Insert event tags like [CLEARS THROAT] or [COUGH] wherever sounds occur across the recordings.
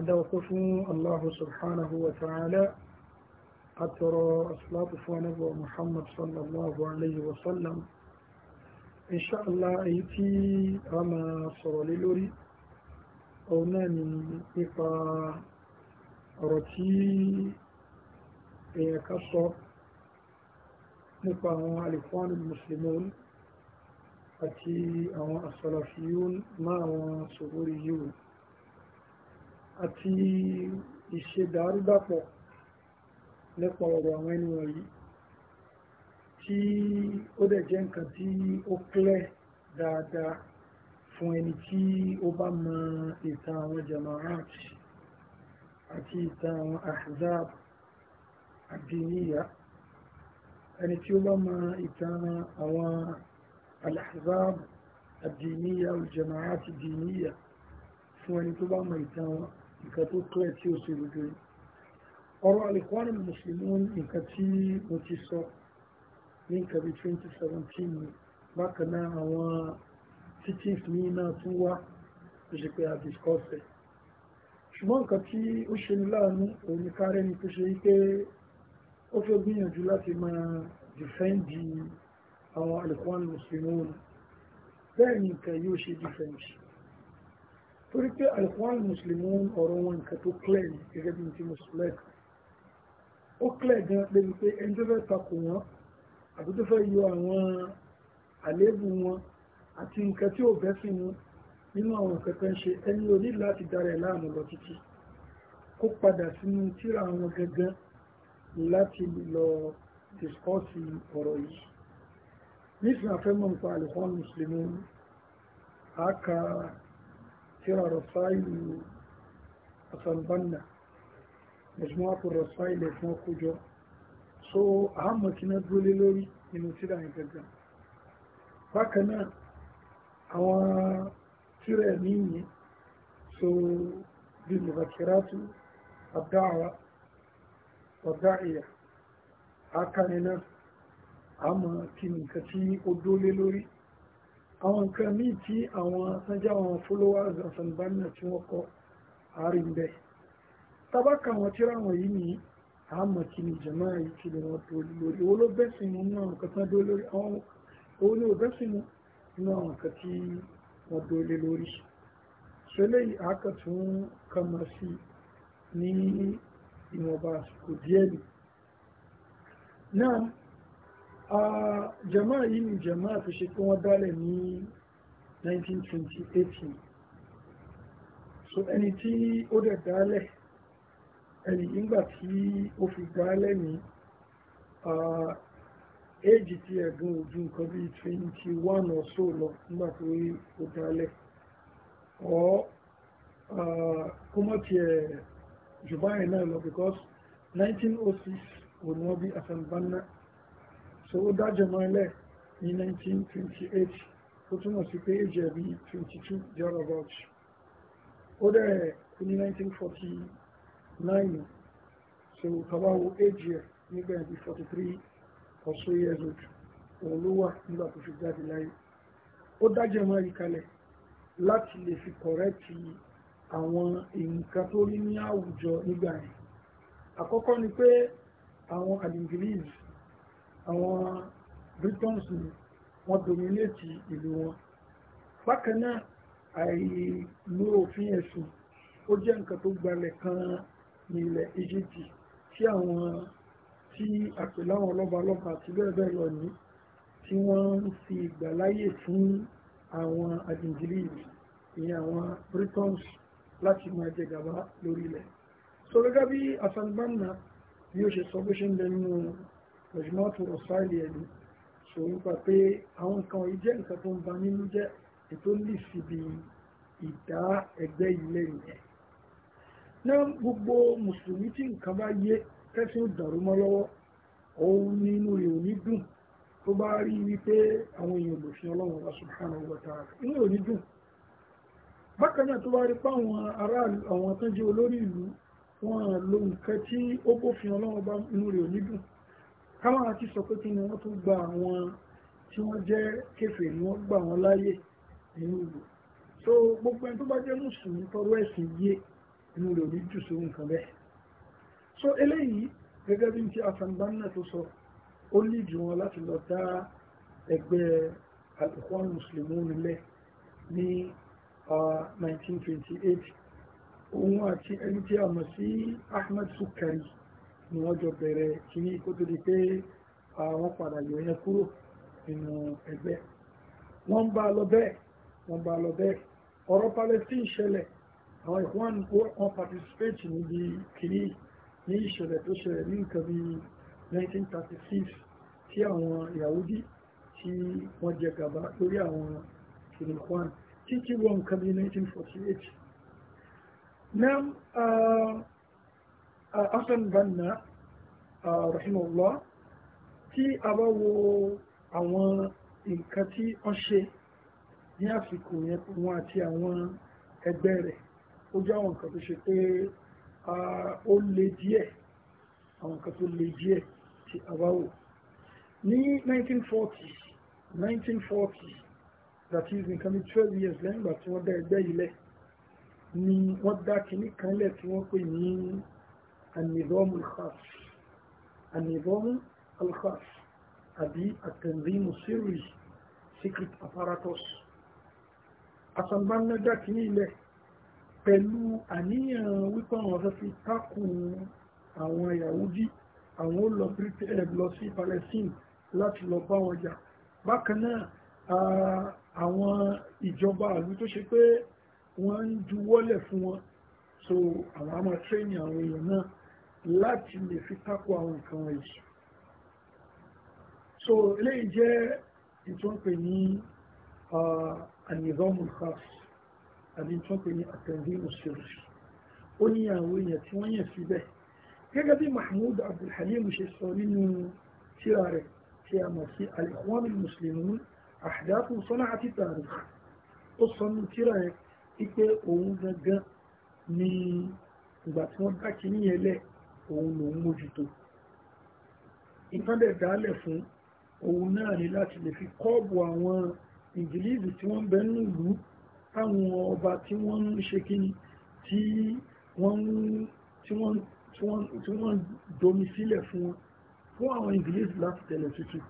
adáwọ̀kọ́ fún Allahu subhanahu wa ta'ala àtọrọ asìláàtù fún anábọ̀ Muhammad sallallahu alayhi wa sallam inṣáàlá èyí tí a máa sọ̀rọ̀ lé lórí ọ̀hún náà ni nípa ọ̀rọ̀ tí èèyàn ká sọ nípa àwọn alìkwánù muslimun àti àwọn asàlàfíyún máa àwọn sògbórí yìí àti ìṣedàrúdàpọ̀ nípa ọ̀rọ̀ àwọn ẹni wọ̀nyí tí ó dẹ̀ jẹ́ nǹkan tí ó clear dáadáa fún ẹni tí ó bá mọ ìtàn àwọn jamaat àti ìtàn àwọn ahzab àdìníyà ẹni tí ó bá mọ ìtàn àwọn al àdìníyà al àdìníyà fún ẹni tó bá mọ ìtàn wọn nǹkan tó clear tí ó sì rújú rí ọ̀rọ̀ alikwari muslimun nǹkan tí mo ti sọ ní nǹkan bí 2017 bákan náà àwọn teachings ní náà tún wá tó ṣe pé a discuss ẹ̀ ṣùgbọ́n nǹkan tí ó ṣe ní láàánú òun ni kárẹ́ ni tó ṣe wípé ó fẹ́ gbìyànjú láti máa dìfẹ́ǹdì àwọn alikwari muslimun bẹ́ẹ̀ ni nǹkan yóò ṣe dìfẹ́ǹdì torí pé alifọ́n mùsùlùmí ọ̀rọ̀ wọn nǹkan tó clear ní gẹ́gẹ́ bí ti mùsùlùmí ó clear gan débi pé ẹni tó fẹ́ takò wọn àbí tó fẹ́ yọ àwọn àléébù wọn àti nǹkan tí ò bẹ́ sí mu nínú àwọn nǹkan tó ń ṣe ẹni ò ní láti dára láàmú lọ títí kó padà sínú tíra àwọn gangan láti lọ discourse ọ̀rọ̀ yìí nísìnyí afẹ́mọ̀ nípa alifọ́n mùsùlùmí àkàrà. ترى رسائل أصنبنا مجموعة الرسائل اسمه كجو so أهم كنا دولي لوري nínú tíra yẹn gẹ́gẹ́ bákan náà àwọn tíra ẹ̀mí yẹn so bí mùbàkìrátù àdáwà ọ̀dáìyà akani náà àmọ́ kí nǹkan tí ó àwọn nǹkan míì tí àwọn sanjá àwọn followers àsàlùbánà tí wọ́n kọ́ àárín bẹ́ẹ̀ tabaka àwọn tíra àwọn yìí ni àmọ̀ kí ni jẹ̀mọ́ yìí kí ni wọ́n tó lórí owó ló bẹ́sìn mu nínú àwọn nǹkan tí wọ́n dó lórí àwọn owó ní òbẹ́sìn mu nínú àwọn nǹkan tí wọ́n dó lé lórí ṣẹlẹ̀ yìí àákàtún kan mọ̀ sí ní ìwọ̀nba àsìkò díẹ̀ nì náà jama yìí ni jama tó ṣe pé wọ́n 1928 so ẹni tí ó dẹ̀ dálẹ̀ ẹni ìgbà tí ó fi dálẹ̀ ní éjì tí ẹ̀gbọ́n ojú nǹkan bí 21 or so lọ nígbà tó ó dálẹ̀ ọ́ kó mọ́ tiẹ̀ jù báyìí náà lọ because 1906 òun wọ́n bí Hasan Banna so ó dájọ́ mọ́ ẹlẹ́ ní 1928 ó túmọ̀ sí pé èjì ẹ̀bí 22 thereabout ó dẹ̀ ní 1949 so kàbáwo èjì ẹ̀ nígbà ẹ̀bí 43 or so years old òun ló wà nígbà tó fi jáde láyé ó dájọ́ mọ́ ẹ̀rí kalẹ̀ láti lè fi kọ̀rẹ́tì àwọn nǹkan tó rí ní àwùjọ nígbà yẹn àkọ́kọ́ ni pé àwọn àdìngìlíìsì àwọn britons wọ́n dominate ìlú wọn bákan náà àìlú òfin ẹ̀sùn ó jẹ́ nǹkan tó gbalẹ̀ kan ní ilẹ̀ Egypt tí àwọn tí àpèláwọn lọ́balọ́ba àti bẹ́ẹ̀ bẹ́ẹ̀ lọ ní tí wọ́n ń fi ìgbàláyè fún àwọn àjìnjìlì ìyẹn àwọn britons láti máa jẹ gàba lórí ilẹ̀ so gẹ́gẹ́ bí asanbanna bí ó ṣe sọ bó ṣe ń lẹ́nu lọ́jọ́mọ́ tó rọ̀ sáìlì ẹ̀lú sọ wípa pé àwọn nǹkan yìí jẹ́ nǹkan tó ń ba nínú jẹ́ ètò lè fi bí ìdá ẹgbẹ́ yìí lẹ́yìn ẹ̀ náà gbogbo mùsùlùmí tí nǹkan bá yé tẹ́sí ó dàrú mọ́ lọ́wọ́ òun nínú rẹ̀ ò ní dùn tó bá rí wípé àwọn èèyàn lò fi ọlọ́run wa subhanahu wa ta'ala inú rẹ̀ dùn bákan náà tó bá rí pé àwọn aráàlú àwọn tó jẹ́ olórí ìlú wọn lo nǹkan tí ó bófin ọlọ́run bá inú rẹ̀ dùn káwọn àti sọ pé kí ni wọ́n tún gba àwọn tí wọ́n jẹ́ kèfèrí ni wọ́n gbà wọ́n láyè nínú ìlú so gbogbo ẹni tó bá jẹ́ mùsùlùmí tọrọ ẹ̀sìn yé inú rẹ̀ ní jù sóhun kan bẹ́ẹ̀ so eléyìí gẹ́gẹ́ bí ti asanbanna tó sọ ó lè jù wọn láti lọ dá ẹgbẹ́ al-Ikhwan al-Muslimun nílẹ̀ ní 1928 òun àti ẹni tí a mọ̀ sí Ahmad Sukari ni wọ́n jọ bẹ̀rẹ̀ kíní kó tó di pé àwọn padà yọ yẹn kúrò nínú ẹgbẹ́ wọ́n bá lọ bẹ́ẹ̀ wọ́n bá lọ bẹ́ẹ̀ ọ̀rọ̀ Palestine ṣẹlẹ̀ àwọn ìwọ́n wọn participate níbi kíní ní ìṣẹ̀lẹ̀ tó ṣẹlẹ̀ ní nǹkan bí 1936 tí àwọn Yahudi tí wọ́n jẹ gàba lórí àwọn kìnnìkan títí wọ́n nǹkan bí 1948 náà Hassan Banna uh, rahimahullah tí a bá wo àwọn nǹkan tí wọ́n ṣe ní àsìkò yẹn wọn àti àwọn ẹgbẹ́ rẹ̀ ó jẹ́ àwọn nǹkan tó ṣe pé ó le díẹ̀ àwọn nǹkan tó le díẹ̀ tí a bá wò 1940 1940 that is nǹkan ní 12 years lẹ́yìn ìgbà tí wọ́n dá ẹgbẹ́ yìí lẹ̀ ni wọ́n dá kinní kan lẹ̀ tí wọ́n pè ní النظام الخاص النظام الخاص أبي التنظيم السري سكرت أفاراتوس asanbanna jákè ní ilẹ̀ pẹ̀lú àníyàn wípé àwọn ọ̀fẹ́ fi takùn àwọn Yahudi àwọn ó eh, lọ sí Palestine láti lọ bá wọn jà bákan náà àwọn ìjọba àlú tó ṣe pé wọ́n ń juwọ́lẹ̀ fún wọn so àwọn àmọ́ tírẹ́nì àwọn èèyàn náà láti lè fi tako àwọn nǹkan wọ̀nyí so eléyìí jẹ́ ìtọ́pẹ̀ ní ànìzọ́mù khas àbí ìtọ́pẹ̀ ní àtẹ̀ndínlù sirri ó ní àwọn èèyàn tí wọ́n yàn síbẹ̀ gẹ́gẹ́ bí Mahmoud Abdulhalim ṣe sọ nínú tíra rẹ̀ tí a mọ̀ sí al-Ikhwan al-Muslimun ahdath sana'at ó sọ nínú tíra rẹ̀ wípé òun gangan ni ìgbà tí wọ́n bá kí níyẹn lẹ́ẹ̀ òun lòun mójútó ìtọ́dẹ̀ dálẹ̀ fún òun náà ni láti lè fi kọ́ọ̀bù àwọn ìngìlíìsì tí wọ́n bẹ nínú ìlú táwọn ọba tí wọ́n ń ṣe kíni tí wọ́n domi sílẹ̀ fún wọn fún àwọn ìngìlíìsì láti tẹ̀lẹ̀ tuntun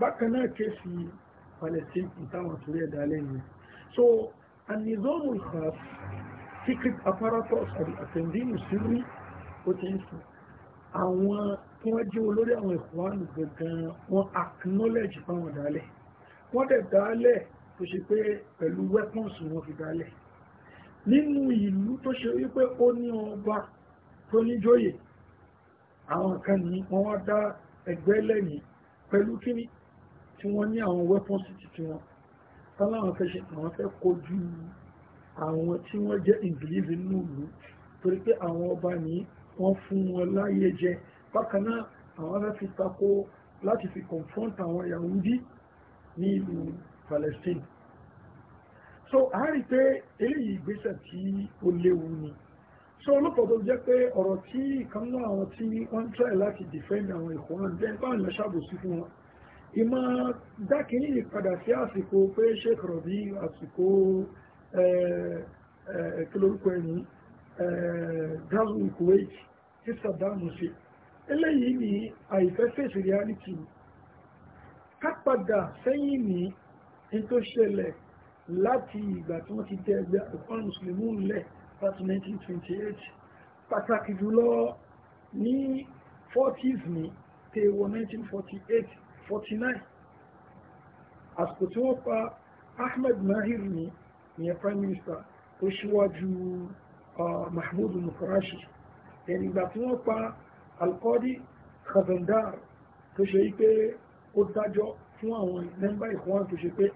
bákan náà kéèsì palestine táwọn torí ẹ̀dá lẹ́yìn so an-nizam al-khas secret apparatus of the attendees sirri ó ti ń sùn àwọn tí wọ́n jẹ́ olórí àwọn ìkùnwánù gbọ̀ngàn wọn acknowledge fáwọn dálẹ̀ wọ́n dẹ̀ dálẹ̀ tó ṣe pé pẹ̀lú weapons wọn fi dálẹ̀ nínú ìlú tó ṣe wípé ó ní ọba tó níjòyè àwọn kan ní wọ́n wá dá ẹgbẹ́ lẹ́yìn pẹ̀lú kíní tí wọ́n ní àwọn weapons títí wọn táwọn fẹ́ ṣe àwọn fẹ́ kojú àwọn tí wọ́n jẹ́ ìgbìlì nínú ìlú torí pé àwọn ọba ní wọ́n fún wọn láyé jẹ bákan náà àwọn fẹ́ fi tako láti fi confront àwọn Yahudi ní ìlú Palestine so a rí pé eléyìí ìgbésẹ̀ tí ó léwu ni so olùkọ́ tó jẹ́ pé ọ̀rọ̀ tí kan náà àwọn tí wọ́n ń try láti defend àwọn ìkọ́ náà jẹ́ báwọn lọ ṣàbòsí fún wọn ìmọ̀ dákìní ìpadà sí àsìkò pé ṣèkọ̀rọ̀ bí àsìkò ẹ̀ẹ́dẹ́gbẹ̀rún eh, eh, gazul kuwait tí sàdámù ṣe eléyìí ni àìfẹ́ fèsì reality ká padà sẹ́yìn ní in tó ṣẹlẹ̀ láti ìgbà tí wọ́n ti dẹ ẹgbẹ́ àkọ́kọ́ mùsùlùmí lẹ̀ láti 1928 pàtàkì jùlọ ní 40s ní tèwọ̀ 1948 49 àsìkò tí wọ́n pa ahmed mahir ní ìyẹn prime minister tó ṣíwájú mahmoud mufarashi يعني ìgbà tí القاضي pa alkọ́dí khazandar tó ṣe pé ó dájọ́ fún àwọn mẹ́mbà ìkọ́wọ́n tó ṣe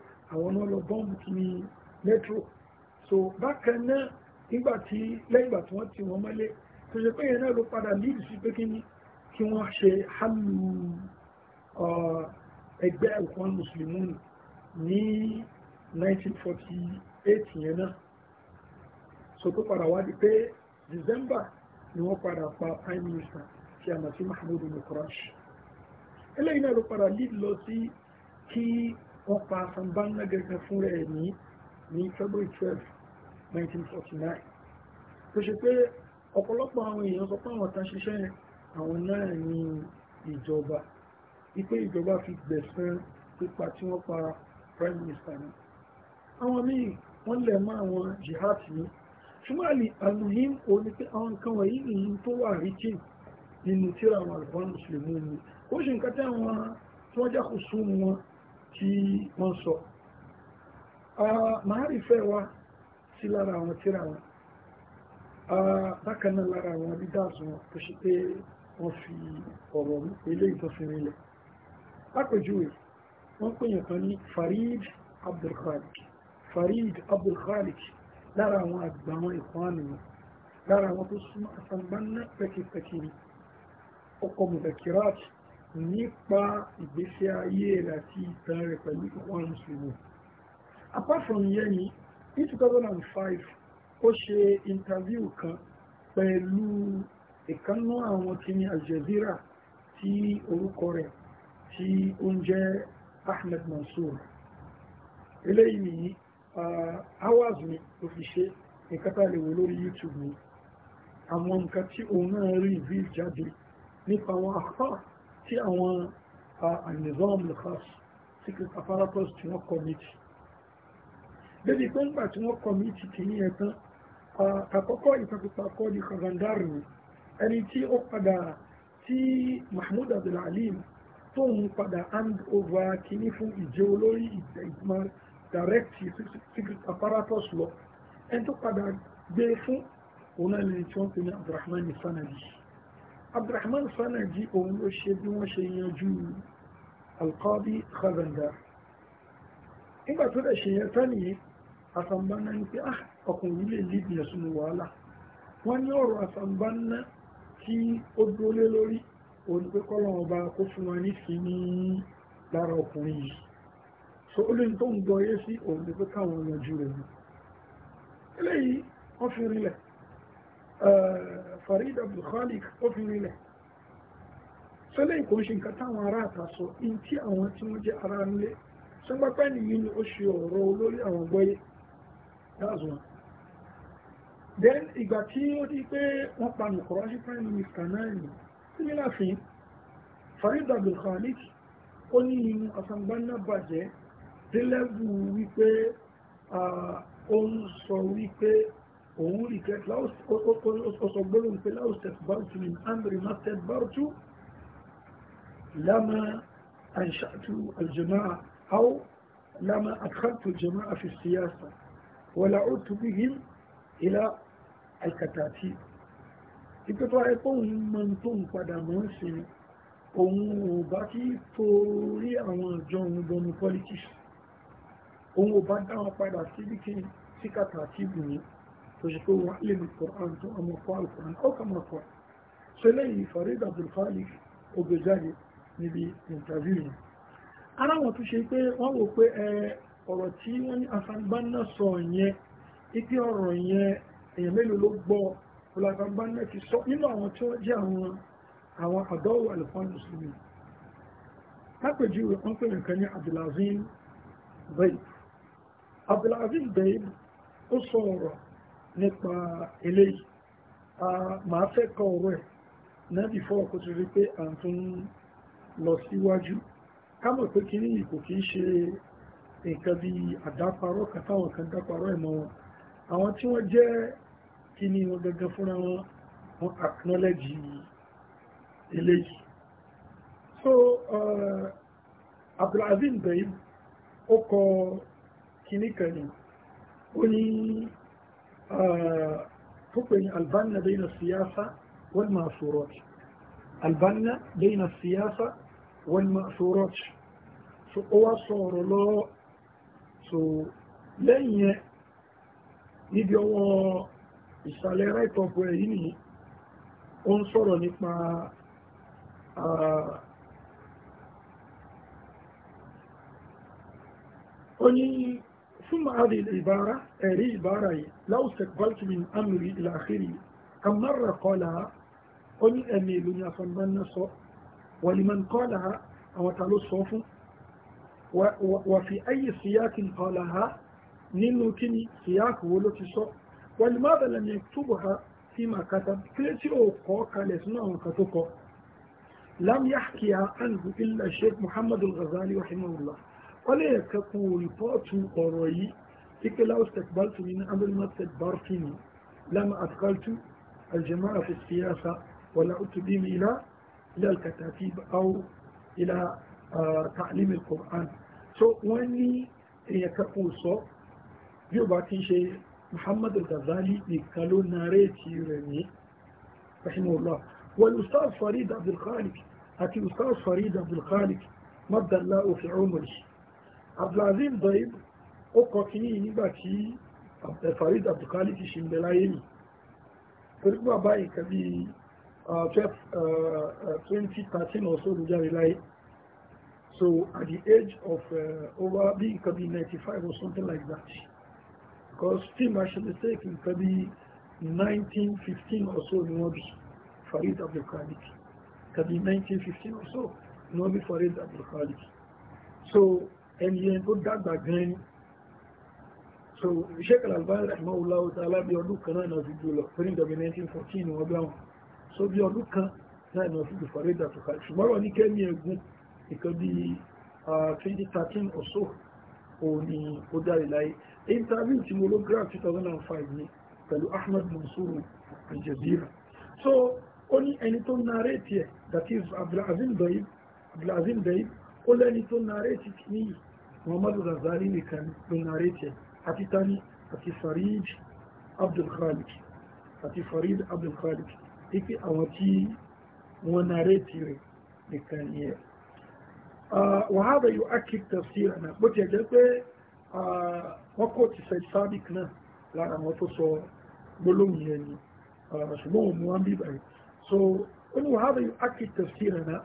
so bákan náà nígbà tí lẹ́yìn ìgbà tí wọ́n ti wọ́n mọ́lé tó ṣe pé yẹn náà ló padà líìdì sí pé kí kí wọ́n ṣe hálù ẹgbẹ́ ìkọ́wọ́n mùsùlùmí ní 1948 yẹn náà so tó padà wá di pé december ni wọ́n padà pa prime minister tí a mọ̀ sí mahmoud mokorash eléyìí náà ló padà lead lọ sí kí wọ́n pa sambana gẹ́gẹ́ fún rẹ̀ ní ní february twelve nineteen forty ṣe pé ọ̀pọ̀lọpọ̀ àwọn èèyàn sọ pé àwọn kan ṣiṣẹ́ àwọn náà ní ìjọba wípé ìjọba fi gbẹ̀sán pípa tí wọ́n pa prime minister ni àwọn míì wọ́n lẹ̀ mọ́ àwọn jihad ní túmọ̀lì aluhim òní pé àwọn nǹkan wọ̀nyí ìyí tó wà ríkì nínú tíra àwọn àlùfáà mùsùlùmí ni ó ṣe nǹkan tí àwọn tí wọ́n jákò sún wọn tí wọ́n sọ máa rí fẹ́ wa sí lára àwọn tíra wọn bákan náà lára àwọn dídáàsù wọn tó ṣe pé wọ́n fi ọ̀rọ̀ ilé ìtọ́fin rinlẹ̀ lápèjúwe wọ́n pèèyàn kan ní Farid Abdulkhalik Farid Abdulkhalik lára àwọn àgbà àwọn ẹ̀kọ́ àmìyàn lára àwọn tó súnmọ́ àsanbánná pẹ́kipẹ́kì ni ọkọ̀ mùdàkìrát nípa ìgbésí ayé rẹ̀ àti ìtàn rẹ̀ pẹ̀lú ìwọ̀n mùsùlùmí apart from yẹn in 2005 ó ṣe interview kan pẹ̀lú ìkànnú àwọn kìíní Al Jazeera tí orúkọ rẹ̀ tí ó ń jẹ́ Ahmed Mansour eléyìí Uh, hours mi ò fi ṣe nǹkan tá a lè wò lórí youtube ni àwọn nǹkan tí òun náà rí ìbí jáde nípa àwọn afá tí àwọn anizam uh, lukas secret apparatus tí wọ́n kọ́mìtì débi pé ńgbà tí wọ́n kọ́mìtì kìíní ẹ̀ tán uh, àkọ́kọ́ ìtàkùtà kọ́ di kazandari ẹni tí ó padà tí mahmoud abdulalim tóun padà hand over kìíní fún ìjẹ́ olórí ìgbìmọ̀ direct secret apparatus lọ ẹni tó padà gbé e fún òun náà lè tí wọ́n pè ní Abdulrahman Sanaji Abdulrahman Sanaji òun ló ṣe bí wọ́n ṣe yanjú alqadi Khazandar nígbà tó dẹ̀ ṣe yẹn tán nìyí àsàmbáná ń pé ah ọkùnrin lè lè bìyàn sínú wàhálà wọ́n ní ọ̀rọ̀ àsàmbáná tí ó dúró lé lórí òun pé kọ́lọ́wọ́n ọba kó fún wa nífìí ní lára ọkùnrin yìí so olóyìn tó ń gbọ́ yé sí òun ni pé káwọn yanjú rẹ̀ ni eléyìí wọ́n fi rinlẹ̀ Farid Abdulkhalik ó fi rinlẹ̀ sọlẹ̀ kò ṣe nǹkan táwọn ará àta in tí àwọn tí wọ́n jẹ́ ara nílé sọ́gbàpẹ́ nìyí ni ó ṣe ọ̀rọ̀ olórí àwọn gbọ́yé that's then ìgbà tí ó di pé wọ́n pa nìkọ̀rọ̀ sí prime minister náà ni similar thing Farid Abdulkhalik ó ní inú asangbáná bàjẹ́ délẹ́bù wípé ó ń sọ wípé òun rí kẹ́ ọ̀sọ̀ gbọ́dọ̀ wípé láòsẹ̀ bárùtù ní amri mátẹ̀ bárùtù lámà àǹṣàtù aljamaa au lámà àkàtù aljamaa fi siyasa wàlà ó tún bí him ilá àìkàtàtì ìpẹ́tọ́ ẹ̀kọ́hùn mọ́ tó ń padà mọ́ sí òun ò bá kí torí àwọn àjọ òun bọnu politics òun ò bá dáwọn padà síbi kí sí kàtà àti ìbùnú tó ṣe pé wọ́n lè mú Quran tó ọmọ kọ́ Al-Quran ó kà máa kọ́ ṣe lẹ́yìn Farid Abdulkhaliq ogbejáde níbi interview yẹn ara wọn tó ṣe pé wọ́n wò pé ọ̀rọ̀ tí wọ́n ní asanbanna sọ yẹn ipe ọ̀rọ̀ yẹn èèyàn mélòó ló gbọ́ ọ̀làgbàgbàna ti sọ nínú àwọn tí wọ́n jẹ́ àwọn àwọn àdọ́wò alifan musulmi lápèjúwe wọ́n pè nǹkan ní Abdulazim Zaid abdulaziz bẹ́ẹ̀ ó sọ ọ̀rọ̀ nípa eléyìí màá fẹ́ kọ ọ̀rọ̀ ẹ̀ náà bí fọ́ ọkọ̀ tó rí pé à ń tún lọ síwájú ká mọ̀ pé kí ní ìkò kìí ṣe nǹkan bí àdáparọ́ kan táwọn kan dáparọ́ ẹ̀mọ́ wọn àwọn tí wọ́n jẹ́ kí ni wọn gangan fúnra wọn wọn acknowledge eléyìí so uh, abdulaziz bẹ́ẹ̀ ó kọ kìíní kan ni ó ní tó pè ní albanna bayna siyasa wal ma'surat albanna bayna siyasa wal ma'surat so ó wá sọ̀rọ̀ lọ so lẹ́yìn yẹn níbi ọwọ́ ìsàlẹ̀ right of way yìí nìyí ó ń sọ̀rọ̀ nípa ó ní ثم هذه العبارة أري عبارة لو استقبلت من أمري إلى آخره كم مرة قالها قل أني لن يصنبن صوت ولمن قالها أو تعالوا الصوف وفي أي سياق قالها نينو كني سياق ولوتي صوت ولماذا لم يكتبها فيما كتب كلتي أو قوكا لسنا نعم وكتوكو لم يحكيها عنه إلا الشيخ محمد الغزالي رحمه الله wọ́n lè kẹ́kù rìpọ́ọ̀tù ọ̀rọ̀ yìí ike laustek baltu min amri nafsat barfini lama adkaltu aljama'a fi siyasa wala utubim ila ila alkatatib aw ila ta'lim alquran so wọ́n ní èèyàn kẹ́kù sọ bí ó bá ti ṣe muhammad al-ghazali nìkan ló nàrẹ́ẹ̀tì rẹ̀ ní rahimahullah والاستاذ فريد عبد الخالق أتي الأستاذ فريد عبد الخالق مد الله في عمره abdulaziz doib ó kọ kínní yìí nígbà tí farid abdulkali ti ṣe ń bẹ láyé nì torí pé bàbá yìí bíi uh, uh, uh, twenty thirteen or so ló jáde láyé so at the age of uh, over bíi nǹkan bíi ninety five or something like that because still ma ṣe mistake nǹkan bíi nineteen fifteen or so ni wọ́n bí farid abdulkali tàbí nineteen fifteen or so ni wọ́n bí farid abdulkali so. ẹni yẹn tó dàgbà gan ni so sheikh al-Albani rahimahullah ta'ala bí ọdún kan náà fi jù lọ fún ìjọba 1914 wọ́n bí àwọn so bí ọdún kan náà náà fi jù fọ́rẹ́ ìdàtúkà ṣùgbọ́n wọ́n ní kẹ́mi ẹ̀gún nǹkan bí 2013 or so òun ni ó dáre láyé interview tí mo ló graph 2005 ní pẹ̀lú ahmed mansour aljazeera so ó ní ẹni tó narrate ẹ̀ that is abdulazim daib abdulazim daib ó lẹ́ni tó nàrétì ní muhammadu razali nìkan ló nàrétì àti tani àti farid abdulkhalik àti farid abdulkhalik ipi àwọn tí wọ́n nàrétì rẹ̀ nìkan yẹ wàhálà yóò ákì tafsir àná bó ti ẹ̀jẹ̀ pé wọ́n kò ti fẹ́ sábìk náà lára àwọn tó sọ gbólóhùn yẹn ni ṣùgbọ́n òun wọn bí báyìí so ó ní wàhálà yóò ákì tafsir àná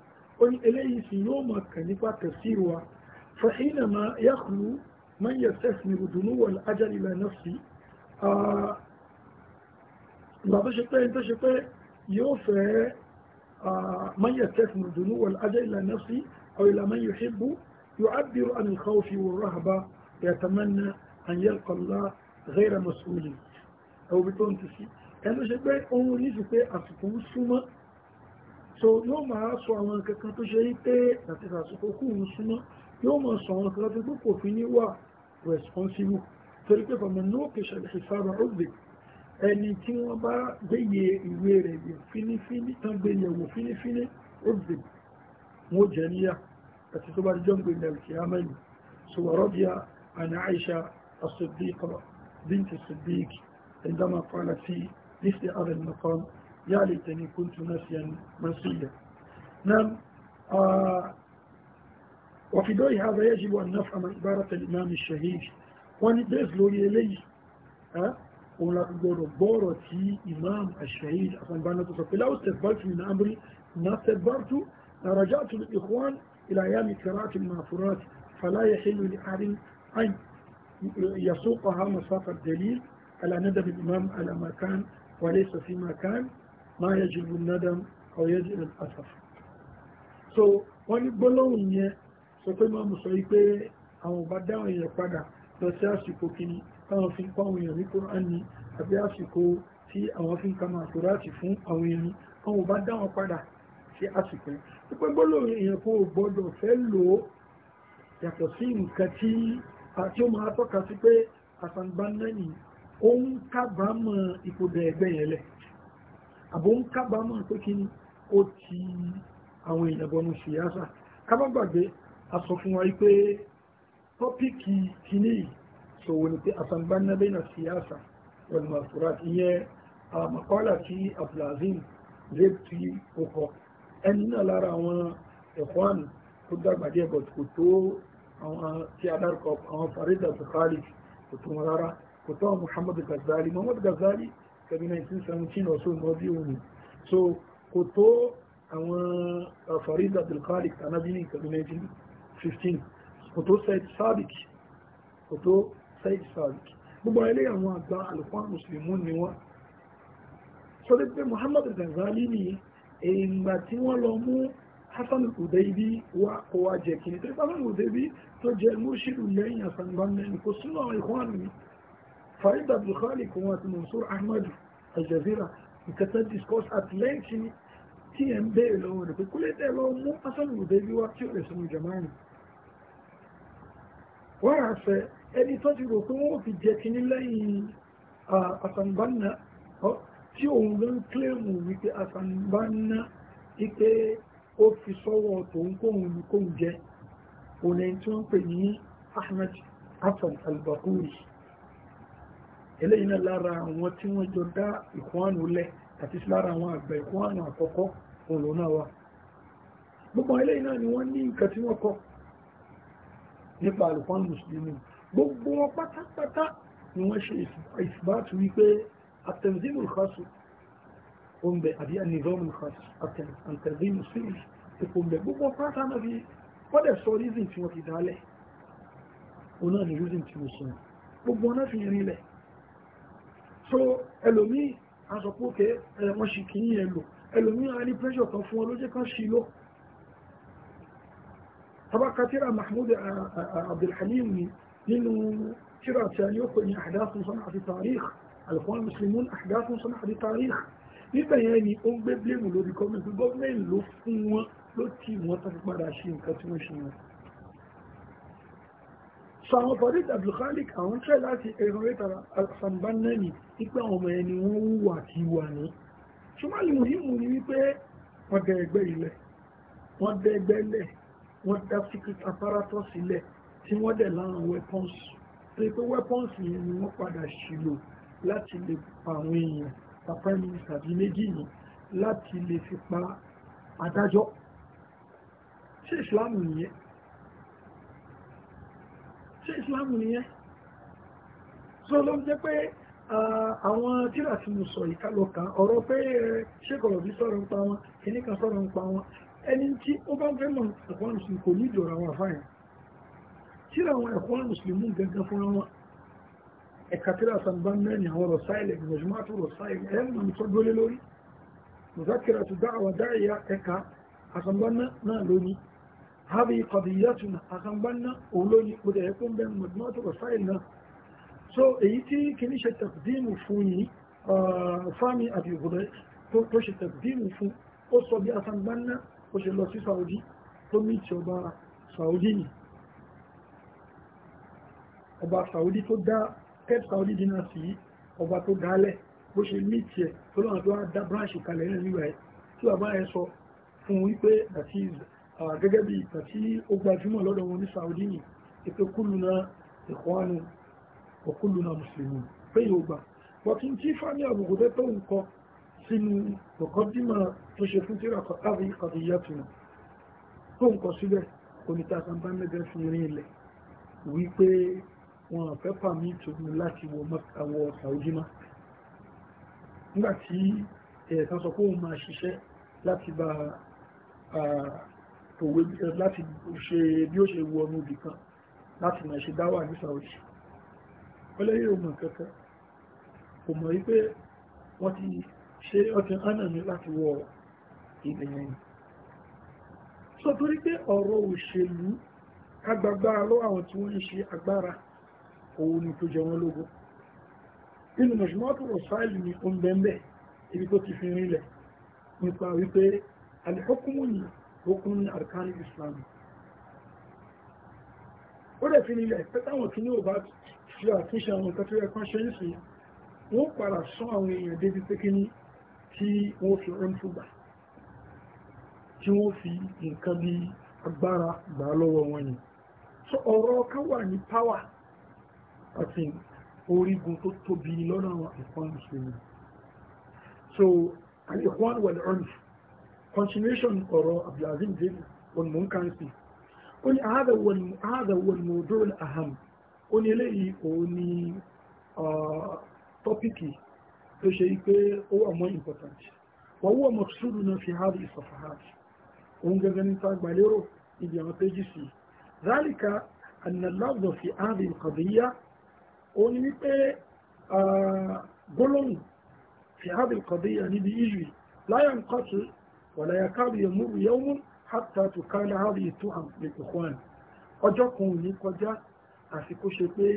قل إليه سيومك نفا تسيروا فحينما يخلو من يستثمر دنو الأجل إلى نفسي لا آه، بشطي انت شطي يوفى آه، من يستثمر دنو الأجل إلى نفسي أو إلى من يحب يعبر عن الخوف والرهبة يتمنى أن يلقى الله غير مسؤول أو بتون انا شطي أمو نيزو تي so yóò máa sọ àwọn kankan tó ṣe rí pé àti àsìkò kù ń súnmọ́ yóò máa sọ àwọn kankan tó kò fi ní wà responsible torí pé bàmọ́ ní òkè ṣàlẹ̀ ìfara ọ̀gbẹ̀ ẹni tí wọ́n bá gbéye ìwé rẹ̀ yẹ̀ fínífíní tán gbé yẹ̀wò fínífíní ọ̀gbẹ̀ wọn jẹ́ níyà àti tó bá jọ́ gbé yẹ̀wò kí á mẹ́lì so wọ̀rọ̀ bí àná Aisha as-Siddiqa bint as-Siddiq عندما قالت في مثل هذا المقام يا ليتني كنت ناسيا منسيا نعم آه وفي ضوء هذا يجب أن نفهم عبارة الإمام واني ونبذل إليه ها ولا تقولوا بورتي إمام الشهيد عشان بأن تصفي لو استقبلت من أمري ما استكبرت رجعت للإخوان إلى أيام قراءة المعفورات فلا يحل لأحد أن يسوقها مسافة الدليل على ندب الإمام على ما كان وليس فيما كان ما يجب الندم أو يجب الأسف so wọ́n ní gbólóhùn yẹn sọ pé máa mú sọ wípé àwọn ọba dáhùn èèyàn padà lọ sí àsìkò kìíní táwọn fi ń kọ́ àwọn èèyàn ní Kùránì àbí àsìkò tí àwọn fi ń ka máa tòrá àti fún àwọn èèyàn àwọn ọba dáhùn padà sí àsìkò yẹn wípé gbólóhùn èèyàn kò gbọ́dọ̀ fẹ́ lò ó yàtọ̀ sí nǹkan tí àti ó máa tọ́ka sí pé àtàǹgbá náà ní ó ń kábàámọ̀ ipò dẹ̀ ẹgbẹ́ yẹn lẹ̀ àbò ń kábàámọ̀ pé kí ni ó ti àwọn èèyàn bọnu síyáṣà kábàgbàgbé a sọ fún wa pé tọ́píkì kìíní ṣòwò ni pé àtàǹgbánábẹ́ na síyáṣà wal mafkurat ìyẹn àmàkọ́là tí abdulazim zaid tí ó kọ ẹni náà lára àwọn ẹ̀kọ́ àná tó dàgbà díẹ̀ bọ̀ kò tó àwọn tí a dárúkọ àwọn farida bukhari kò tó wọn rárá kò tó àwọn muhammadu gazali muhammadu gazali tàbí 1917 or so mọ́ bí òun so kò tó àwọn uh, farid abdulkarik anabini tàbí 1915 kò tó said sabic kò tó said sabic gbogbo ilé àwọn àgbà alùpàá mùsùlùmí ni wọ́n sọ lé pé muhammad al-Ghazali ni èèyàn tí wọ́n lọ mú hassan al wá kó wá jẹ kí ni tó tó jẹ mọ́ṣílù lẹ́yìn àsànbánlẹ́yìn kò súnmọ́ ìkọ́ àmì Farid Abdulkhalik wọn àti Mansour Ahmad Al-Jazeera nǹkan tán discuss at length tí ẹ̀ ń béèrè lọ́wọ́ rẹ̀ pé kúlẹ̀ tẹ́ lọ mú asánù òde bí wá tí ó lè sọmọ jamani wọ́n rà fẹ́ ẹni tó ti rò pé wọ́n fi jẹ kínní lẹ́yìn asanbanna tí òun ló ń kílẹ̀mù wípé asanbanna wípé ó fi sọ́wọ́ tòun kóhun ní kóhun jẹ òun ẹni tí wọ́n pè ní Ahmed Hassan Al-Bakuri eléyìí náà lára àwọn tí wọ́n jọ dá ìkùnánù lẹ̀ àti lára àwọn àgbà ìkùnánù àkọ́kọ́ òun náà wà gbogbo eléyìí náà ni wọ́n ní nǹkan tí wọ́n kọ́ nípa alùpàá mùsùlùmí gbogbo wọn pátápátá ni wọ́n ṣe ìsìbáàtù wípé atẹ̀mùsílù kásù oúnbẹ àbí anìzọ́mù kásù atẹ̀mùsílù sílù epo mbẹ gbogbo pátá náà wọ́n fi dálẹ̀ òun náà ni rízìn tí so ẹlòmíì a sọ pé òkè ẹ̀wọ̀n ṣì kì í yẹn lò ẹlòmíì a ní pressure kan fún ọ ló jẹ́ kan ṣì lò tabaka tírà mahmud abdulhalim ni nínú tírà tí a ní ó pè ní ahdath sana'at tarikh al-ikhwan al-muslimun ahdath sana'at tarikh nígbà yẹn ni ó ń gbé blame lórí gọ́ọ̀mẹ̀ntì gọ́ọ̀mẹ̀ntì ló fún wọn ló tì wọ́n tó fi padà ṣe nǹkan tí wọ́n ṣe wọn so àwọn farid abdulkhalik àwọn tẹ́ láti ẹ̀rọ̀rẹ́tara alṣambánẹ́ni wípé àwọn ọmọ ẹni wọ́n wùwà kí wà ní ṣùgbọ́n muhimu ni wípé wọ́n dẹ ẹgbẹ́ ilẹ̀ wọ́n dẹ ẹgbẹ́ lẹ̀ wọ́n dá secret apparatus sílẹ̀ tí wọ́n dẹ̀ láwọn weapons tó pé weapons yẹn ni wọ́n padà ṣìlò láti lè pa àwọn èèyàn pa prime minister bíi méjì yìí láti lè fi pa adájọ́ ṣé ìsìlámù nìyẹn ṣe ìsìláàmù nìyẹn so ló ń jẹ́ pé àwọn tíra tí mo sọ ìkálọ̀kan ọ̀rọ̀ pé ṣékọ̀rọ̀ bí sọ̀rọ̀ ń pa wọn ẹni kan sọ̀rọ̀ ń pa wọn ẹni tí ó bá fẹ́ mọ̀ ẹ̀kọ́ mùsùlùmí kò ní ìjọra wọn àfáyàn tíra àwọn ẹ̀kọ́ mùsùlùmí gẹ́gẹ́ fúnra wọn ẹ̀ka tíra sanban mẹ́rin àwọn ọ̀rọ̀ sáìlẹ̀ ìgbìyànjúmọ́tò ọ̀rọ̀ هذه قضيتنا أغنبنا أولوني قد يكون بين مجموعة وسائلنا so èyí tí kìí ṣe tẹ̀kùdínù fún ní fámi àti ìgbòdó tó ṣe tẹ̀kùdínù fún ó sọ bí asangbánná ó ṣe lọ sí Saudi tó mí tí ọba Saudi ni ọba Saudi tó dá kẹ́t Saudi dínà sí ọba tó dálẹ̀ bó ṣe mí tí ẹ̀ tó lọ́nà tó wá dá branch kalẹ̀ nílùú ẹ̀ tí bàbá ẹ̀ sọ fún wípé that is gẹ́gẹ́ bí ìtàn tí ó gbajúmọ̀ lọ́dọ̀ wọn ní Saudi ní ìpé kúlùnà ìkwánu ọkúlùnà mùsùlùmí pé yóò gbà bọ́tí tí fámí àbùkùdé tó ń kọ sínú ọkọ̀dímọ̀ tó ṣe fún tíra kọ̀tàbí ìkọ̀díyà tùnà tó ń kọ síbẹ̀ oníta sàmbánlẹ́gẹ́ fún irin ilẹ̀ láti wọ tòwe láti ṣe bí ó ṣe wu ọmọ ibì kan láti máa ṣe dáwà ní Saudi ó lẹ́yìn òmò kẹ́kẹ́ kò mọ̀ wípé wọ́n ti ṣe ọtí hánà mi láti wọ ilẹ̀ yẹn ni sọ torí pé ọ̀rọ̀ òṣèlú kágbàgbára lọ́wọ́ àwọn tí wọ́n ń ṣe agbára òun ni tó jẹ wọ́n lógo nínú mọ̀ṣúmọ́tò rọ̀sáìlì ni ó ń bẹ́ẹ̀ ibi tó ti fi rinlẹ̀ nípa wípé àlẹ́kọ́kùnmù yìí rúkún ní arkani islam ó dẹ̀ fi nílẹ̀ pé táwọn kí ní ò bá ṣe àtúnṣe àwọn nǹkan tó yẹ kán ṣe ń sìn wọ́n padà sán àwọn èèyàn débi pé kíní tí wọ́n fi rán fúgbà tí wọ́n fi nǹkan bí agbára gbà lọ́wọ́ wọn ni so ọ̀rọ̀ ká wà ní páwà àti orígun tó tóbi lọ́nà àwọn ìfọ́n ìṣẹ́yìn so al-ikhwan wal-unf continuation ọ̀rọ̀ abdulaziz dé onmunkansi ó ní àádọ́wọ̀lmọ̀dọ́ aham ó ní eléyìí òun ní tọ́pìkì tó ṣe pé ó wà mọ́ important wọ́n wọ́n mọ̀ sùúrù náà fi hàrí ìsọ̀fàhàrí òun gẹ́gẹ́ nípa gbàlérò ibi àwọn péjì sí ذلك أن اللفظ في هذه القضية ó ní wípé gbólóhùn في هذه القضية níbi ìjì láyé ń kọ́tù wala yakadu yamuru yawmun hatta tukana hadhihi tuham lil ikhwan ọjọ́ kan ò ní kọjá àfi kó ṣe pé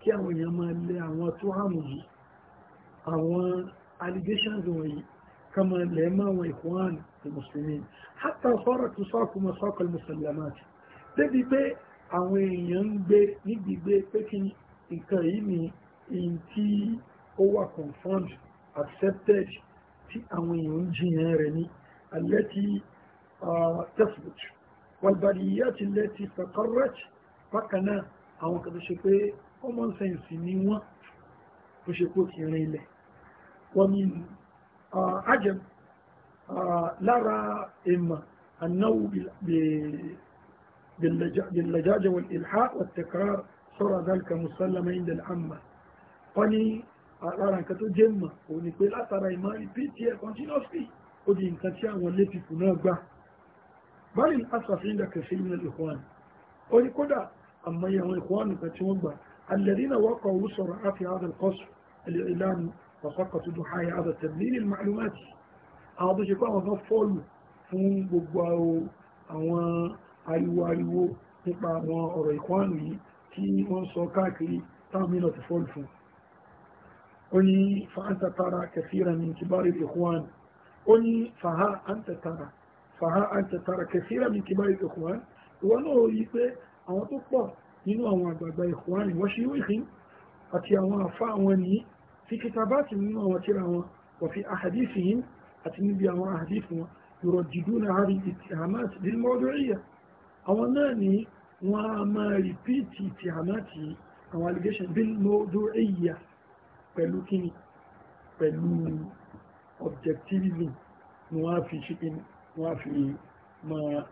kí àwọn èèyàn máa lé àwọn tuham yìí àwọn allegations wọ̀nyí كما العلماء وإخوان المسلمين حتى صارت تساق مساق المسلمات débi pé àwọn èèyàn ń gbé níbi gbé pé kí nǹkan yìí ni in tí ó wà confirmed accepted tí àwọn èèyàn ń jiyàn rẹ̀ ní التي آه، تثبت والبريات التي تقرت فكنا او قد شفي ومن سينسينين وشكو كيرين له آه، ومن عجب آه، لرى إما النو باللجاجة والإلحاء والتكرار صرى ذلك مسلم عند العامة فني أرى أنك تجمع ونقول أترى إما يبيتيا كونتينوسكي ó di nǹkan tí àwọn létìkù náà gbà báyìí ní asàfihàn dàkẹ́ sí ilẹ̀ ìkọ́wọ́n ó kódà àmọ́ àwọn ìkọ́wọ́n nìkan tí wọ́n gbà الذين وقعوا سرعة في هذا القصر الإعلام وسقط ضحايا هذا التبليل المعلومات هذا شيء كان مفعول fún gbogbo àwọn ariwo ariwo nípa àwọn ọ̀rọ̀ ìkwánù yìí tí wọ́n sọ káàkiri táàmìnà ti fọ́lù fún. ó ní fa'anta tara kẹfìrà ní kìbárí ìkwánù ó ní fàhà àǹtẹ̀tara fàhà àǹtẹ̀tara kẹsíra mi kíbá ikhwan ìwọ náà rí pé àwọn tó pọ̀ nínú àwọn àgbààgbà ikhwan ni wọ́n ṣe wíhìn àti àwọn àfa àwọn ní fi kìtàbáàtì nínú àwọn tíra wọn wọ́n fi àhàdífì yìí àti níbi àwọn àhàdífì wọn yọ̀rọ̀ jìdú na harí ìtìhàmáàtì bí mọ́dúríyà àwọn náà ni wọ́n a máa rìpíìtì ìtìhàmáàtì àwọn allegation bí mọ́dúríyà pẹ̀lú kíni pẹ̀lú objectively ni wọ́n fi ṣíkín wọ́n fi mọ̀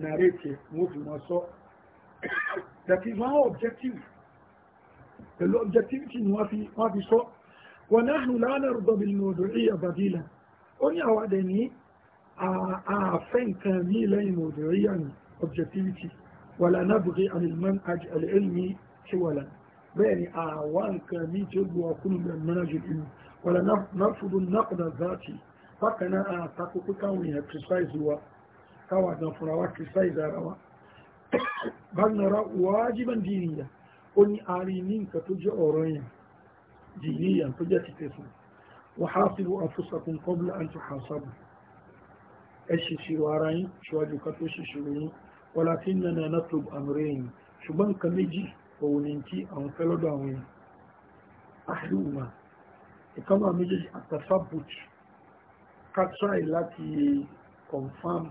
narrate wọ́n fi mọ̀ sọ that is one objective pẹ̀lú objectivity ni wọ́n fi sọ wọ́n náà hù lánàá rúgbọ́bí mọ̀dùrí àbàdílà ó ní àwádẹ̀ ní ààfẹ́ nǹkan ní lẹ́yìn mọ̀dùrí àmì objectivity wàlá náà bùrí àmìlmán àjẹ́lẹ́lmi ṣíwàlá bẹ́ẹ̀ ni àwọn nǹkan ní tí ó gbọ́ ọkùnrin mẹ́rin jù wala nafudu naqda zati bákan náà àtakò pé káwọn èèyàn criticize wa káwọn àdán fúnra wa criticize ara wa bákan náà wajiban diniya ó ní àárí ní nǹkan tó jẹ́ ọ̀rọ̀ yẹn diniya tó jẹ́ ti tẹ̀sán wàhásìlú àfúsàkùn qabla an tuhasabu ẹ ṣìṣirò ara yín ṣíwájú ká tó ṣìṣirò yín natlub amrayn ṣùgbọ́n nǹkan méjì òun ni tí àwọn on a à femme Quand quand quand ça est là qui confirme,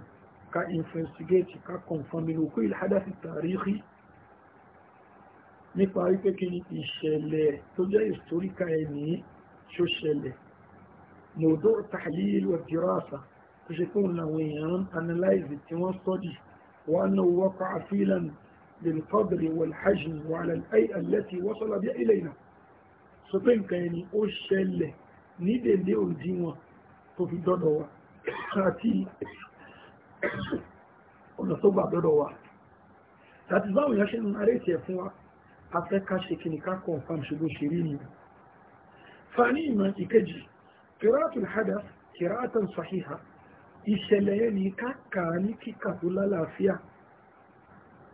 il fait ìkọ́nà méjèèjì àtàfàbùt ká try láti confirm ká investigate ká confirm inú kó ìlàdá sí tàríhì nípa wípé kí ni ìṣẹ̀lẹ̀ tó jẹ́ historika ẹni ṣó ṣẹlẹ̀ mọ̀dọ́ tahlil wa dirasa tó ṣe fún àwọn èèyàn analyze tí wọ́n study wa annahu waqa'a filan lil qadri wal hajm wa ala al-hay'a allati wasala biha ilayna sọ pé nǹkan ẹni ó ṣẹlẹ̀ ní dèdè òdiwọ̀n tó fi dọ́dọ̀ wa àti ọ̀nà tó gbà dọ́dọ̀ wa láti báwọn èèyàn ṣe ń aréètì ẹ̀ fún wa afẹ́ká ṣe kìnnìká confam ṣùgbọ́n ṣe rí nìyẹn fani ìmọ̀ ìkejì kìrátùn hadath kìrátùn sahiha ìṣẹ̀lẹ̀ yẹn ní káàkà ní kíkà tó lálàáfíà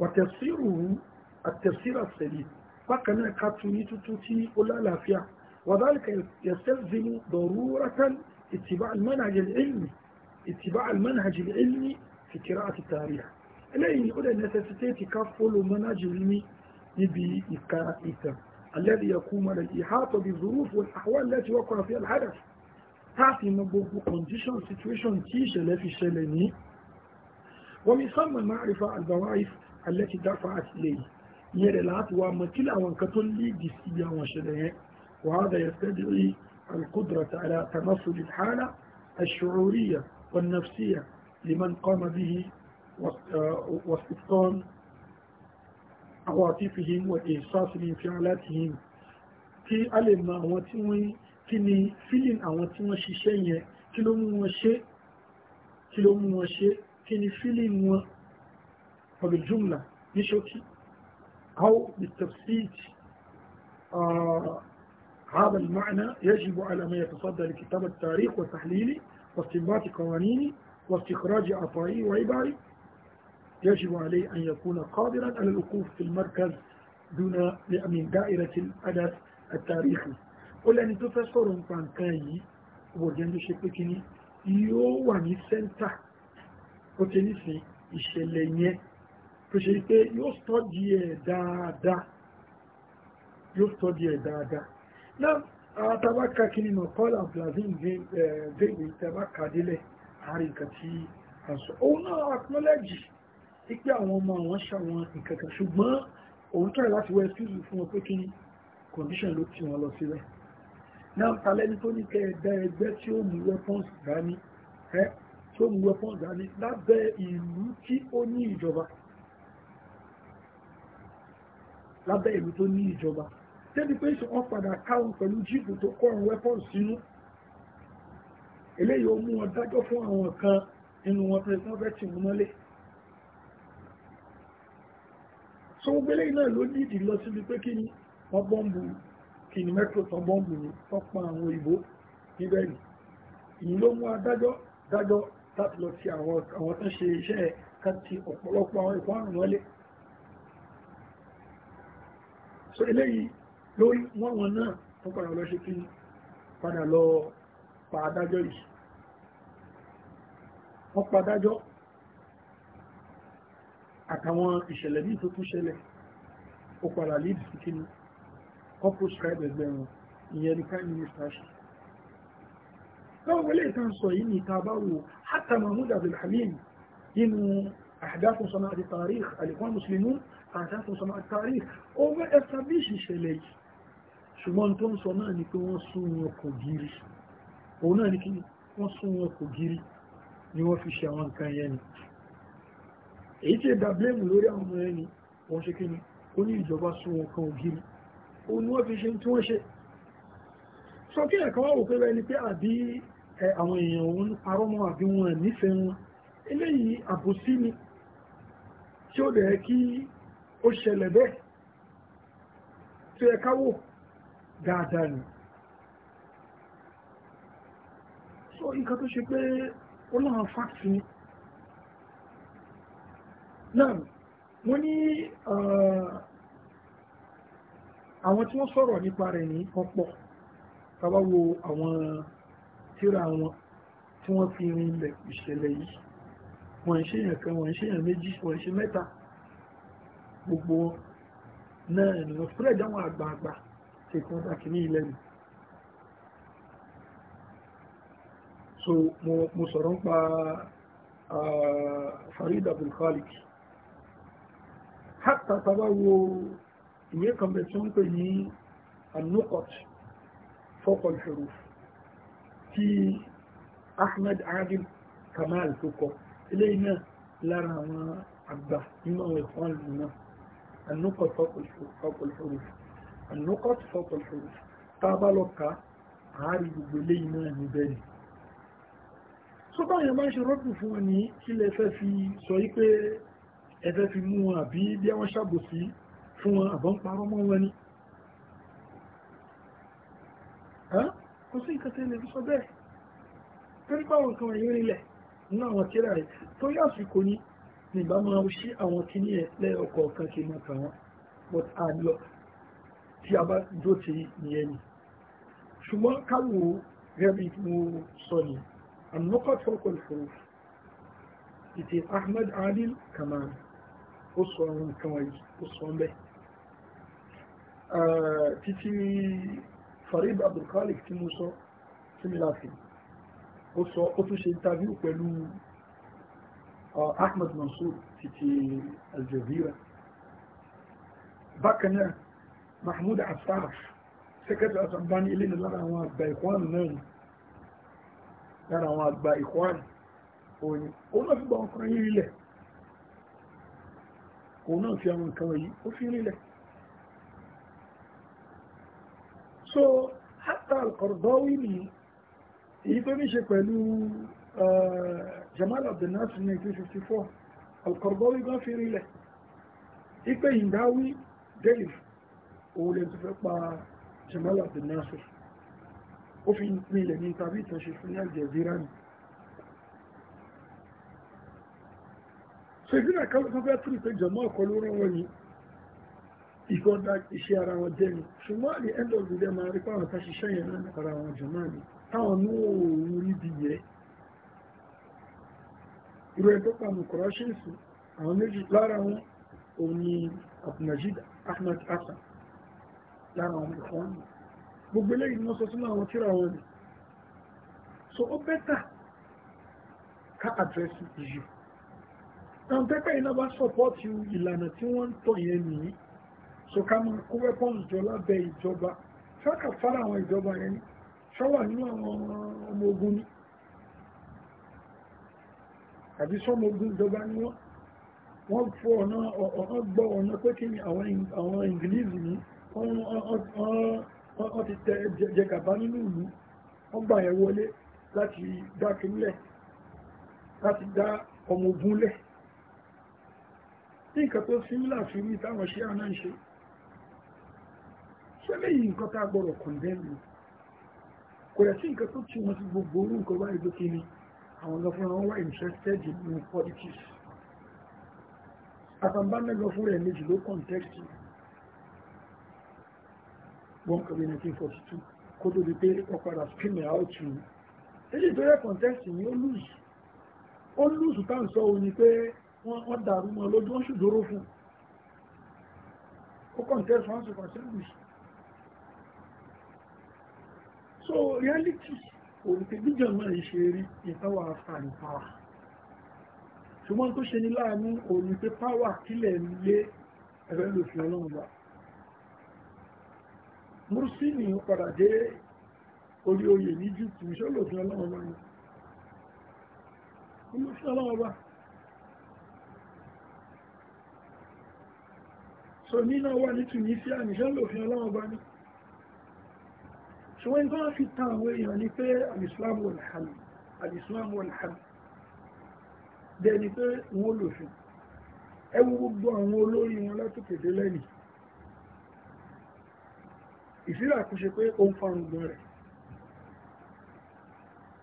wàtẹ̀sírù àtẹ̀sírà bákan náà ká tu ní وذلك يستلزم ضرورة اتباع المنهج العلمي اتباع المنهج العلمي في قراءة التاريخ إليه يقول النسيستي كفل منهج علمي نبي إكائتا الذي يقوم على الإحاطة بالظروف والأحوال التي وقع فيها الحدث تعطي مبوغ condition situation تيشة لفي شلني ومن ثم المعرفة البواعث التي دفعت إليه ìyẹn rẹ̀ láti wá mọ̀ kí láwọn nǹkan tó léèdì sí àwọn ìṣẹ̀lẹ̀ yẹn وهذا يستدعي القدرة على تمثل الحالة الشعورية والنفسية لمن قام به واستبطان عواطفهم والإحساس من فعلاتهم kí a lè mọ àwọn tí wọ́n kí ni feeling àwọn tí wọ́n ṣiṣẹ́ yẹn kí ló mú wọn ṣe kí ló mú wọn ṣe kí ni feeling wọn ọ̀bẹ̀júmùlà ní ṣókí أو بالتفسير آه هذا المعنى يجب على من يتصدى لكتابة التاريخ وتحليله واستنباط قوانينه واستخراج عطائه وعباره يجب عليه أن يكون قادرا على الوقوف في المركز دون من دائرة الأدب التاريخي أن تفسر فانكاي وجند شكلكني يو وانيسن تحت وتنسي الشلينيه tó ṣe pé yóò tọ́jú ẹ̀ dáadáa yóò tọ́jú ẹ̀ dáadáa náà àwọn tabaka kí nínú kọ́lá blazin vẹ́gbẹ̀ tabaka délẹ̀ àárín nǹkan tí a sọ òun náà acknowledge pípé àwọn ọmọ àwọn ṣàwọn nǹkan kan ṣùgbọ́n òun tọ́rẹ̀ láti wọ excuse fún wọn pé kí ni condition ló ti wọn lọ sílẹ̀ náà talẹ́ni tó ní kẹ́ẹ̀dá ẹgbẹ́ tí ó mú weapons dání tí ó mú weapons dání lábẹ́ ìlú tí ó ní ìjọba lábẹ́ ìlú tó ní ìjọba débi pé ṣe wọ́n padà káwọn pẹ̀lú jíìpù tó kọ́ àwọn weapons sínú eléyìí ó mú wọn dájọ́ fún àwọn kan nínú wọn pé wọ́n fẹ́ tì wọ́n mọ́lé so gbogbo eléyìí náà ló nídìí lọ síbi pé kí ni wọ́n bọ́ǹbù kí ni mẹ́tò tán bọ́ǹbù ni wọ́n pa àwọn ìbò níbẹ̀ ni ìyìn ló mú adájọ́ dájọ́ láti lọ sí àwọn tán ṣe iṣẹ́ kan ti ọ̀pọ̀lọpọ̀ àwọn ìkọ́ àrùn mọ́lé so eléyìí lórí wọ́n wọn náà wọ́n padà lọ ṣe kí padà lọ pa adájọ́ yìí wọ́n pa adájọ́ àtàwọn ìṣẹ̀lẹ̀ ní tó tún ṣẹlẹ̀ ó padà lídì sí kíní wọ́n proscribe ẹgbẹ́ wọn ìyẹn ní prime minister ṣe káwọn wọlé ìtàn sọ yìí ní ìta bá wo hatta mahmud abdulhamid nínú ahdath sanaa àti tarikh al muslimun àjákùn sọmọ àtàrí over establish ìṣẹ̀lẹ̀ yìí ṣùgbọ́n tó ń sọ náà ni pé wọ́n sún wọn kò gírí òun náà ni kí wọ́n sún wọn kò gírí ni wọ́n fi ṣe àwọn nǹkan yẹn ni èyí tí ẹ̀dà blame lórí àwọn ọmọ yẹn ni wọ́n ṣe kí ni ó ní ìjọba sún wọn kan ògiri òun ni wọ́n fi ṣe tí wọ́n ṣe sọ kí ẹ̀kan wọ́n wò ni pé àbí àwọn èèyàn òun parọ́ mọ́ àbí wọn nífẹ̀ẹ́ wọn eléyìí àbòsí ni tí ó dẹ̀ kí ó ṣẹlẹ̀ bẹ́ẹ̀ tó yẹ káwò dáadáa ni so nǹkan tó ṣe pé ó láwọn fáàkì ni náà wọ́n ní uh, àwọn tí wọ́n sọ̀rọ̀ nípa rẹ̀ ní ọ̀pọ̀ tàbá wo àwọn tíra wọn tí wọ́n fi rin ilẹ̀ ìṣẹ̀lẹ̀ yìí wọ́n ń ṣèyàn kan wọ́n ń ṣèyàn méjì wọ́n ń ṣe mẹ́ta gbogbo náà ènìyàn fúrẹ̀ dáwọn àgbààgbà ṣe kọ́ńtàkì ní ilẹ̀ mi so mo sọ̀rọ̀ ń pa Farid Abdulkhalik hatta taba wo ìwé kan bẹ̀ tí wọ́n pè ní anukot fọ́kọ̀lù huruf tí Ahmed Adil Kamal tó kọ eléyìí náà lára àwọn àgbà nínú àwọn ìfọ́nlù náà النقط فوق الحروف النقط فوق الحروف tábà lọ ká àárí gbogbo eléyìí náà ní bẹ́ẹ̀ sọ́tà yẹn máa ń ṣe rọ́pù fún wọn ní kílẹ̀ fẹ́ fi sọ yí pé ẹfẹ́ fi mú wọn àbí bí wọ́n ṣàbòsí fún wọn àbọ̀n parọ́ mọ́ wọn ni kò sí nǹkan tẹ́lẹ̀ fi sọ bẹ́ẹ̀ torí báwọn nǹkan wọ̀nyí rí lẹ̀ nínú àwọn kíra rẹ̀ tó yá àsìkò ni ní ìbá máa ń ṣí àwọn tí ní ẹ̀lẹ́ ọkọ̀ kan kí mọ́ kà wọ́n but a lọ tí a bá dó ti nìyẹn ni ṣùgbọ́n káwò rẹ́bí mo sọ ni ànọ́kọ̀ tọ́kọ̀ ìfòrò ìtì Ahmad Adil Kamal ó sọ àwọn nǹkan wọ̀nyí ó sọ ń bẹ́ títí Farid Abdulkhalik tí mo sọ sí mi láti ó sọ ó tún ṣe interview pẹ̀lú Ahmed Mansour títí Aljazeera bákan náà Mahmoud Afsar sẹ́kẹ́tì àtàbáni ilé ní lára àwọn àgbà ìkwáànù náà ni lára àwọn àgbà ìkwáànù òní fi bá ọkùnrin yìí rílẹ̀ òun fi àwọn nǹkan wọ̀nyí ó so hatta al-Qaradawi ni èyí tó ní ṣe جمال عبد الناصر 1954 Al-Qaradawi gan fi rí lẹ̀ ipe Hindawi Delhi òun lè tó fẹ́ pa Jamal Abdel-Nasir ó fi ní ilẹ̀ ní tàbí ìtànṣe fún Al-Jazeera ni so ìgbìnà kan tó fẹ́ tún ìpéjọ náà kọ ló rán wọn ni ìkọ́dá iṣẹ́ ara wọn jẹ́ ni ṣùgbọ́n àlè end of máa rí pàwọn tá yẹn náà ara wọn jọ náà táwọn ní òòrùn rí bí yẹn irú ẹ tó pàmù kọ̀rọ̀ṣẹ́sì àwọn méjì lára wọn òun ni abdulmajid ahmed hassan lára àwọn ìfọ́n gbogbo eléyìí ni wọ́n sọ sínú àwọn tíra wọn ni so ó bẹ́tà ká àdírẹ́sì ìyù àwọn pẹ́pẹ́ iná bá sọpọ́tì ìlànà tí wọ́n ń tọ̀ yẹn nìyí so ká máa kó weapons jọ lábẹ́ ìjọba ṣọ́kà fara àwọn ìjọba yẹn ni ṣọ́wà nínú àwọn ọmọ ogun ni àbí sọ́mọ ogun ìjọba ní wọ́n fọ́ ọ̀nà ọ̀nà gbọ́ ọ̀nà pé kí ni àwọn ìngìlíìsì ní wọ́n ti tẹ jẹ gàba nínú ìlú wọ́n gbà ẹ̀ wọlé láti dá kínlẹ̀ láti dá ọmọ ogun lẹ̀ ní nǹkan tó símílà fi rí táwọn ṣe àná ń ṣe ṣé lẹ́yìn nǹkan tá a gbọ́dọ̀ kọ̀ndẹ́nu kò yẹ sí nǹkan tó ti wọn ti gbogbo orú nǹkan báyìí lókè ni àwọn lọ́fúnra wọ́n wà interested in politics àtàbánẹ́lọ fún rẹ̀ méjì ló kọ̀ntẹ́kì wọ́n kọ̀wé 1942 kó tó di pé ó padà spin it out to èyí tó yẹ kọ̀ntẹ́kì ni ó lùzù ó lùzù tá ń sọ òun ni pé wọ́n dàrú mọ́ lójú wọ́n sì dóró fún ó kọ̀ntẹ́kì wọ́n sì kọ̀ntẹ́kì so reality òrùkè jíjọ náà ìṣe rí ìtawà àfààní pàwà ṣùgbọ́n tó ṣe ní láàánú òrùkè pàwà kílẹ̀ ń lé ẹ̀rọ ìlòfin ọlọ́run wa mùsùlùmí ni ó padà dé orí oyè ní jù kì í ṣọ́lòfin ọlọ́run wa ni olùfin ọlọ́run wa so nínú wa ní Tunisia ní ṣọ́lòfin ọlọ́run wa ni ṣùgbọ́n tó fi tán àwọn èèyàn ni pé alìsílámù alìhàmì alìsílámù alìhàmì bẹ́ẹ̀ ni pé wọ́n lòfin ẹ wo gbogbo àwọn olórí wọn látòkè dé lẹ́nìí ìsílẹ̀ àkúṣe pé ó ń fárun gbọ́n rẹ̀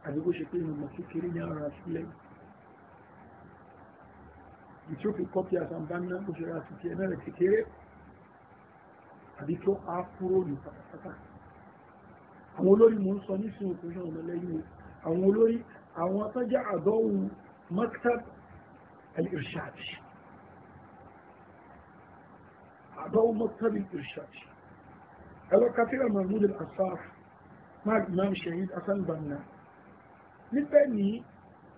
àbí kó ṣe pé ìmọ̀ kékeré ní ara sílẹ̀ ìtòkè kọ́pì àsàmbáná ó ṣe ra àtìkè náà kékeré àbí tó á kúrò ní pátápátá àwọn olórí mò ń sọ nísìnyí kò ṣe ọ̀nà lẹ́yìn àwọn olórí àwọn atọ́jà àdọ́wù maktab al-irshad àdọ́wù maktab al-irshad ẹlọ kafíra mahmoud al-asaf magnam shahid hasan banna níbẹ̀ ní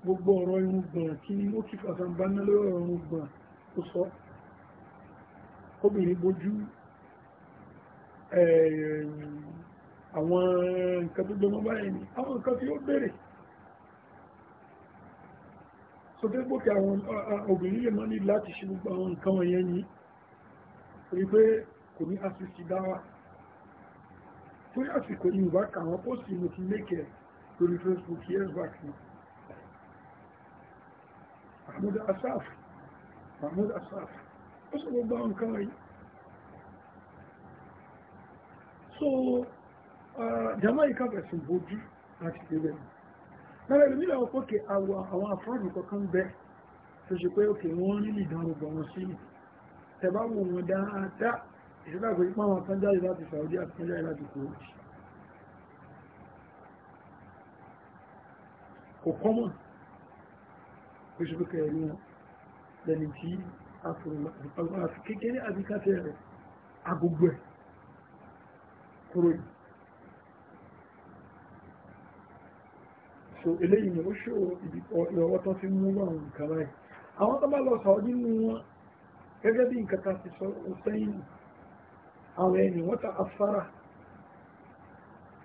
gbogbo ọ̀rọ̀ irun gbọ̀n kí ni ó kí hasan banna lórí ọ̀rọ̀ irun gbọ̀n ó sọ obìnrin bójú àwọn nǹkan tó gbọmọ báyìí ni àwọn nǹkan tí ó bèèrè so tó gbókè àwọn obìnrin lè mọ́ ní láti ṣe gbogbo àwọn nǹkan wọ̀nyẹn ni torí pé kò ní àṣìṣì dáwà torí àsìkò yìí wá kà wọ́n pósì mo ti mékẹ̀ lórí Facebook years back ni Mahmoud Asaf Mahmoud Asaf ó sọ gbogbo àwọn nǹkan wọ̀nyí so jama yìí káfẹ́ sùn bójú láti pé bẹ́ẹ̀ lára ìlú nílẹ̀ ọ̀pọ̀ kí àwọn afọ́nù kankan bẹ́ tó ṣe pé òkè wọ́n rí ìdánwò bọ̀ wọn sí tẹ̀bá wò wọn dáadáa ìṣẹ́lá kò yípa àwọn kan jáde láti Saudi àti kan jáde láti Kuwait kò kọ́mọ̀ kò ṣe pé kẹrì wọn lẹ́ni tí afọ̀rọ̀ kékeré àbíkátẹ́ rẹ̀ agogo ẹ̀ kúrò yìí so eléyìí ni ó ṣó ìrọwọ́ tán fi mú àwọn nǹkan láì àwọn tó bá lọ sọ ọdún nínú wọn gẹ́gẹ́ bí nǹkan ta ti sọ sẹ́yìn àwọn ẹni wọ́n ta afárá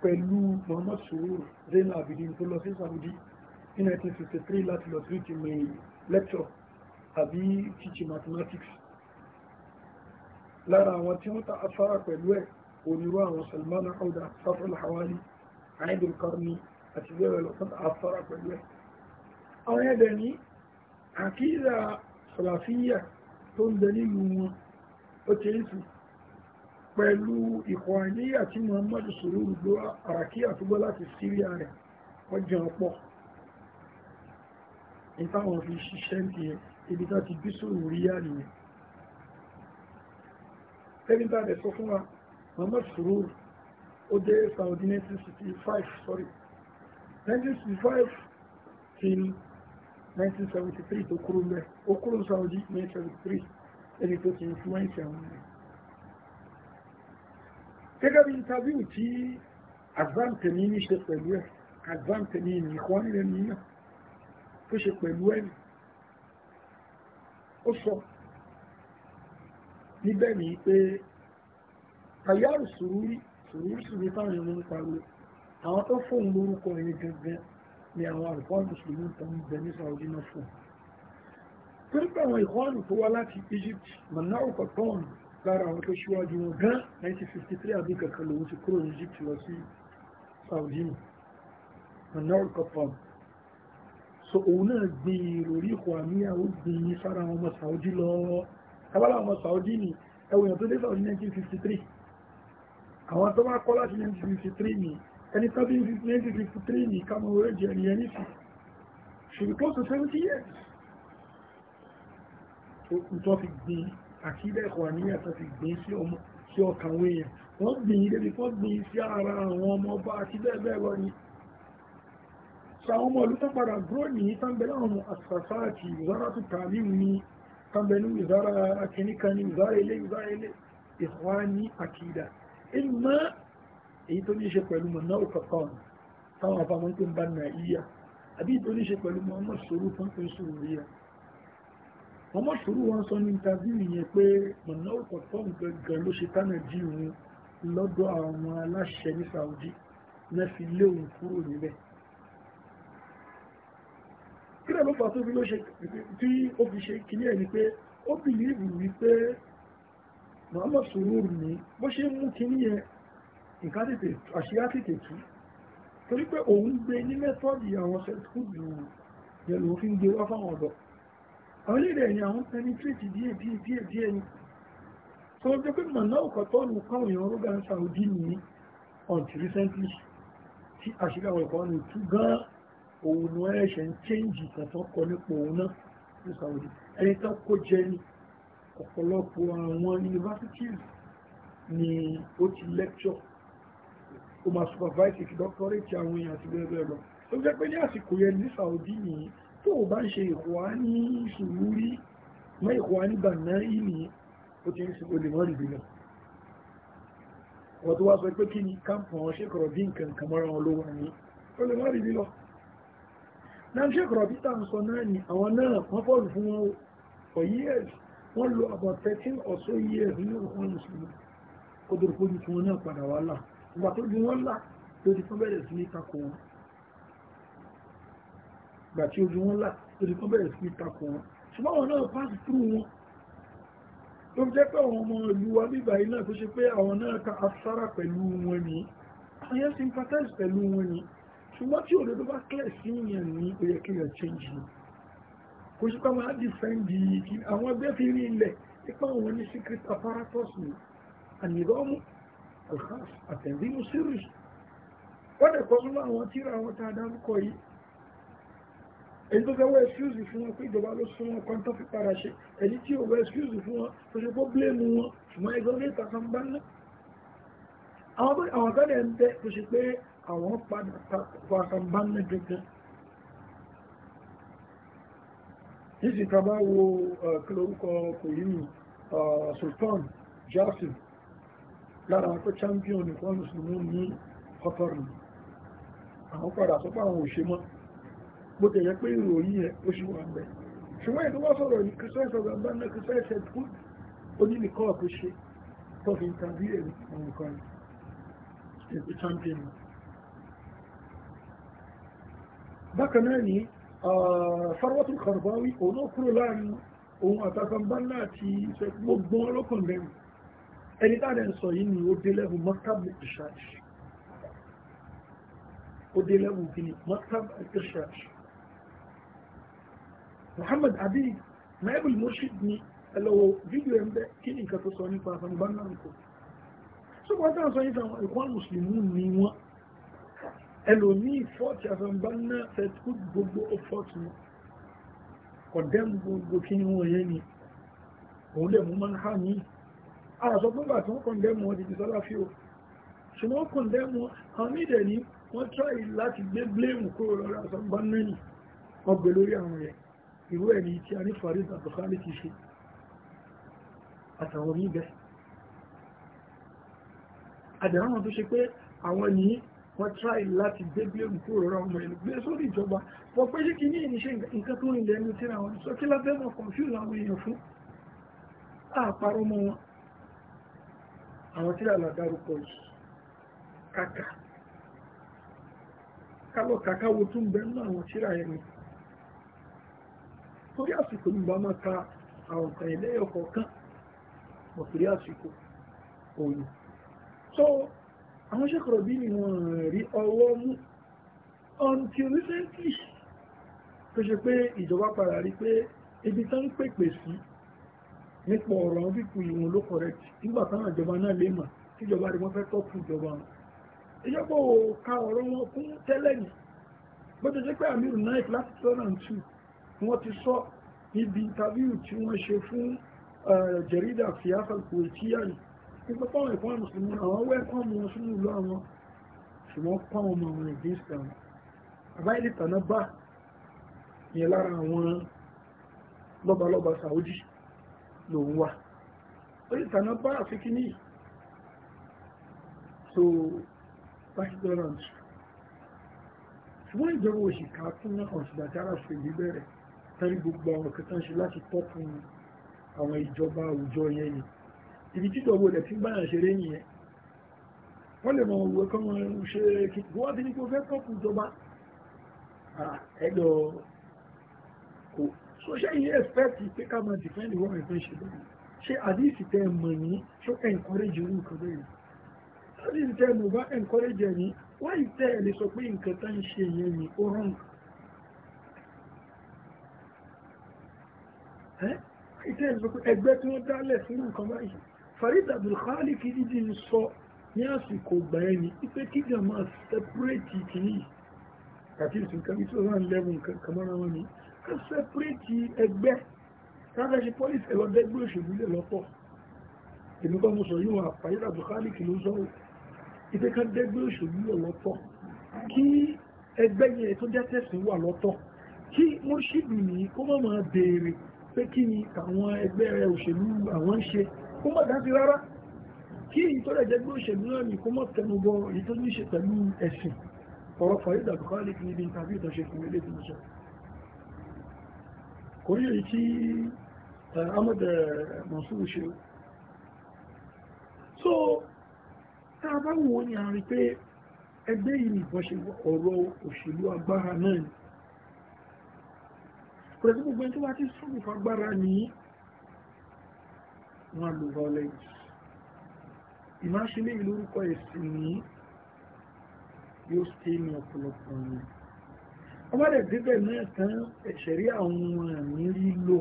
pẹ̀lú Muhammad Surur Zainal Abidin tó lọ sí Saudi ní 1963 láti lọ sí ìtìmọ̀ lecture àbí teach mathematics lára àwọn tí wọ́n ta afárá pẹ̀lú ẹ̀ onírú àwọn Salman Auda Safar al-Hawali Aidul àti bẹ́ẹ̀ lọ fún àfọ́ra pẹ̀lú ẹ̀ àwọn ẹ̀dẹ̀ ní àkíyà sọ̀làfíyà tó ń bẹ nílùú wọn ó ti ń tù pẹ̀lú ìkọ̀ àníyà tí muhammadu sùúrù gbó àràkíyà tó gbọ́ láti síríà rẹ̀ ọjọ́ ọ̀pọ̀ ìtàwọn fi ṣiṣẹ́ ti ẹ̀ ibi tó ti 1965 till 1973 tó kúrò mẹ́ ó kúrò Saudi 1973 ẹni tó ti influence àwọn ẹ̀ gẹ́gẹ́ bí interview tí Advan Temimi ṣe pẹ̀lú ẹ̀ Advan Temimi ìkọ́ nílẹ̀ nìyàn tó ṣe pẹ̀lú ẹ̀ ó sọ níbẹ̀ ni pé Tayaru Sururi Sururi Sururi táwọn èèyàn ń pariwo àwọn tó fún lórúkọ yẹn gẹ́gẹ́ ni àwọn àrùkọ́ mùsùlùmí tó ń bẹ ní Saudi náà fún torí pé àwọn ìkọ́nù tó wá láti Egypt manau kọ̀tọ́n lára àwọn tó ṣíwájú wọn gan 1953 àbí kankan lòun ti kúrò ní Egypt lọ sí Saudi nù manau kọ̀tọ́n so òun náà gbin ìròrí ìkọ̀ àmìyà ó gbin sára àwọn ọmọ Saudi lọ abala ọmọ Saudi ni ẹwùyàn tó dé Saudi 1953 àwọn tó bá kọ́ láti 1953 ni ẹni tó bí ní twenty fifty three ní kámọ orí jẹ ní ẹni sí should be close to seventy years tó fi gbin àkídà ẹ̀kọ́ àníyàn tó fi gbin sí ọmọ sí ọkàn àwọn èèyàn wọ́n gbìn débi fọ́ gbìn sí ara àwọn ọmọ ọba àti bẹ́ẹ̀ bẹ́ẹ̀ lọ ni sàwọn ọmọ olùtọ́ padà gúrò ní tàbẹ̀lẹ̀ ọmọ àṣàṣà àti ìzára tó tààmì ní tàbẹ̀lú ìzára akẹ́nìkan ní ìzára ilé ìzára ilé ìhwá ní èyí tó ní ṣe pẹ̀lú mọ̀ná òkọ̀kan táwọn àbámọ́ tó ń bá nà íyà àbí tó ní ṣe pẹ̀lú mọ̀mọ́ sòrò fún pé sòrò ríyà mọ̀mọ́ sòrò wọn sọ ní interview yẹn pé mọ̀ná òkọ̀kan gangan ló ṣe tánà jí òun lọ́dọ̀ àwọn aláṣẹ ní Saudi lẹ́fi lé òun kúrò níbẹ̀ kí ló fà tó fi ló ṣe tí ó fi ṣe kìlí ẹni pé ó bìlíìbù wípé mọ̀mọ́ sòrò ní bó ṣe mú kìlí yẹn nǹkan tètè àṣírí tètè tú torí pé òun gbé ní mẹ́tọ́ọ̀dì àwọn sẹ́kúùdù yẹlò òfin gbé wá fáwọn ọ̀dọ́ àwọn ilé rẹ̀ ni àwọn penetrate díẹ̀ díẹ̀ díẹ̀ díẹ̀ ni tó jẹ́ pé mọ̀nà ọ̀kọ̀ tọ́nu káwọn èèyàn rọ́gà ń Saudi ní until recently tí àṣírí àwọn ẹ̀kọ́ ni tú gan òun ni wọ́n ẹ̀ṣẹ̀ ń change ìtàtọ́ kọ nípa òun náà ní Saudi ẹni tó kó jẹ ní ọ̀pọ̀lọpọ̀ àwọn universities ni ó ti lecture ó máa supervise ìdọ́kọ̀rẹ́tì àwọn èèyàn àti bẹ́ẹ̀ bẹ́ẹ̀ lọ ó jẹ́ pé ní àsìkò yẹn ní Saudi nìyí tó o bá ń ṣe ìkùwá ní sùúrì mọ́ ìkùwá ní bàná ìní ó ti ń sin olè mọ́ rìbí náà wọ́n tó sọ pé kí ni káàpù wọn ṣe kọ̀rọ̀ bí nǹkan kan mọ́ra wọn ló wà ní olè mọ́ rìbí lọ náà ṣe kọ̀rọ̀ bí táwọn náà ni àwọn náà wọ́n fọ́ọ̀lù fún wọn for years wọ́n lo about thirteen or so years nínú ìkùwá mùsùlùmí kó dòrò kó ju tiwọn náà padà wá ìgbà tó ju wọn là lórí kan bẹ̀rẹ̀ sí ní takò wọn ìgbà tí ojú wọn là lórí kan bẹ̀rẹ̀ sí ní takò wọn ṣùgbọ́n àwọn náà pass through wọn tó jẹ́ pé àwọn ọmọ ìlú wa bíbà yìí náà tó ṣe pé àwọn náà ka afárá pẹ̀lú wọn ni àyẹ́ sympathize pẹ̀lú wọn ni ṣùgbọ́n tí òdodo bá clear sí yẹn ní oyèkéyàn change ni kò sí pé àwọn adìfẹ́ǹdì àwọn ẹgbẹ́ fi rí ilẹ̀ ipa àwọn ní secret apparatus ni ànìrọ́mù kò káàsì àtẹ̀bínú sírìs wọ́n dẹ̀ kọ́ súnmọ́ àwọn tíra àwọn tá a dárúkọ yìí èyí tó fẹ́ wọ ẹ́síkúùsì fún wọn pé ìjọba ló sún wọn kan tó fi padà ṣe èyí tí ò wọ ẹ́síkúùsì fún wọn tó ṣe kó bílẹ̀mù wọn ṣùgbọ́n ẹgbẹ́ oníta kan bá ná àwọn kan dẹ̀ ń bẹ tó ṣe pé àwọn padà fa kan bá ná gẹ́gẹ́ nísìkà bá wo kí lórúkọ kò yí Sultan Jasim lára wọn tó champion nìkan mùsùlùmí ní ọkọ̀rùn àwọn padà sọ pé àwọn òṣè mọ́ bó tẹ̀yẹ pé ìròyìn ẹ̀ ó ṣe wà ń bẹ̀ ṣùgbọ́n ètò wọ́n sọ̀rọ̀ ní kìsẹ́sẹ̀ bàbá náà kìsẹ́sẹ̀ fún onílìkọ́ ọ̀tún ṣe tó fi ń tàbí èrè àwọn nǹkan ètò champion bákan náà ni farwatu Karbawi òun náà kúrò láàrin òun àtàkànbá náà ti gbogbo ọlọ́kàn lẹ́nu ẹni tá à ń sọ yìí ni ó dé lẹ́hùn mọ́tàbù ìṣáàṣì ó dé lẹ́hùn kìíní mọ́tàbù ìṣáàṣì Muhammad Abi Naibul Murshid ni ẹlọ́wọ́ fídíò ẹ̀ ń bẹ́ kí ni nǹkan tó sọ nípa àfẹnubá náà nìkan tó wọ́n tán sọ ìfẹ́ àwọn ìkwọ́n mùsùlùmí ni wọ́n ẹlòmíì fọ́ọ̀tì àfẹ́mbá náà fẹ́tù gbogbo fọ́ọ̀tì wọn kọ̀dẹ́m gbogbo kí ni wọ́n yé ni òun lè mú máa ń há ní àṣọ pé bàtí wọ́n kọ̀ndẹ́mù wọn ti sọ́lá fí o ṣùgbọ́n kọ̀ndẹ́mù àwọn nídẹ̀ ní wọ́n tráì láti gbé bléèmù kó rọra àṣọ bá nẹ́nì ọgbẹ̀ lórí àwọn rẹ̀ ìrú ẹ̀ ní tí a ní Farid Abdulkhali ti ṣe àtàwọn oníbẹ̀ àdàwọn tó ṣe pé àwọn ní wọ́n tráì láti gbé bléèmù kó rọra ọmọ ìlú gbé sórí ìjọba wọ́n pé ṣé kí ní ìníṣẹ́ nǹkan tó rìn lẹ́nu tí àwọn sọ kí lábẹ́ wọn kọ̀ǹfíù làwọn èèyàn fún àwọn tí àlà dárúkọ yìí kàkà kálọ̀ kàkà wo tún bẹ́ẹ̀ náà àwọn tíra yẹn ni torí àsìkò ní bàmá ka àwọn kan ẹlẹ́yọ̀ kọ̀ọ̀kan mọ̀ torí àsìkò òní. so àwọn ṣèkọ̀rọ̀ bí ni wọ́n rí ọwọ́ mú until recently tó ṣe pé ìjọba padà rí pé ibi tán ń pèpè sí nípa ọ̀rọ̀ àwọn pípù ìwọ̀n ló correct nígbà táwọn ìjọba náà lè mà kíjọba rí wọ́n fẹ́ tọ́ fún ìjọba wọn. ìjọba ò ka ọ̀rọ̀ wọn fún tẹ́lẹ̀ yìí bó jẹ́ pé Amiru Naik láti two thousand and two wọ́n ti sọ níbi interview tí wọ́n ṣe fún jẹ̀rídà fìyàfà kùwẹ̀tíyà yìí nípa táwọn ẹ̀kọ́ mùsùlùmí àwọn wẹ́ẹ̀kọ́ mu wọn sínú ìlú àwọn ṣùgbọ́n pa wọn mọ̀ wọn against àwọn lọ́balọ́ba Saudi lòun wà ó sì tàná bá àfikí ní so background ṣùgbọ́n ìjọba òṣìkà fún náà ọ̀sìdàjára fèlú bẹ̀rẹ̀ tẹ́rí gbogbo àwọn kẹta ń ṣe láti tọ́kùn àwọn ìjọba àwùjọ yẹn ni ibi títọ̀ owó rẹ̀ tí ń báyàn ṣeré nìyẹn wọ́n lè mọ òwe kan wọn ṣe kìkì wọ́n ti ní kí wọ́n fẹ́ tọ́kùn ìjọba ẹ̀dọ̀ so ṣé iye expect pé ká máa defend wọ́n ẹ̀fẹ́ ṣe bẹ́ẹ̀ ṣé àdìsí tẹ ẹ mọ̀ ní ṣó encourage irú nǹkan bẹ́ẹ̀ àdìsí tẹ ẹ mọ̀ bá encourage ẹ̀ ní wáyé tẹ ẹ lè sọ pé nǹkan tá ń ṣe yẹn ni ó rán wáyé tẹ ẹ lè sọ pé ẹgbẹ́ tí wọ́n dálẹ̀ fún nǹkan báyìí Farid Abdulkhaliq dídì ń sọ ní àsìkò ìgbà yẹn ni ipe kíjà máa separate kìíní àti ìsìnkà bí tí wọ́n bá ń lẹ́wọ̀n kan wọn ni ká sẹ́pẹ́rẹ́tì ẹgbẹ́ káfẹ́ ṣe pọ́lìsì ẹlọ́dẹ́gbẹ́ òṣèlú lè lọ́pọ̀ èmi kọ́ mo sọ yíwọ̀n àpàyẹ́dà buhari kì ló sọ̀rọ̀ ìpé ká dẹ́gbẹ́ òṣèlú lè lọ́pọ̀ kí ẹgbẹ́ yẹn tó jẹ́ tẹ̀sìn wà lọ́tọ̀ kí mọ́ṣídù ní kó má máa béèrè pé kí ni àwọn ẹgbẹ́ òṣèlú àwọn ń ṣe kó má dá sí rárá kí ìtọ́lẹ̀ jẹ́gbẹ́ òṣèlú náà ní kó má tẹnubọ èyí tó ní ṣe pẹ̀lú ẹ̀sìn ọ̀rọ̀ fàyẹ́dà buhari kì níbi ìtàbí ìtọ́ṣe fún ilé ìtọ́ṣe kò rí èyí tí eh, Ahmed eh, Mansour ṣe so tá a bá wò a rí pé ẹgbẹ́ yìí nìkan ṣe ọ̀rọ̀ òṣèlú agbára náà pẹ̀lú gbogbo ẹni tó bá ti sọ̀rọ̀ fagbára ní wọn lò violence ìmáṣílẹ̀ ìlú ẹ̀sìn ní yóò ṣe ní ọ̀pọ̀lọpọ̀ ọ̀rọ̀ ọmọdé dídẹ̀ náà kan ẹ̀ṣẹ̀rí àwọn àmì lílò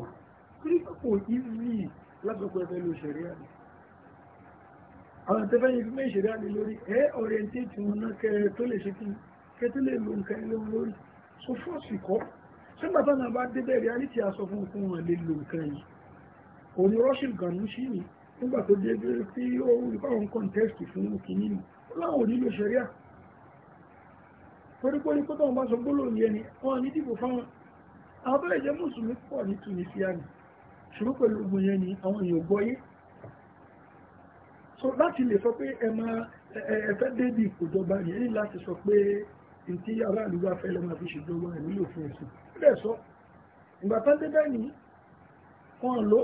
torí kò ìzì lásọ̀kọ̀ ẹ̀fẹ́ lo ṣẹ̀rí àmì àwọn tẹ́fẹ́ yìí fún ìṣẹ̀rí àmì lórí ẹ̀ ọ̀rẹ́ntéètì wọn náà kẹ tó lè ṣe kí kẹ tó lè lo nǹkan ilé wọn lórí so fọ́ọ̀sì kọ́ sígbà tó náà bá débẹ̀ rí alítì aṣọ fún fún wọn lè lo nǹkan yìí òní rọ́ṣìn gànú sí ni nígbà tó dé sí ó rí fáwọn kọ́ńtẹ́sì fún òkìní ni láwọn ò nílò àmì torí pé oníkó tóun bá sọ gbólóhùn yẹn ni wọn ní dìbò fáwọn àwọn bẹ́ẹ̀ jẹ́ mùsùlùmí pọ̀ ní Tunisia ni ṣùgbọ́n pẹ̀lú ogun yẹn ni àwọn èèyàn gbọ́yé so láti lè sọ pé ẹ máa ẹ fẹ́ débi ìkòjọba yẹn ní láti sọ pé ntí aráàlú bá fẹ́ lọ́mọ àfi ṣèjọba ẹ̀ nílò fún ẹ̀sìn bẹ́ẹ̀ sọ ìgbà tán dé bẹ́ẹ̀ ni wọn lò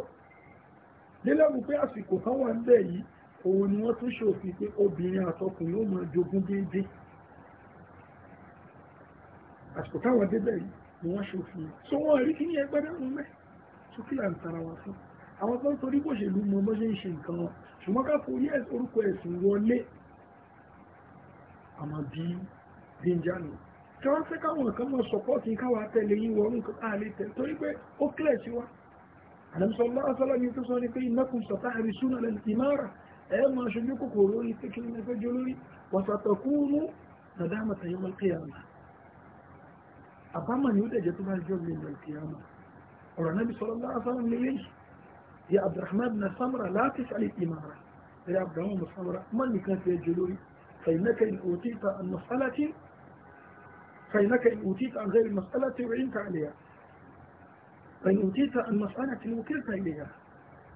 délẹ́bù pé àsìkò kan wà ń bẹ̀ yìí òun ni wọ́n tún ṣòfin pé obìnrin àtọkùnrin ó máa jogún déédéé àsìkò táwọn débẹ̀ yìí ni wọ́n ṣòfin so wọ́n rí kí ní ẹgbẹ́ dáhùn mẹ́ sókè à ń tara wa fún àwọn tó ń torí bó ṣèlú mọ bó ṣe ń ṣe nǹkan wọn ṣùgbọ́n ká forí orúkọ ẹ̀sìn wọlé àmọ́ bí díjà nù kí wọ́n fẹ́ káwọn nǹkan mọ sọ́pọ́ọ̀tì káwa tẹ̀lé yín wọ́n nǹkan á lè tẹ̀ torí pé ó kílẹ̀ sí wa àdàmísọ̀ lọ́sọ́lá ni tó sọ ni pé innakum satahrisuna lil imara ẹ̀ máa ṣojú kòkòrò orí pé kí ni ẹgbẹ́ jolórí wàsàtọ̀kúrú nadamata yawm al-qiyamah أقامني وجهة من الجبل من القيامة أولا النبي صلى الله عليه وسلم ليش يا عبد الرحمن بن سمرة لا تسأل إمارة يا عبد الرحمن بن سمرة من اللي كان في الجلول فإنك إن أوتيت عن مسألة فإنك إن أوتيت عن غير المسألة وعنت عليها فإن أوتيت عن مسألة وكلت إليها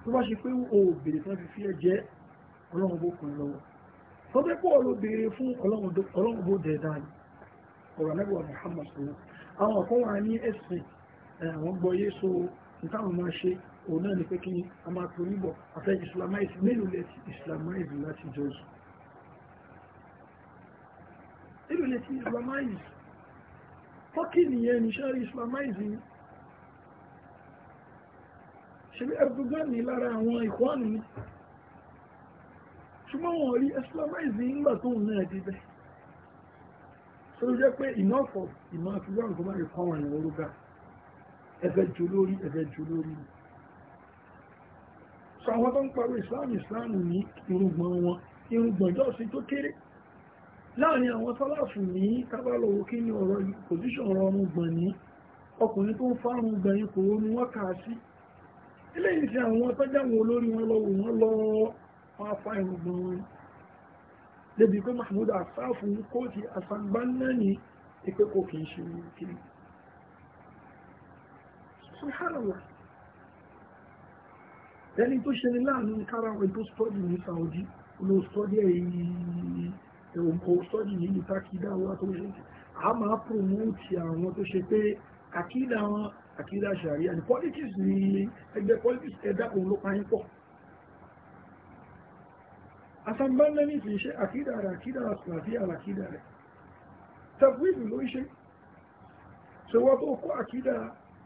فباشي في أوه بريتنا في فيها جاء الله أبوك من الله فبقوا له بريفون الله أبوك ديدان ورنبوا محمد صلى الله عليه وسلم àwọn ọ̀fọ́ wà ní ẹ̀sìn àwọn gbọ́yé so ìtàwọn máa ṣe òun náà ni pé kí a máa tó níbọ̀ afẹ́ islamize mélòó lẹ́tí islamize láti jọ́sù mélòó lẹ́tí islamize fọ́kì nìyẹn ní ṣẹ́rí islamize ni ṣebí Erdogan ní lára àwọn ìkwánu ni ṣùgbọ́n wọ́n rí islamize nígbà tóun náà débẹ̀ tó jẹ́ pé ìnáfọ̀ ìmọ̀ àfihàn ọ̀gbọ́n rẹ̀ fáwọn èèyàn orúgá ẹ̀fẹ́ jù lórí ẹ̀fẹ́ jù lórí sọ àwọn tó ń parọ́ ìsìláàmù ìsìláàmù ní irúgbọ̀n wọn irúgbọ̀n jọ́ sí tó kéré láàrin àwọn sálàfù ní tábàlọ́wọ́ kí ọ̀rọ̀ ọ̀rọ̀ ní ọkùnrin tó ń fárun ní wọ́n kà á sí eléyìí àwọn tọ́jà débi pé mahmoud asáfù kóòtù asangbá náà ní ipé kò kìí ṣe kiri subhanallah ẹni tó ṣe ní láàánú kára ẹ̀ tó stọ́dì ní saudi ló stọ́dì ẹ̀yìn ẹ̀wọ̀n kò stọ́dì ní ìta kìdá tó ṣe a máa promote àwọn tó ṣe pé àkídà wọn àkídà ṣàríà ní politics ní ẹgbẹ́ politics ẹ̀dá òun ló pa yín pọ̀ Hasan Banna ní ti ṣe àkídà rẹ̀ àkídà àsìláfí àlàkídà rẹ̀ tẹ̀wìlù ló ṣe ṣe wọ́n tó kó àkídà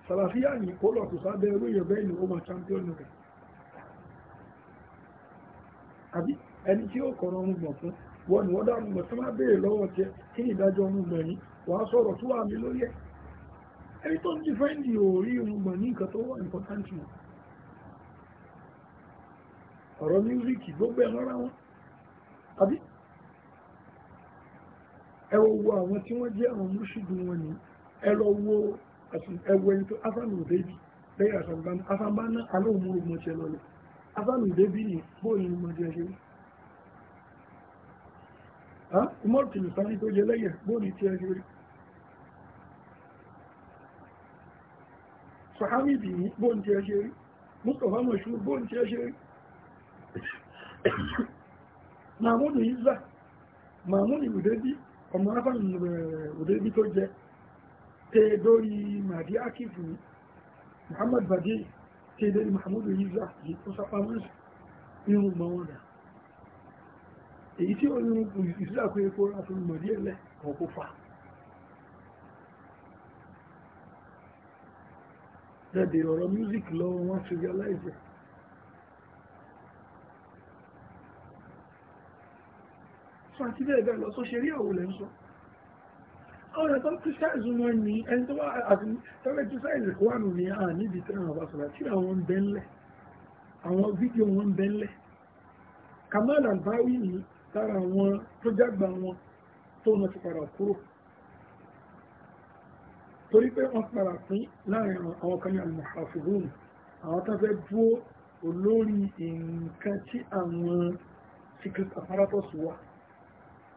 sàlàfíà ní kó lọ kò sábẹ́ ẹrú èèyàn bẹ́ẹ̀ ni ó máa champion rẹ̀ àbí ẹni tí ó kọ̀rọ̀ ọmọ gbọ̀n fún wọn ni wọ́n dá ọmọ gbọ̀n tó máa béèrè lọ́wọ́ jẹ kí ni ìdájọ́ ọmọ gbọ̀n yìí wàá sọ̀rọ̀ tó wà mí lórí ẹ̀ ẹni tó ń dìfẹ́ǹdì ò rí ọmọ gbọ̀n ní nǹkan tó wà ní kọ́ńtántì ọ̀rọ̀ mísíkì gbogbo ẹ̀ lọ́ra wọn àbí ẹ wo wo àwọn tí wọ́n jẹ́ àwọn mùsùlùmí wọn ni ẹ lọ wo ẹwọ ẹni tó afánù òdèbí lẹ́yìn àṣàgbà afánbá náà alóhùnmúrò mọ̀ọ́ṣẹ́ lọ́lẹ̀ afánù òdèbí ni bóyá ni mo jẹ́ ṣe rí umar tìlùsánì tó jẹ lẹ́yìn bóyá ti ẹ ṣe rí sọ̀hámì bì ní bóyá ti ẹ ṣe rí mustapha mọ̀ṣú bóyá ti ẹ ṣe rí mahmud isa mahmud udebi ọmọ afan udebi tó jẹ tẹ lórí mahdi akif ni muhammad badi tẹ lórí mahmud isa yìí tó sápá mọ́sí irun gbọ́n wọn dà èyí tí òun ìsìlá pé kó ra fún mọ̀dí ẹ̀lẹ́ ọ̀pọ̀ fa lẹ́bẹ̀rẹ̀ ọ̀rọ̀ music lọ́wọ́ wọ́n ti realize Johnson àti bẹ́ẹ̀ bẹ́ẹ̀ lọ sọ ṣe rí òun lẹ́ ń sọ ọ̀rẹ́ tó ń criticize wọn ní ẹni tó wà àti tọ́lẹ̀ criticize wà nù ní à níbi tí àwọn bá sọ̀rọ̀ tí àwọn ń bẹ́ ńlẹ̀ àwọn fídíò wọn ń bẹ́ ńlẹ̀ Kamal Albawi ní lára àwọn tó jágbà wọn tó wọn ti padà kúrò torí pé wọ́n padà pín láàrin àwọn kan ní al àwọn tó fẹ́ dúró olórí nǹkan tí àwọn secret apparatus wà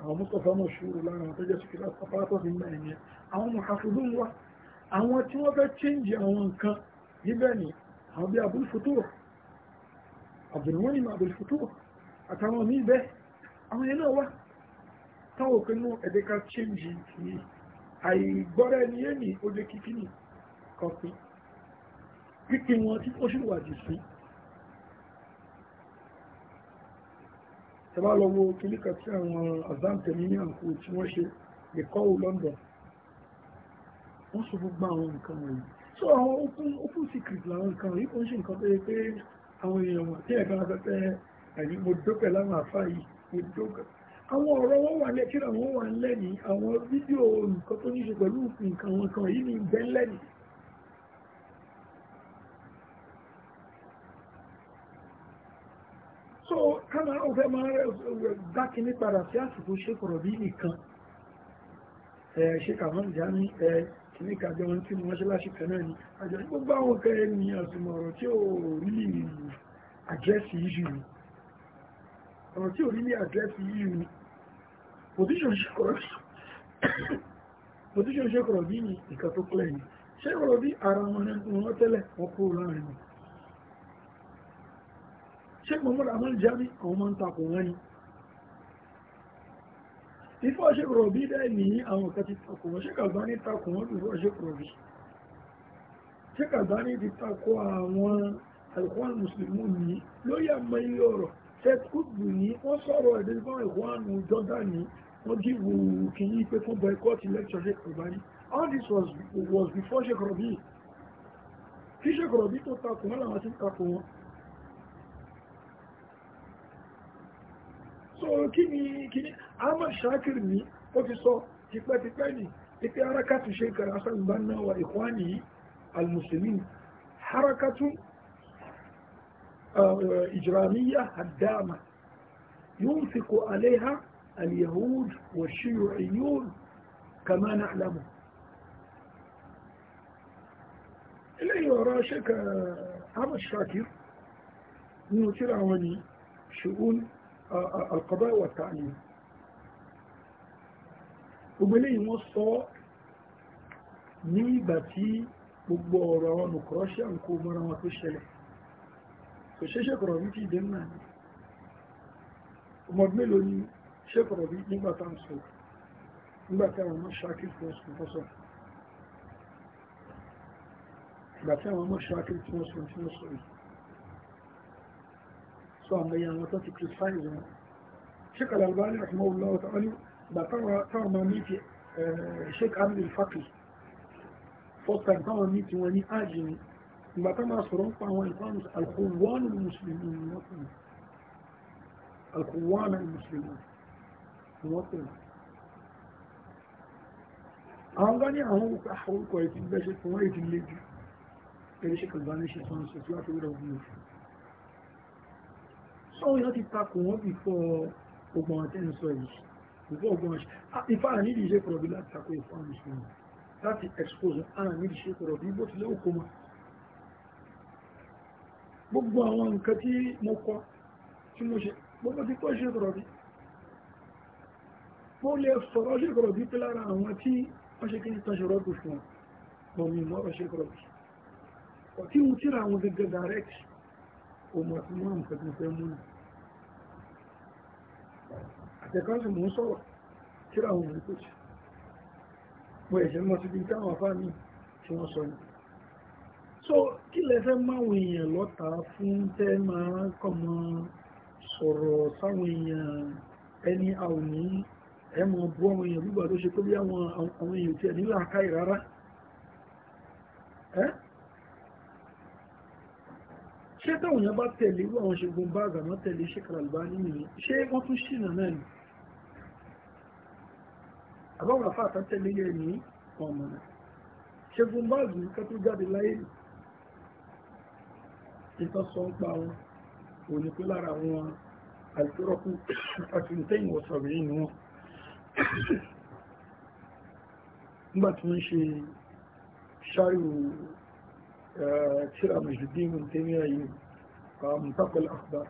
àwọn mọ́tọ̀fà mọ̀ ṣúrù lára àwọn tó jẹ́ sí kìlá pàpàtọ̀ sí náà ẹ̀yẹn àwọn muhafizun wa àwọn tí wọ́n fẹ́ change àwọn nǹkan níbẹ̀ ni àwọn bí Abul Futuh Abdulmunim Abul Futuh àtàwọn míì bẹ́ẹ̀ àwọn yẹn náà wá táwọn òpin náà ẹ̀dẹ́ka change ní àìgbọ́ra ẹni yé ní ó lé kíkí ní kọfí tẹ́bá lọ wo kílíkà tí àwọn azam tẹ̀míní àǹkó tí wọ́n ṣe lè kọ́ ò London wọ́n sọ fún gbá àwọn nǹkan wọ̀nyí so àwọn open open secret làwọn nǹkan wọ̀nyí kò ń ṣe nǹkan tó yẹ pé àwọn èèyàn wọn tí ẹ̀ka afẹ́fẹ́ ẹ̀yìn mo dópẹ̀ láwọn àfa yìí mo dópẹ̀ àwọn ọ̀rọ̀ wọn wà lẹ́kìrà wọn wà lẹ́ni àwọn fídíò nǹkan tó ní ṣe pẹ̀lú nǹkan wọn kan yìí ní ìbẹ́ lẹ́ni fẹ́ máa dákíní padà sí àsìkò ṣékọ̀rọ̀ bí nìkan ṣe kàmọ́n ìjà ní ẹ kìíní kàjọ wọn tí wọ́n ṣe láṣì kan náà ni àjọ ní gbogbo àwọn ọ̀kẹ́ ni àsìmọ̀ ọ̀rọ̀ tí ò rí ní àdírẹ́sì issue ni ọ̀rọ̀ tí ò rí ní àdírẹ́sì issue ni position ṣékọ̀rọ̀ bí nìkan tó clear ni ṣékọ̀rọ̀ bí ara wọn tẹ́lẹ̀ wọ́n kúrò sheikh muhammad ahmad jami àwọn máa ń takò wọn ni before sheikh rọ̀bí dẹ́ ní àwọn kan ti takò wọn sheikh albani takò wọn before sheikh rọ̀bí sheikh albani ti takò àwọn ẹ̀kọ́ muslimun ní lórí àmọ́ ilé ọ̀rọ̀ Ted Kutbu ní wọ́n sọ̀rọ̀ ẹ̀dẹ́ fún ẹ̀kọ́ àrùn Jordan ní wọ́n dì wò kìíní pé fún boycott election sheikh albani all this was, was before sheikh rọ̀bí kí sheikh rọ̀bí tó takò wọn làwọn ti takò wọn so kí ni kí ni Ahmad Shakir ní ó ti sọ tipẹ́tipẹ́ ni ipe harakatu Sheikh Al-Hasan al-Banna wa ikhwani al-muslimin harakatu إجرامية هدامة ينفق عليها اليهود والشيوعيون كما نعلم إليه وراء شك عمى الشاكر نترى وني شؤون القضاء والتعليم gbogbo eléyìí wọ́n sọ ní ìgbà tí gbogbo ọ̀rọ̀ àwọn nùkọ́ṣíà ń kó mọ́ra wọn tó ṣẹlẹ̀ kò ṣe ṣẹ́kọ̀rọ̀ bí ti dé náà ni ọmọdé mélòó ni ṣẹ́kọ̀rọ̀ bí nígbà tá ń sọ nígbà tí àwọn ọmọ ṣáàkì tí wọ́n sùn tó sọ nígbà tí àwọn ọmọ ṣáàkì tí wọ́n sùn tí wọ́n sọ yìí سؤال بيان وطنطي كريستاني زمان شيك الألباني رحمه الله تعالى بطرع طرع ماميتي آه، شيك عبد الفقي فوطن طرع ماميتي واني آجني بطرع صرون طرع واني طانس الخوان المسلمين الوطن الخوان المسلمين الوطن أعلاني أهو أحول كويتين باشي كويتين ليدي كريشيك الباني شيطان سيطلع في ورا أ So we sọ́wọ́n yóò ti takò Before bí fọ́ ogun àtẹ́nu sọ yìí bífọ́ ogun àṣẹ ìfà nídi iṣẹ́ kọ̀rọ̀ bí láti takò ìfà mùsùlùmí láti expose ara nídi iṣẹ́ kọ̀rọ̀ bí bó ti léwu kó mọ́ gbogbo àwọn nǹkan tí mo kọ́ tí mo ṣe gbogbo ti kọ́ iṣẹ́ kọ̀rọ̀ bí mo lè sọ̀rọ̀ iṣẹ́ kọ̀rọ̀ bí pé lára àwọn tí wọ́n ṣe kí ní tán ṣe rọ́gbù fún ọ mọ̀ mi mọ́ ọ̀ṣẹ́ kọ̀rọ̀ bí ọ̀tí mo tíra àwọn gẹ́gẹ́ direct ọmọ tí wọ́n nǹkan tó fẹ́ mú nù àtẹ̀kọ́sì mò ń sọ̀rọ̀ kíra àwọn òun kòtì mo ẹ̀ṣẹ̀ mọ́ ti bí táwọn afá mi tí wọ́n sọ ni so kí lẹ fẹ́ máwọn èèyàn lọ́ta fún tẹ́ máa kọ́ mọ́ sọ̀rọ̀ sáwọn èèyàn ẹni àwọn ní ẹmọ bú àwọn èèyàn gbígbà tó ṣe kó bí àwọn èèyàn tí ẹ̀ nílà rárá ẹ́ ṣé táwọn èèyàn bá tẹ̀lé irú àwọn ṣègùn bá àgbà náà tẹ̀lé ṣe kàràlùbá nínú yìí ṣé wọ́n tún ṣìnà náà ni àbáwọn àfa àtàtẹ̀lé yẹn ní ọmọnà ṣègùn bá àgbà nǹkan tó jáde láyé nì sọ ń pa wọn òní pé lára àwọn àìsírọ́kù àtúntẹ̀yìn wọ̀sọ̀rọ̀ yìí ni wọ́n nígbà tí wọ́n ṣe ṣáríwò تشرع مجد الدين من تيمية منطقة الأخبار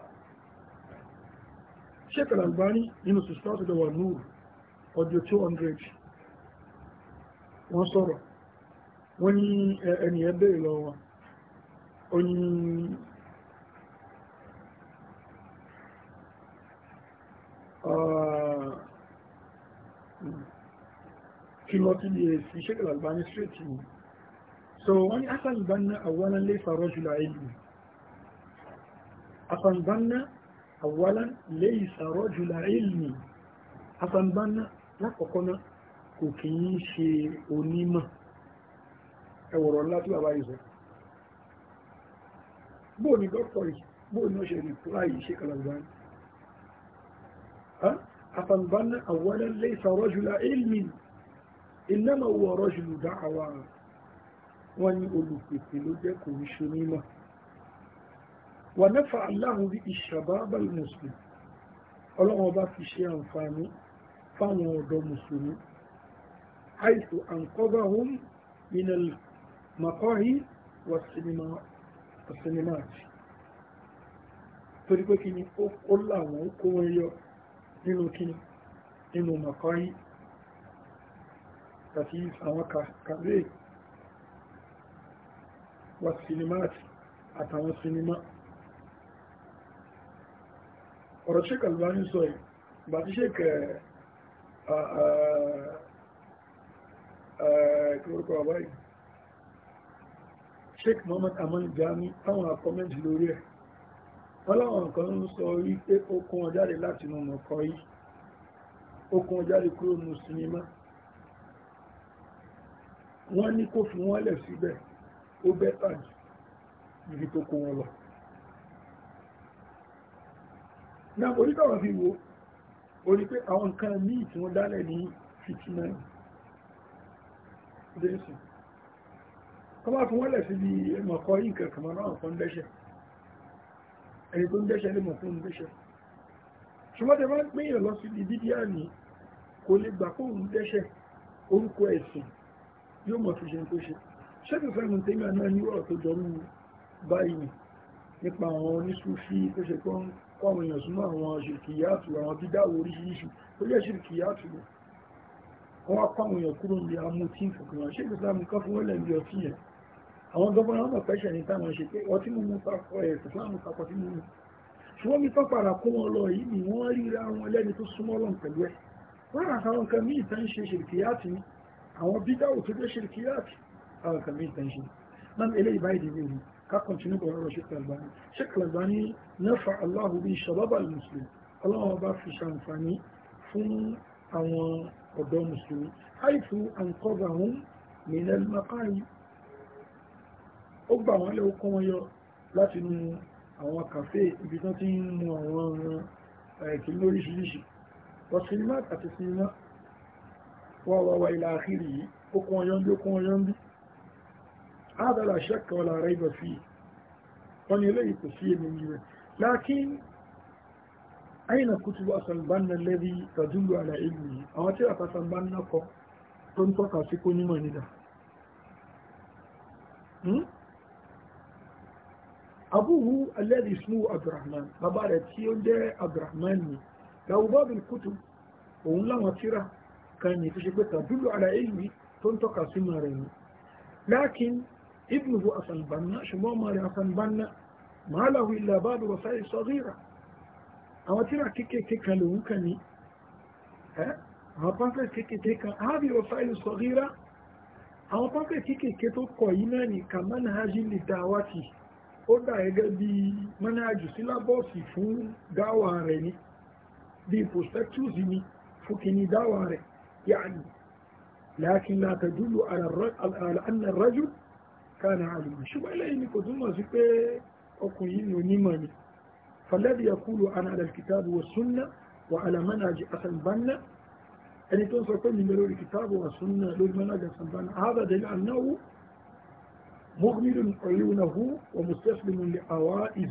Sheikh Al-Albani nínú sùsùláàtù da wà núrù ọdún 200 wọ́n sọ̀rọ̀ wọ́n ní ẹni ẹgbẹ́ ìlọ wọn ó ní kí lọ tí lè fi Sheikh Al-Albani straight yìí so wọ́n ní Hassan Banna awwalan laysa rajula ilmi Hassan Banna awwalan laysa rajula ilmi Hassan Banna lákọ̀ọ́kọ́ náà kò kì í ṣe onímọ̀ ẹwọ̀rọ̀ ńlá tí bàbá yìí sọ bóò ní dọ́kọ̀ yìí bóò ní ọ̀ṣẹ̀ rìpúrà yìí ṣe kalagbani Hassan Banna awwalan laysa rajula ilmi innama huwa rajulu da'wa wọ́n ní olùpèpè ló jẹ́ kò ń ṣe mímọ̀ wà mẹ́fà aláhùn bí ìṣàbábà mùsùlùmí ọlọ́wọ́n bá fi ṣe àǹfààní fáwọn ọ̀dọ́ mùsùlùmí àìsù àǹkọ́bà hùn nínú màkọ́hí wà sinimáàtì torí pé kí ni ó láwọn ó kó wọn yọ nínú kí nínú màkọ́hí àti àwọn kàwé wà sinimáàtì àtàwọn sinimá ọ̀rọ̀ Sheikh Albani sọ yìí bá ti Sheikh kílórúkọ àbáyìí Sheikh Muhammad Aman Jami táwọn akọ́mẹ́ntì lórí ẹ̀ wọ́n láwọn kan ń sọ wípé okun ọjáde láti nù mọ̀kọ́ yìí okun ọjáde kúrò nù sinimá wọ́n ní kó fi wọ́n lẹ̀ síbẹ̀ ó bẹ́tà jù níbi tó kó wọn lọ náà oníkàwọn fi wo orí pé àwọn nǹkan míì tí wọ́n dálẹ̀ ní fìtínà dẹ́sì kọ́ bá fún wọ́n lẹ̀ sí bí ẹmọ̀kọ́ yìí kẹ̀kọ́ mọ́ náà fún dẹ́ṣẹ̀ ẹni tó ń dẹ́ṣẹ̀ lè mọ̀ fún dẹ́ṣẹ̀ ṣùgbọ́n tẹ bá ń pínyàn lọ sí bídíà ní kò lè gbà fóun dẹ́ṣẹ̀ orúkọ ẹ̀sìn yóò mọ̀ fi ṣe tó ṣe ṣẹ́kì fẹ́mù tí ìgbà náà níwọ̀ tó jọrú báyìí nípa àwọn oníṣúfí tó ṣe kọ́ àwọn èèyàn súnmọ́ àwọn ṣìrìkìyàtù àwọn bídáwò oríṣiríṣi tó jẹ́ ṣìrìkìyàtù wọ́n wá pàwọn èèyàn kúrò ní amútí ìfòkànlá ṣẹ́kì fẹ́mù kan fún wọ́lẹ̀ ní ọtí yẹn àwọn gọ́fọ́nà ọmọ pẹ́ṣẹ̀ ní táwọn ṣe pé ọtí mú mú papọ̀ ẹ̀ ìsìláàmù papọ̀ tí mú mú ṣùgbọ́n mi pápára kó wọn lọ yìí ni wọ́n ríra wọn lẹ́ni tó súnmọ́ lọ́n pẹ̀lú ẹ̀ wọ́n rà àwọn nǹkan míì tán ṣe ṣìrìkìyàtì àwọn kan bí ìtàn ṣe náà eléyìí báyìí dé wèrè ká kọ̀ntínú pẹ̀lú ọ̀rọ̀ ṣèkà àlùbáni ṣèkà àlùbáni nafa Allahu bí shababa al-muslimin ọlọ́wọ́n bá fi ṣàǹfààní fún àwọn ọ̀dọ́ mùsùlùmí haifu àǹkọ́bà hún minal maqari ó gbà wọ́n lẹ́wọ́ kọ́ wọn yọ láti nu àwọn kàfé ibi tán ti mu àwọn ẹ̀kí eh, lóríṣiríṣi wọ́n sinimá àti sinimá wà wà wà ilà àkírí yìí ó kọ́ wọn yọ ń bí ó kọ́ wọn هذا لا شك ولا ريب فيه وأن إليه تسير من جميع لكن أين كتب أصل أسنبان الذي تدل على علمه أو ترى أسنبان نقو تنطق سكون مننا أبوه الذي اسمه عبد الرحمن أبارة تيوندا عبد الرحمن لو باب الكتب وهم لما ترى كان يتشبه تدل على علمه تنطق سمرين لكن ابنه أصلا بنا شمو مالي أصلا بنا ما له إلا بعض رسائل صغيرة أما ترى كيكي كيكا لوكني ها أما بانكا كيكي كيكا هذه رسائل صغيرة أما بانكا كيكي كيتو كويناني كمنهج لدعوتي ó dà gẹ́gẹ́ bí mọ́nájù sílábọ́ọ̀sì fún dáwà rẹ̀ ní bí prospectus ní fúkìní dáwà rẹ̀ yáà ní lákin látàdúlù al'annar rajul kana alima ṣùgbọ́n eléyìí ni kò túmọ̀ sí pé ọkùnrin yìí ni onímọ̀ ni falladhi yaqulu ana ala alkitabi wa sunna wa ala manhaji Hasan Banna ẹni tó ń sọ pé mi lè lórí kitabu wa sunna lórí manhaji Hasan Banna hadha dalil annahu mughnilun wa mustaslimun li awa'iz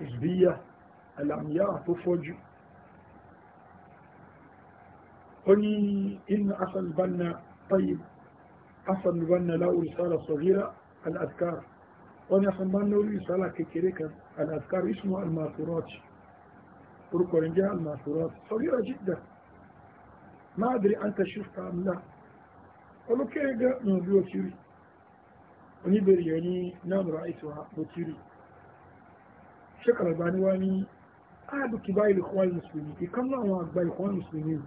ìsbíyà àlàmìyà tó fọ́jú ó ní inú asàlùbánà tayyib asàlùbánà láwùrí sára sọ̀rírà al'adkar wọ́n ni asàlùbánà orí sára kékeré kan al'adkar ismu al-masurat orúkọ rẹ̀ jẹ́ al-masurat sọ̀rírà jidda ma adri an ta shifta amla olókèrè ga ìrìnbí òkiri oníbèrè yẹn ní náà ra'aituwa òkiri ṣe kalabaniwa ní قعدوا كبار الإخوة المسلمين يكمل هو أكبر الإخوة المسلمين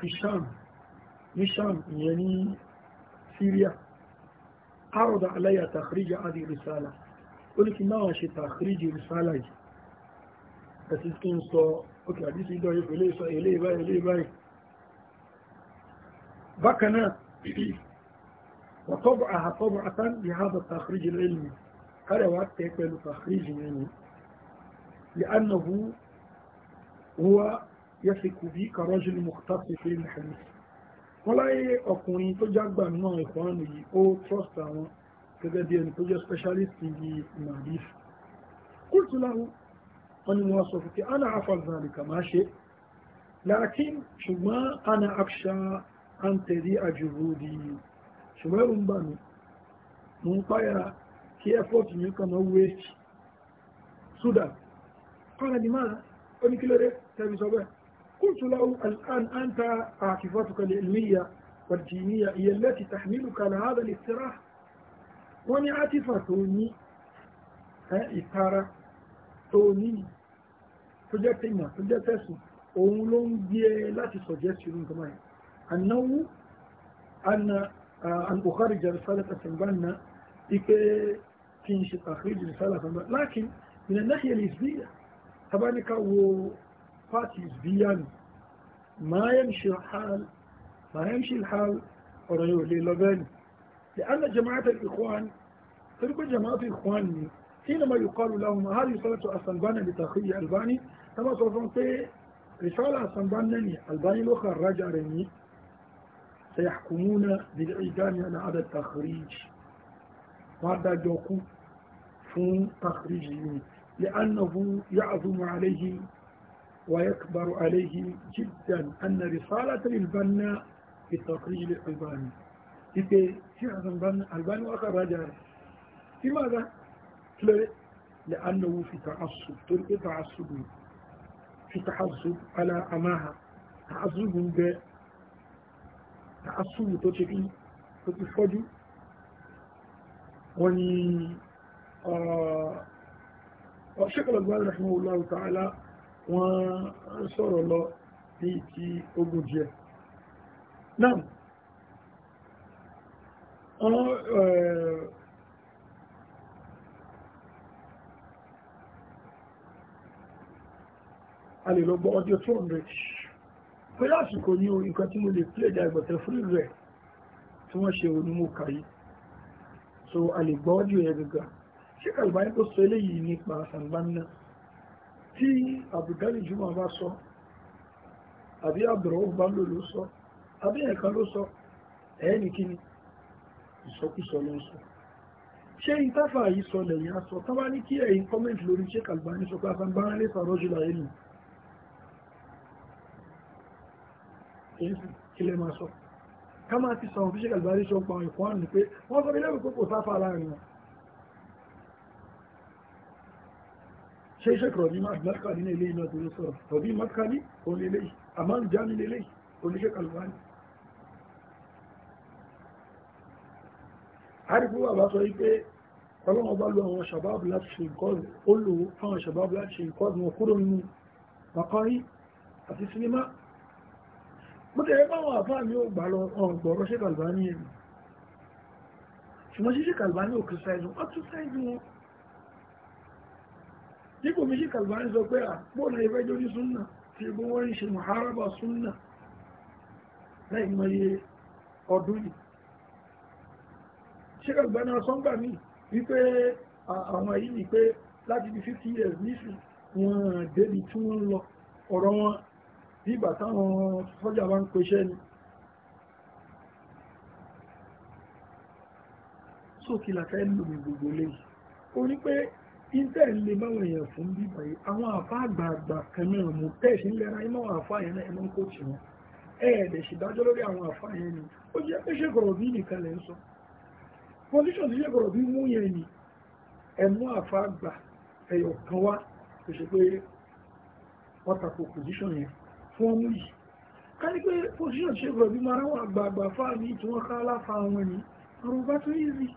في الشام نشام يعني سوريا عرض علي تخريج هذه الرسالة قلت ما شيء تخريج رسالة بس يمكن سو اوكي حديث يدو يقول سو الي باي الي باي بكنا [CLEARS THROAT] وطبعها طبعة بهذا التخريج العلمي هذا وقت يقبل تخريج العلمي يعني؟ لأنه هو يثق بي كرجل مختص في الحديث wọ́n láyé ọkùnrin tó jágbà náà ìkọ̀ọ́nù yìí ó trust àwọn gẹ́gẹ́ bí ẹni tó jẹ́ specialist ní madif kúrtù láhùn wọn ni wọ́n sọ fìkì ana afọ̀zàlìkà máa ṣe lákín ṣùgbọ́n ana afṣà an tẹ̀rí àjòrò di ṣùgbọ́n ẹ̀rù ń bà mí mo ń páyà kí effort mi kàn máa waste sudan kọ́ra ni máa ó ní kí lóde tẹ́bi sọ bẹ́ẹ̀ قلت له الآن أنت عاطفتك العلمية والجينية هي التي تحملك على هذا الاقتراح وأنا عاطفة توني إثارة توني تجد تيمة تجد تسو أولون دي لا تسجد شنو كمان أنه أن أن أخرج رسالة سنبانا إكي تنشي تخريج رسالة سنبانا لكن من الناحية الإسبية طبعا كان فاتي حزبيا ما يمشي الحال ما يمشي الحال ورنيو لي لبن لأن جماعة الإخوان تلك جماعة الإخوان حينما يقال لهم هذه صلاة أسنبان لتخي ألباني كما صرفون في رسالة أسنبان ألباني الأخرى راجع رني سيحكمون بالإعدام على هذا التخريج وهذا جوكو فون تخريجه لأنه يعظم عليه ويكبر عليه جدا أن رسالة البنا في التقرير الألباني إذا شيخ البنا الباني رجاء لماذا؟ لأنه في تعصب تلقي تعصب في تعصب على أماها تعصب ب تعصب تشكي تتفجو وني آه وشكل الله رحمه الله تعالى wọ́n sọ̀rọ̀ lọ ní ti ogun díẹ̀ náà eh, a lè lọ gbọ́ ọdún 200 pẹ̀lú àsìkò ní orí nǹkan tí mo lè pílẹ̀ dá ìgbọ̀tẹ̀ fún rẹ̀ tí wọ́n ṣe onímọ̀ọ́kà yìí so a lè gbọ́ ọdún ẹ̀ gẹ́gẹ́ kàlùbáyé tó sọ eléyìí nípa sàǹgbá tí àbùdálì jùmọ̀ bá sọ àbí àbùrọ̀wò bá lò ló sọ àbí ẹ̀kan ló sọ ẹ̀ẹ́nì kí ni ìsọkúsọ ló ń sọ ṣé ìtafà yìí sọ lẹ́yìn aṣọ tán bá ní kí ẹ̀yin kọ́mẹ́ǹtì lórí ṣé kàgbà ní sọ pé afẹ́báránlé sọ̀rọ̀ jùlọ ẹ̀yìn kílẹ̀ máa sọ ká máa ti sọ̀rọ̀ fi ṣé ní sọ pé wọ́n sọ ilé ìpínpọ̀ sáfà láàrin wọn ṣeéṣe kọ̀ ní mákàlá nínú ilé iná tó sọ̀rọ̀ tọ̀bí mákàlí onílé àmáǹjá nílé oníṣẹ́ kalùwánì àríkú bàbá sọ wípé ọlọ́wọ́ bá lọ àwọn sàbábù láti ṣe ìkọ́rù ó lò fáwọn sàbábù láti ṣe ìkọ́rù wọn kúrò nínú makari àti sinimá bó tẹ̀lé báwọn àfáà ní ó gbà lọ ọ̀gbọ̀rọ̀ ṣe kalùwánì ẹ̀mí ṣùgbọ́n ṣíṣe kalùwánì ò kìrìsáìzù ọ́ tún sáìzù wọn tí kò fi ṣe kàlùbárí sọ pé àpòlà ìfẹ́jọ́ ní súnnà tí gbọ́ wọ́n ń ṣe mọ̀hárábà súnnà láì mọye ọdún yìí ṣe kàlùbárí sọ́ngbà mí wípé àwọn èyí ni pé láti bí 50 years nísì wọn débi tí wọ́n lọ ọ̀rọ̀ wọn bí ìgbà táwọn sọ́jà bá ń pèṣẹ́ ni sókè làkẹ́ lómi gbogbo lẹ́yìn ó ní pé inter lè báwọn èèyàn fún bíbá yìí àwọn àfa àgbààgbà kan náà mú tẹ́ẹ̀sì ńlẹ́ra ẹ̀ máa àfa yẹn náà ẹ̀ máa ń kó tì wọ́n ẹ̀ ẹ̀dẹ̀ ṣèdájọ́ lórí àwọn àfa yẹn ni ó jẹ́ pé ṣe kọ̀rọ̀ bí nìkan lẹ́ ń sọ position ti ṣe kọ̀rọ̀ bí mú yẹn ni ẹ̀ mú àfa àgbà ẹ̀yọ̀ kan wá kò ṣe pé wọ́n tako position yẹn fún ọmú yìí ká ní pé position ṣe kọ̀rọ̀ bí mara wọn àgbààgbà fáà ní tí wọ́n ká aláfa àwọn ni àrùn bá tó yìí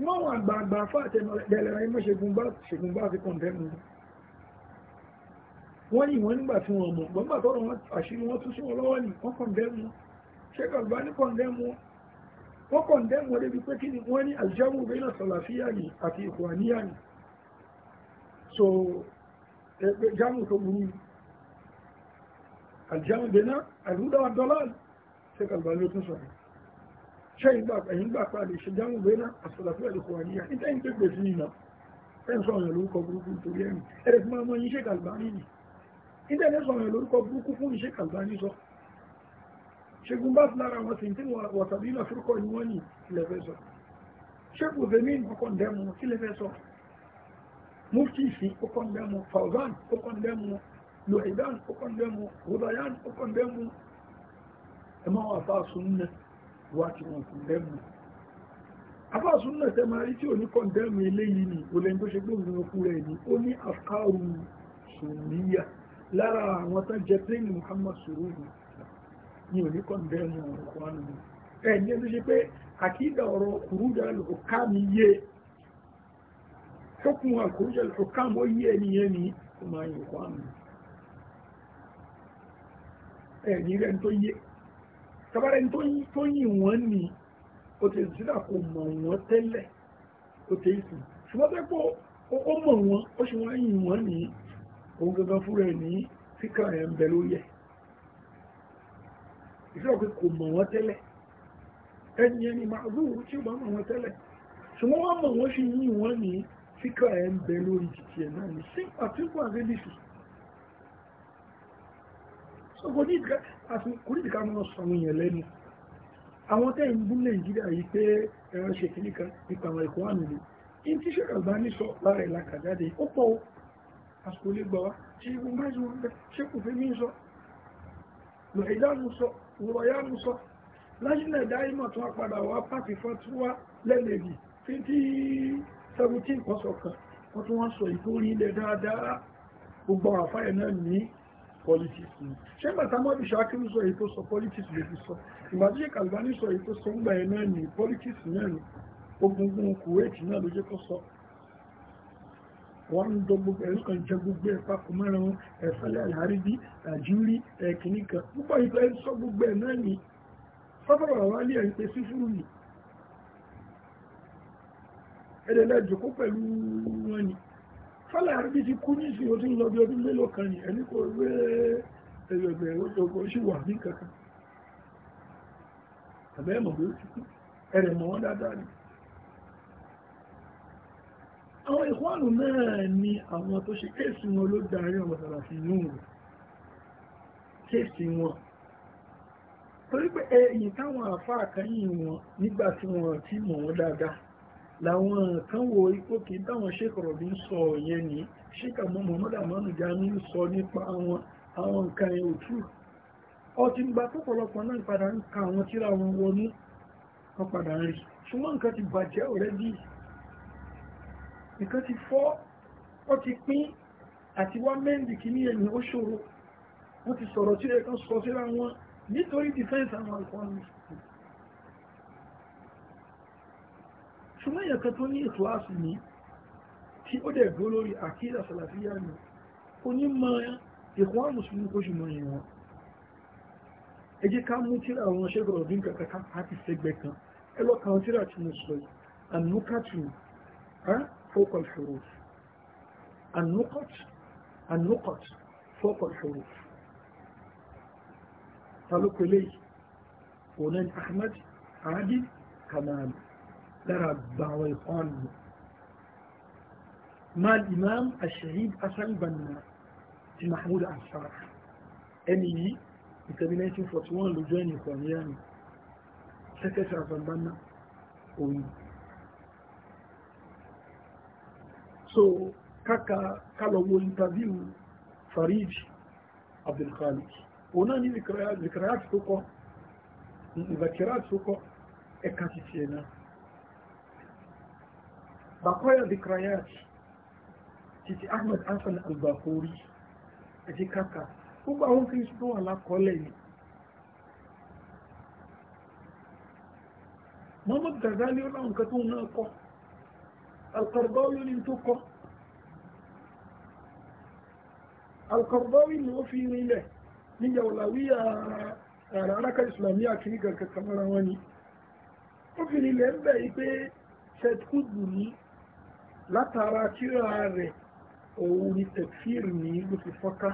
ṣùgbọ́n àwọn àgbààgbà fàtẹnu ẹ̀dẹ̀lẹ̀ra imọ́ ṣègùn bá fi kọ̀ǹtẹ́nu wọ́n ní wọ́n nígbà tí wọ́n mọ̀ gbọ́ngbà tọ́rọ wọn àṣírí wọ́n tún sí wọn lọ́wọ́ ní wọ́n kọ̀ǹdẹ́mù aljamu bẹ́ẹ̀ náà ni àti ìkùràníyà so ẹgbẹ́ jamu tó burú aljamu bẹ́ẹ̀ náà àlùdà àdọ́là ṣẹ́kà bá ló tún sọ̀rọ̀ ṣẹ́yìn gbà ẹ̀yìn gbà padà ìṣèjáwó bẹ́ẹ̀nà àṣọlàfíà lè kọ́ àníyà ní tẹ́yìn tó gbèsè yìí náà ẹ̀yìn sọ ọ̀yàn lórúkọ burúkú nítorí ẹ̀yìn ẹ̀rẹ̀ fún ọmọ yìí ṣe kàlùbárí nì ní tẹ́yìn sọ ọ̀yàn lórúkọ burúkú fún ìṣe kàlùbárí sọ ṣẹ́gun bá lára wọn sì ń tí wọ́n tàbí iná fúrúkọ ni wọ́n ní ilẹ̀ fẹ́ sọ ṣẹ́gun zemi ó kọ́ndẹ́mu ilẹ̀ fẹ́ sọ muftisi ó kọ́ndẹ́mu fauzan ó kọ́ndẹ́mu lohidan ó kọ́ndẹ́mu hudayan ó kọ́ndẹ́mu ẹ̀mọ́ àfa sunna wá kí wọ́n kọ̀ndẹ́mù afáàsùn náà tẹ́ máa rí tí ò ní kọ̀ndẹ́mù eléyìí ni olè tó ṣe gbóògùn okú rẹ̀ ni ó ní àkàrù sùnmíyà lára àwọn tán jẹ pé Muhammad Sururi ni ò ní kọ̀ndẹ́mù ọ̀rọ̀ kwánu ni ẹ̀ ní ẹni ṣe pé àkídà ọ̀rọ̀ kùrúdà lòkà mi yé fọ́kùn àkùrúdà lòkà mọ́ yé ẹni yẹn ni ó máa yẹ kwánu tabara ẹni tó yìn wọ́n ni o tẹ̀ sí náà kò mọ̀ wọ́n tẹ́lẹ̀ o tẹ̀ sí ṣùgbọ́n tẹ́ pọ̀ ó mọ̀ wọ́n ó ṣe wọ́n yìn wọ́n ni òun gangan fúnra ẹ̀ ní fíkà ẹ̀ ń bẹ ló yẹ ìṣòro pé kò mọ̀ wọ́n tẹ́lẹ̀ ẹni ẹni máa lóòrùn tí ó bá mọ̀ wọ́n tẹ́lẹ̀ ṣùgbọ́n wọ́n mọ̀ wọ́n ṣe yìn wọ́n ni fíkà ẹ̀ ń bẹ lórí títí ẹ̀ náà ní sí àtúnkù àgbébìsì kò ní ìdíkà mọ́ sọ àwọn èèyàn lẹ́nu àwọn tẹ́ ìbú nàìjíríà yìí pé ẹran ṣe kìíní kan nípa àwọn ẹ̀kọ́ wà nílé in tí ṣe kàgbá ní sọ lára ìlàkà jáde ó pọ̀ ó àsìkò lè gbà wá tí wọ́n bá ṣe wọ́n ṣe kò fẹ́ mí sọ politics ni ṣé mọ̀tàmọ́dù ṣàkírù sọ èyí tó sọ politics lè fi sọ ìmọ̀tíṣe Kalbani sọ èyí tó sọ ńgbà ẹ̀ náà ní politics náà ní ogungun Kuwait náà ló jẹ́ kó sọ wọ́n ń dọ gbogbo ẹ̀rú kan jẹ gbogbo ẹ̀ papọ̀ mọ́ra wọn ẹ̀fẹ́lẹ́ àyáríbí àjírí ẹ̀kìní kan púpọ̀ ìfẹ́ sọ gbogbo ẹ̀ náà ní sọ́fọ̀rọ̀ àwọn alẹ́ ẹ̀ ń pe sífúrú yìí ẹ̀dẹ̀lẹ́jọ́ kó pẹ̀lú wọn ni fọ́lá àríbí ti kú nísì ó ti ń lọ bí ọdún lélò kan ní ẹni kò gbé ẹgbẹ̀gbẹ̀ ọgbọ̀n sí wà ní kankan àbẹ́ ẹ̀mọ̀ bí ó ti kú ẹ̀rẹ̀ mọ̀ wọ́n dáadáa ni àwọn ìkwọ́nù náà ni àwọn tó ṣe kéèsì wọn ló darí ọmọ tàbí inú rẹ̀ kéèsì wọn torí pé ẹ̀yìn táwọn àfáà kan yìí wọn nígbà tí wọn ti mọ̀ wọ́n dáadáa làwọn kan wo ipò kì í dáwọn ṣèkọ̀rọ̀ bí ń sọ yẹn ní ṣíkà mọ́ Muhammad Amanu Jamiu sọ nípa àwọn àwọn nǹkan ẹ̀ òtú ọtí gba pọ̀pọ̀lọpọ̀ náà padà ń ka àwọn tíra wọn wọnú wọn padà ń rí ṣùgbọ́n nǹkan ti bàjẹ́ ọ̀rẹ́dì nǹkan ti fọ́ ọ ti pín àti wá mẹ́ndì kì ní ẹ̀yìn ó ṣòro wọ́n ti sọ̀rọ̀ tíra ẹ̀kan sọ síra wọn nítorí defense àwọn alkọ́nù ṣùgbọ́n èèyàn kan tó ní ètò ààsù ní tí ó dẹ̀ gbó lórí àkídà sàlàfíà ni kò ní mọ ìkún àmùsùn kó ṣùgbọ́n èèyàn wọn ẹ jẹ́ ká mú tíra àwọn ṣẹ́gbọ̀rọ̀ bí nǹkan kan àti sẹ́gbẹ̀ kan ẹ tíra tí mo sọ yìí فوق الحروف النقط النقط فوق الحروف قالوا لي ونان أحمد عادل كمال در باوی خان مال امام الشهيد حسن بن محمود انصار اني كابينيت فوتوان لو جاني كون يعني سكت عفوا بنا وي سو كاكا كالو انترفيو فريد عبد الخالق وناني ذكريات ذكريات سوكو ذكريات سوكو اكاتي سينا بقايا ذكريات تيتي احمد حسن الباقوري اجي كاكا هو هون في سبوع لا كولين ما بقدر ذالي ولا انكتون ناقو القرضاوي اللي انتوكو القرضاوي اللي وفي ميله من جولاوية العراقة الإسلامية كني قلت كمانا واني وفي ميله بايبه سيد خدوني látara tíra rẹ̀ òun ni tẹ̀fíìr ní ló fi fọ́ká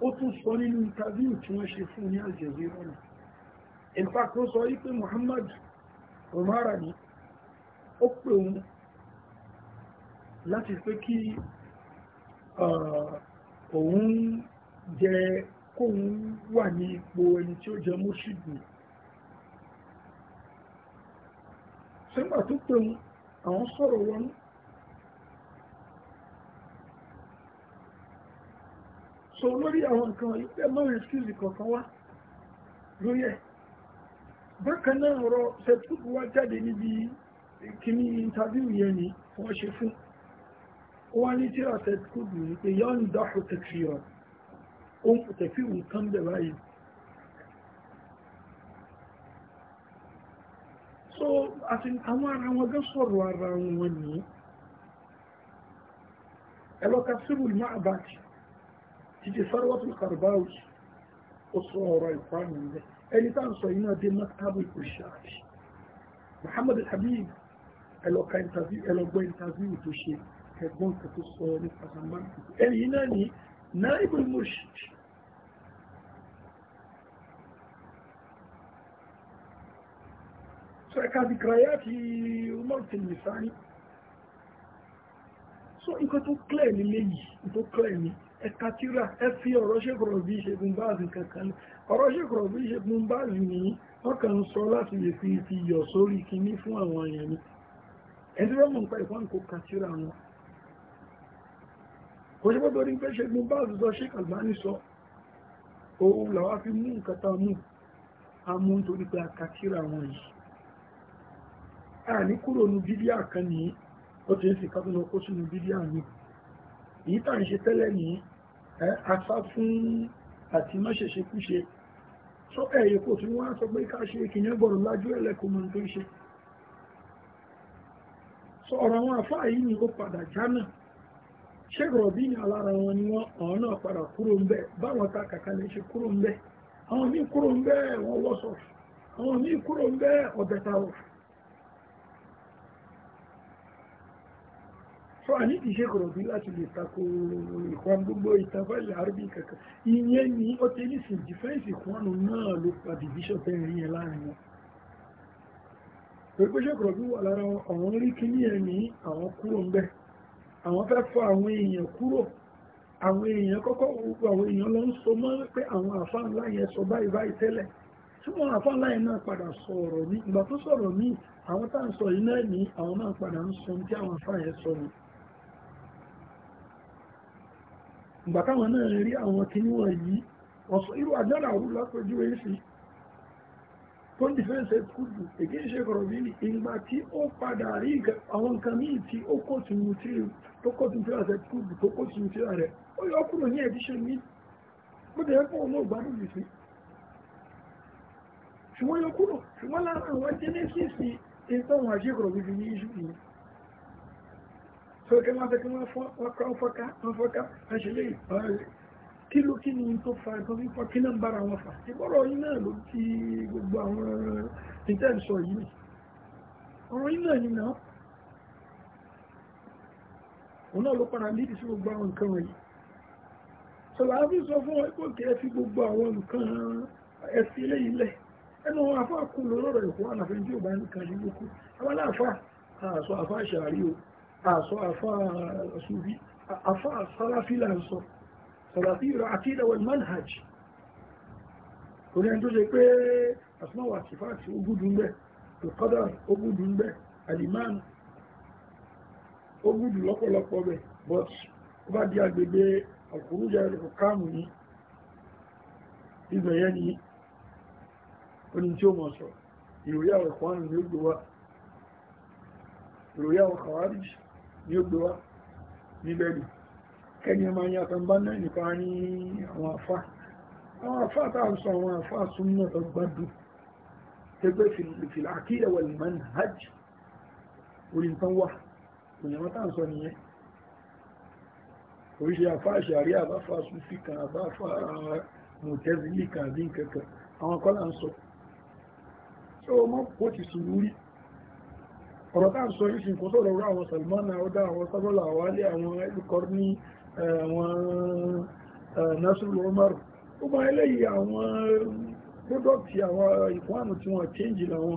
ó tún sọ nínú interview tí wọ́n ṣe fún ní aljazeera ní in sọ wípé Muhammad Umara ni ó pè wọn láti pé kí òun jẹ kóun wà ní ipò ẹni tí ó jẹ mọ́ṣídìí sígbà tó pè wọn àwọn sọ̀rọ̀ wọn. so lórí àwọn nǹkan ìpẹ́ mọ́rin excuse kankan wá lórí ẹ̀ bákan náà ọ̀rọ̀ septupu wá jáde níbi kíní interview yẹn ni wọ́n ṣe fún wọ́n ní tíra septupu ní pé yọ́n dáhùn tẹ̀kìrọ̀ ó ń pùtẹ̀kìrù kan bẹ̀ báyìí àti àwọn ara wọn gẹ́ sọ̀rọ̀ ara wọn ní ẹlọ́ka sírùl máa bá ti títí sọ́rọ̀wọ́tún karbáwì ó sọ ọ̀rọ̀ ìpánù rẹ̀ ẹni tá ń sọ iná dé mọ́tàbí òṣàbí Muhammad Habib ẹlọ́ka ẹlọ́gbọ́ ìntàvíwì tó ṣe ẹgbọ́n kan sọ nípa sàmbá ẹni iná ní náà ibùdó mọ́ṣíṣì كذكريات عمر النسائي so nǹkan tó clear ní léyìí tó clear ní ẹ̀ka tíra ẹ fi ọ̀rọ̀ ṣèkọ̀rọ̀ bí ṣègùn báàzì kankan ní ọ̀rọ̀ ṣèkọ̀rọ̀ bí ṣègùn báàzì ní wọ́n kàn ń sọ láti lè fi ti yọ̀ sórí kinní fún àwọn èèyàn ni ẹni tó mọ̀ nípa ìfọ́n kò kà tíra wọn kò ṣe gbọ́dọ̀ ní pé ṣègùn báàzì sọ ṣé kàlùbáni sọ òun làwa fi mú nǹkan tá a mú a ní kúrò nu bídíà kan ní ó ti ń kan lọ kó sínú bídíà ní èyí tà ń ṣe tẹ́lẹ̀ ní afá fún àti kú ṣe Sọ ẹ̀yẹ kò tún wọ́n sọ pé ká ṣe kìnìún gbọ̀rọ̀ lájú ẹlẹ́kùn mọ́ tó ṣe sọ ọ̀rọ̀ àwọn afá yìí ni ó padà jánà Ṣé alára wọn ni wọ́n náà padà kúrò ń báwọn a ṣe kọ̀rọ̀ bí láti lè tako ìkan gbogbo ìtafẹ́lẹ̀ àrùbí kankan ìyẹn ni ó ti ní sìn dìfẹ́ǹsì kọ́nù náà ló pa division tẹ́rin yẹn láàrin wọn pẹ̀lú ṣe kọ̀rọ̀ wà lára wọn àwọn rí kíní ẹ̀ ní àwọn kúrò ń bẹ̀ àwọn fẹ́ fọ àwọn èèyàn kúrò àwọn èèyàn kọ́kọ́ gbogbo àwọn èèyàn ń mọ́ pé àwọn àfa ńlá yẹn sọ báyìí báyìí tẹ́lẹ̀ tí wọ́n àfa ńlá yẹn náà padà ní ìgbà tó sọ̀rọ̀ ní àwọn tá à ń sọ yìí náà ní àwọn náà padà ń sọ ní tí àwọn àfa yẹn ìgbà táwọn náà rí àwọn kìíní wọn yìí ọ̀sọ̀ irú àjọ́là òru lápẹjú èsì tó ń dìfẹ́ǹsẹ̀ kúrò èké ṣe kọ̀rọ̀ bí ní ìgbà tí ó padà rí àwọn nǹkan míì tí ó kò tún mú tí tó kò tún tíra rẹ̀ kúrò tó kò tún tíra rẹ̀ ó yọ kúrò ní ẹ̀díṣẹ́ mi bó ti yẹ kó ọmọ ìgbádùn jù sí ṣùgbọ́n yọ kúrò ṣùgbọ́n lára àwọn jẹ́nẹ́sìsì ìtọ́wọ̀n àṣekọ̀rọ̀ bí ní iṣu sọ kí wọ́n fẹ́ kí wọ́n fọ́ká wọ́n fọ́ká wọ́n fọ́ká àṣẹlẹ̀ ìpààrẹ̀ kí ló kí ni tó fa nǹkan fífọ́ kí náà ń bára wọn fà ìgbọ́rọ̀ yìí náà ló ti gbogbo àwọn ìtẹ́ sọ yìí ọ̀rọ̀ yìí náà ni náà òun náà ló padà lídì sí gbogbo àwọn nǹkan wọ̀nyí sọlá fi sọ fún ẹgbẹ́ òkè ẹ fi gbogbo àwọn nǹkan ẹ fi eléyìí lẹ̀ ẹnu àwọn afá kù lọ́rọ̀ ìkó àlàfẹ́ tí ò bá nǹkan yìí lókù àwọn aláàfáà àṣọ àfáà ṣàárí o àṣọ àfá àṣúbí àfá sàláfí là ń sọ sàláfí ìrọ̀ àkídà wal manhaj orílẹ̀ tó ṣe pé àsìmáwà àtìfáàtì ogúdù ń bẹ ìkọ́dà ogúdù ń bẹ alimán ogúdù lọ́pọ̀lọpọ̀ bẹ̀ but ó bá di agbègbè àkúrújà ìrọ̀kánù ní ìgbẹ̀yẹ́ ní oní tí ó mọ̀ sọ ìròyà ọ̀kọ́ ní ó gbé wá níbẹ̀ rí kẹ́ni ọmọ ayé àtàǹbá náà nípa ní àwọn àfá àwọn àfá táà ń sọ àwọn àfá súnmọ́ ọgbádùn tẹgbẹ́ fìlà àkíyà wà lìmọ́ ní hajj orí nǹkan wà òyìnbó táà ń sọ nìyẹn oríṣi àfá ọ̀rọ̀ táà sọ ìṣìn kò sọ̀rọ̀ rú àwọn Salman àwọ́dá àwọn sábọ́lá àwálé àwọn ẹ̀dùkọ́ ní àwọn Nasiru Omar ó máa eléyìí àwọn pọ́dọ̀tì àwọn ìkwánù tí wọ́n change láwọn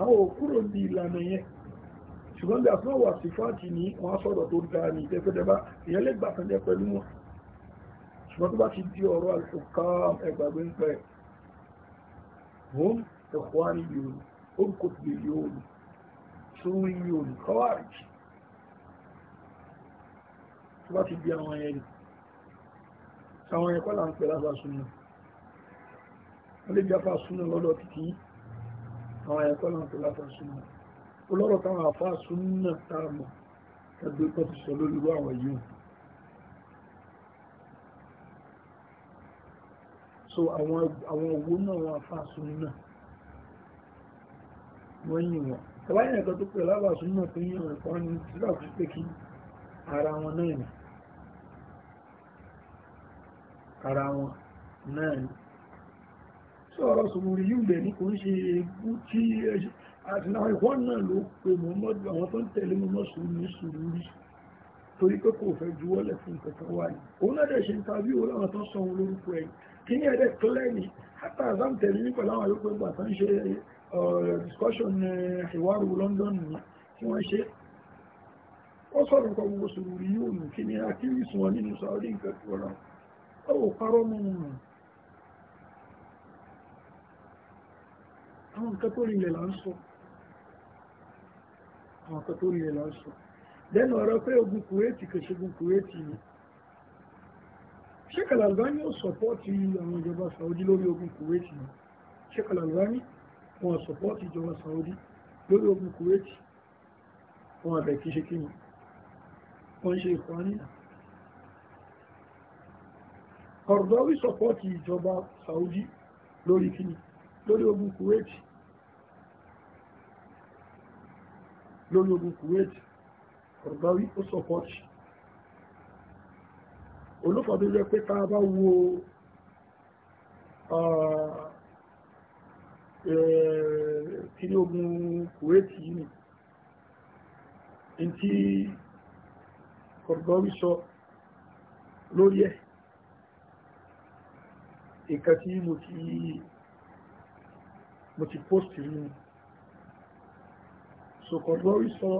àwọn òkúrò ní ìlànà yẹn ṣùgbọ́n bí àfihàn wà sí fáàtì ní wọ́n sọ̀rọ̀ tó dáa ní ìtẹ́fẹ́dẹ́bá ìyẹn lè gbà kan jẹ́ pẹ̀lú wọn ṣùgbọ́n tó bá ti di ọ̀rọ̀ àlùkà ẹgbàgbé ń pẹ́ home ẹ̀kọ́ àríyìn orúkọ tìlẹ̀ yóò sórí olùkọ́wàríjì tó bá ti bí àwọn ẹ̀rì àwọn ẹ̀kọ́ là ń pè lábà súnmọ̀ wọ́n lè jáfà súnmọ̀ lọ́dọ̀ títí àwọn ẹ̀kọ́ là ń pè lábà súnmọ̀ olọ́rọ̀ táwọn àfà súnmọ̀ táàmù ẹgbẹ́ tó ti sọ lórí àwọn yìí so àwọn owó náà wọn àfà súnmọ̀ wọ́n yìn wọ́n ẹ̀wáyìn ẹ̀kọ́ tó pẹ̀lú àbàṣù náà tó yí ọ̀rọ̀ kan ní sílá tó pé kí ara wọn náà nì ara wọn náà nì sí ọ̀rọ̀ sùmùrì yìí bẹ̀ ní kò ń ṣe ebú tí àtìláwọ̀ ìwọ́n náà ló pe mọ́mọ́dù àwọn tó ń tẹ̀lé mọ́mọ́ sùúrù ní sùúrù rí torí pé kò fẹ́ juwọ́lẹ̀ discussion eh, ìwárò London ni tí wọ́n ṣe ó sọ̀rọ̀ nǹkan gbogbo sòrò rí yóò nù kí ni akírísì wọn nínú Saudi nǹkan tó rọrùn ó wò parọ́ mọ́ wọn àwọn nǹkan tó rí ilẹ̀ là ń sọ àwọn nǹkan ń sọ lẹ́nu ọ̀rọ̀ pé ogun Kuwaiti kò wọn sọpọ́tì ìjọba Saudi lórí ogun Kuwait wọn àbẹ̀ kí ṣe kíni wọ́n ṣe ìfọ́nìyàn Qardawi sọpọ́tì ìjọba Saudi lórí kíni lórí ogun Kuwait lórí ogun Kuwait Qardawi ó sọpọ́tì olófàdó jẹ́ pé tá a bá wo ah, Eh, kiri ogun kuwaiti yìí ní tí kọ̀gọ́rí sọ lórí ẹ̀ ìkà tí mo ti post nínú so kọ̀gọ́rí sọ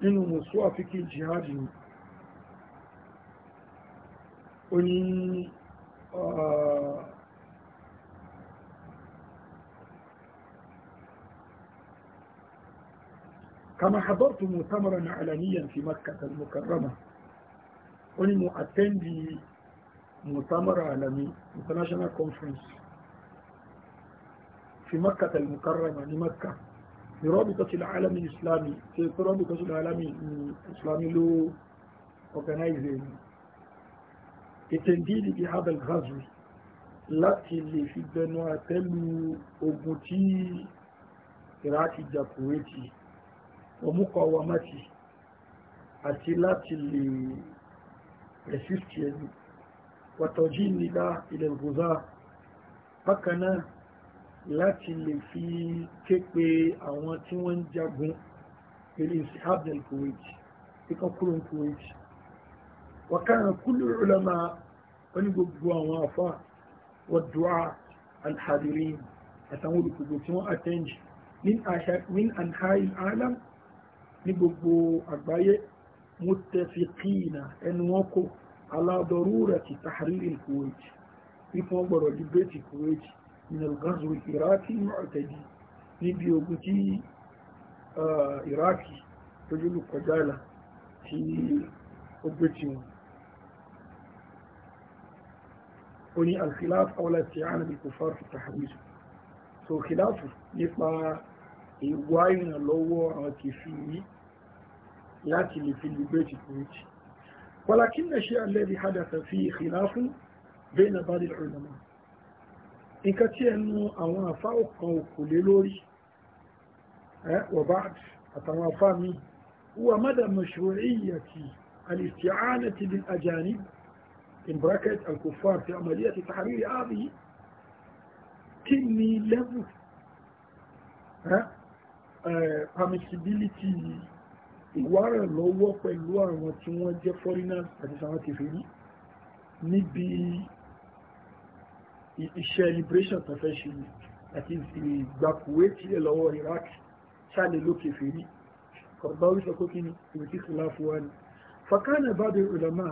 nínú musu afiki jihadi ni ó ní ọ̀ọ̀ ah, كما حضرت مؤتمرا علنيا في مكة المكرمة وني مؤتندي مؤتمر عالمي international conference في مكة المكرمة لمكة برابطة العالم الإسلامي في رابطة العالم الإسلامي لو organizing التنديد بهذا الغزو láti اللي في gbẹnu àtẹ́lu ogun tí جاكويتي ọmúkọwàmátì àti láti lè resist ẹni wàtọ̀jí nílá ilẹ̀ ìgbòzá bákanáà láti lè fi képe àwọn tí wọ́n ń jagun pẹ̀lú ìsìhábdẹ̀l kuwait ikọ̀kúrò kuwait wàkánà kúlù ulama wọ́n ní gbogbo àwọn àfá wàdùá alhadirin àtàwọn olùkùgbò tí wọ́n attend min anhai alam ní gbogbo àgbáyé mutafiqina ẹnu wọn kò ala darurati tahriri Kuwait wípé wọ́n gbọ́dọ̀ dìbẹ́tì Kuwait min al-ghazwi iraki mu'tadi níbi ogun tí iraki lójúlù kọjáàlà tí ó gbé tí wọn ó ní al-khilaf awla isti'ana bil kufar fi tahriri so khilafu nípa ìwá ìrànlọ́wọ́ àwọn kìfì yìí láti lè fi libéètì kúrìtì walakin na ṣe alẹ́rí hadatha fi khilafun bayna ba'd al-ulama nǹkan tí ẹnu àwọn afá ọ̀kan òkò lé lórí wa ba'd àtàwọn afá mi huwa mada mashru'iyyati al-isti'anati permissibility ìwárànlọ́wọ́ pẹ̀lú àwọn tí wọ́n jẹ́ foreigners àti àwọn kèfèrí níbi iṣẹ́ liberation tó fẹ́ ṣe àti ìgbàkúwé tí ẹ lọ́wọ́ Iraq ṣáàlẹ̀ ló kèfèrí kọ̀báwí sọ kókí ni ìrètí fúláfú wa ni fakana ba'du ulama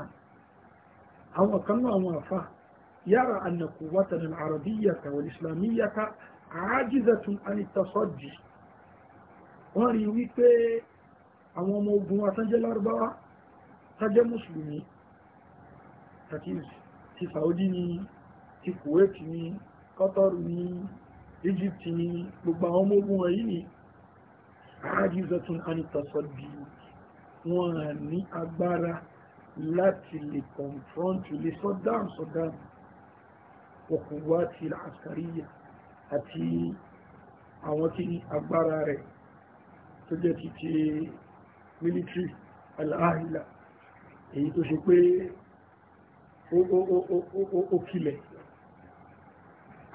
àwọn kan náà àwọn àfa yára anna quwwatana al-arabiyyata wal-islamiyyata wọ́n rí wípé àwọn ọmọ ogun atánjẹ́ lárúbáwá tájẹ́ mùsùlùmí ti Saudi ni ti Kuwait ni Qatar ni Egypt ni gbogbo àwọn ọmọ ogun wọ̀nyí ni àájúzọtún anìtàsọ́dì wọ́n ní agbára láti lè confront lè Saddam Saddam ọkùnwá ti àṣàríyà àti àwọn tí agbára rẹ̀ tó jẹ́ ti ti military aláàrílà èyí tó ṣe pé ó kílẹ̀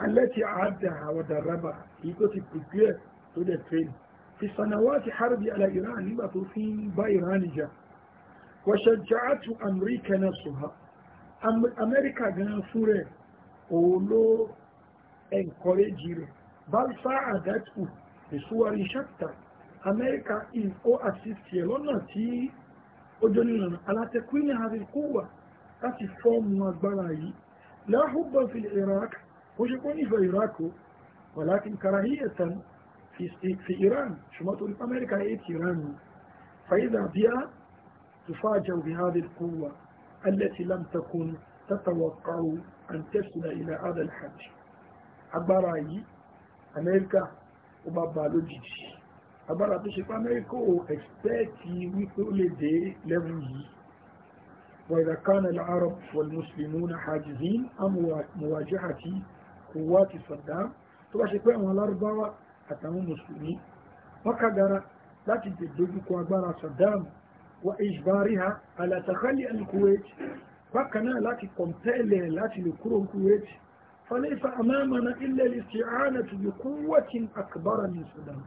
alẹ́ ti àádà àwọn dàrábà èyí tó ti prepare tó dẹ̀ train fi sanawati harbi ala iran nígbà tó fi ń bá iran jà wàṣẹjáàtù amurika náà sọ̀há amẹ́ríkà gan fún rẹ̀ òun encourage rẹ̀ bá sáà dátù ìsúwárí amẹ́ríkà is ó assist ẹ̀ lọ́nà tí ó jọ nílànà alátẹ̀kù ní àríkúwà láti fọ́ọ̀mù agbára yìí láhùbọ̀ fi iraq ó ṣe kó nífẹ̀ẹ́ iraq o wàlákin karahiyatan fi iran ṣùgbọ́n tó ní amẹ́ríkà yìí ti iran ni fàyíza bíá تفاجأ بهذه القوة التي لم تكن تتوقع أن تصل إلى هذا الحد عبارة أمريكا وبابا لوجيجي agbára tó ṣe pa amẹ́ríkà ò ẹ̀kspẹ́ẹ̀tì wípé ó lè dé lẹ́wù yìí وإذا كان العرب والمسلمون حاجزين عن مواجهة قوات صدام tó bá ṣe pé àwọn Lárúbáwá àtàwọn Mùsùlùmí wọ́n kagara láti dojú kọ agbára Saddam wa ijbariha ala takhalli al-Kuwait bákan náà láti kọ̀mpẹ́lẹ̀ láti lè kúrò Kuwait falaysa amamana illa al-isti'anatu bi quwwatin akbara min Saddam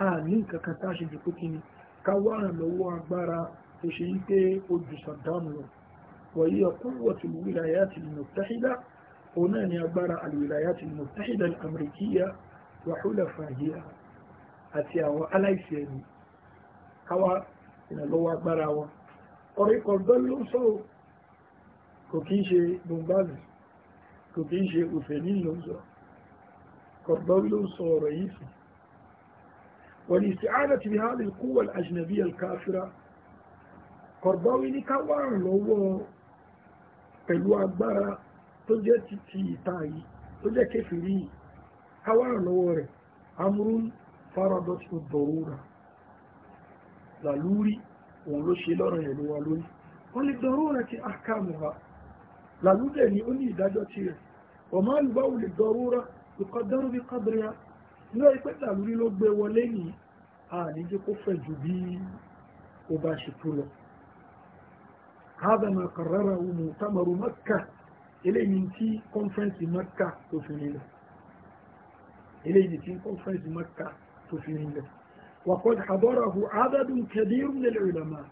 a ní nǹkan kan tá a ṣe jù pé kí ni ká wá ràn lọ́wọ́ agbára tó ṣe yí pé ó ju Saddam lọ wọ̀nyí quwwatul wilayatil muttahida òun náà ni agbára al-wilayatil muttahida al-amrikiya wa hulafahiya àti àwọn aláìsí ẹni káwá ìrànlọ́wọ́ agbára wọn ọ̀rọ̀ ikọ̀ gbọ́n ló ń sọ̀rọ̀ kò kí ń ṣe bombazi kò kí ń ṣe òfèmí ló ń sọ kọ̀gbọ́n ló ń sọ yìí fún والاستعانة بهذه القوة الأجنبية الكافرة قرضاوي نكوان لو pẹ̀lú agbára tó jẹ́ ti ìta yìí tó jẹ́ kéfìrí yìí káwàrà lọ́wọ́ rẹ̀ amúrún faradọ́tí dọ̀rúra làlúrí òun ló ṣe lọ́rọ̀ yẹ̀ lówà lórí wọ́n lè dọ̀rúra ti àkàmùra làlúdẹ̀ ni ó ní ìdájọ́ ti rẹ̀ wọ́n máa lùbáwò lè dọ̀rúra ìkọdọ́rú bí kọ́dọ̀rúra ní ọ̀rí pé tàlúrí ló gbé wọlé ní àníjẹ́ kó fẹ̀ jù bí ó bá ṣe tó lọ هذا ما قرره مؤتمر مكة eléyìí ní tí kọ́nfẹ́ǹsì mẹ́kà tó fi nílẹ̀ eléyìí tí kọ́nfẹ́ǹsì mẹ́kà tó fi nílẹ̀ وقد حضره عدد كبير من العلماء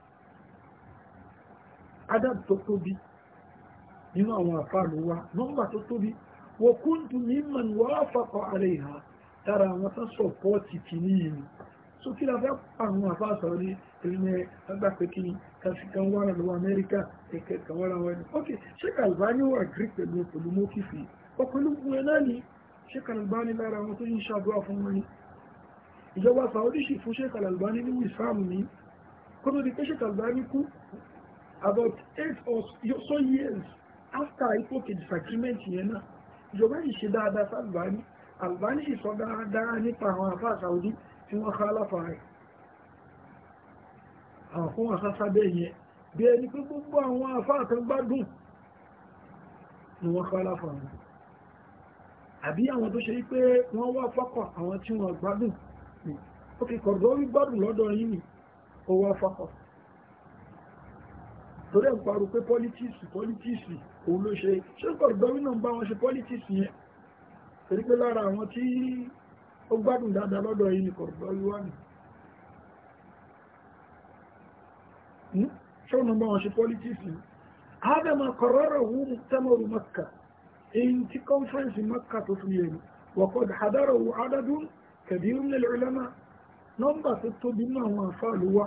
عدد tó tóbi nínú àwọn àfáà ló nọ́mbà tó tóbi وكنت ممن وافق عليها lára àwọn tó sọ̀pọ́ọ̀tì kìíní yìí ni so kí la fẹ́ àwọn àbá sọ̀rọ̀ ní ìrìnà agbá pé kí kàṣíkan wà lọ́wọ́ amẹ́ríkà ẹ̀kẹ́ kan wà lọ́wọ́ ẹni ok ṣé Albani wà greek pẹ̀lú pẹ̀lú mọ́kìfì ọ̀pọ̀lọpọ̀ ẹ̀ náà ni ṣé Albani lára àwọn tó ń ṣàdúrà fún wọn ni ìjọba Saudi sì fún ṣé Albani ní wìsáàmù ni kó tó di pé ṣé Albani kú about eight or so years after ipò kejì disagreement yẹn náà ìjọba yìí ṣe dáadáa sí Albani Albani sì sọ dáadáa nípa àwọn àfáà Saudi tí wọ́n ká aláfà rẹ̀ àwọn fún àsásá bẹ́ẹ̀ yẹn bí ẹni pé gbogbo àwọn àfáà kan gbádùn ni wọ́n ká aláfà rẹ̀ àbí àwọn tó ṣe pé wọ́n wá fọ́kọ̀ àwọn tí wọ́n gbádùn ókè kọ̀dọ̀ orí gbádùn lọ́dọ̀ yìí ni ó wá fọ́kọ̀ torí ẹ̀ ń parọ́ pé pọ́lítíìsì pọ́lítíìsì òun ló ṣe ṣé kọ̀dọ̀ orí náà bá wọn ṣe pọ́lítíìsì yẹn torí pé lára àwọn tí ó gbádùn dáadáa lọ́dọ̀ yìí ni kọ̀rọ̀dọ̀ yìí wà ní ṣọ́nà bá wọn ṣe pọ́lítíìsì hádà máa kọ̀rọ̀rọ̀ wú tẹ́mọ̀rù Makka èyí tí kọ́nfẹ́rẹ́nsì Makka tó fi yẹnu wọ́kọ̀dà hádàrọ̀ wú adádún kẹ̀bírún nílẹ̀ ìlànà nọ́mbà tó tóbi mọ́ àwọn àfáàlú wa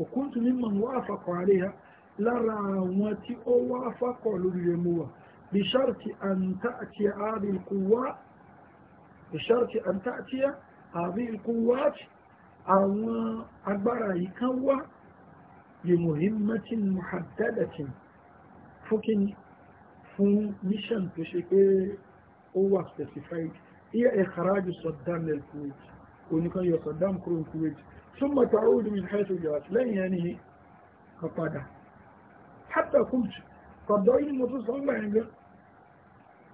òkúntù mímọ̀ wọ́n àfàkọ̀ بشرط أن تأتي هذه القوات أو أكبر يكوى بمهمة محددة فكن فن ميشن تشكي هو specified هي إخراج صدام للكويت ونكون يصدام كرو الكويت ثم تعود من حيث جاءت لن ينهي قطادة حتى قلت قد دعيني المتصل الله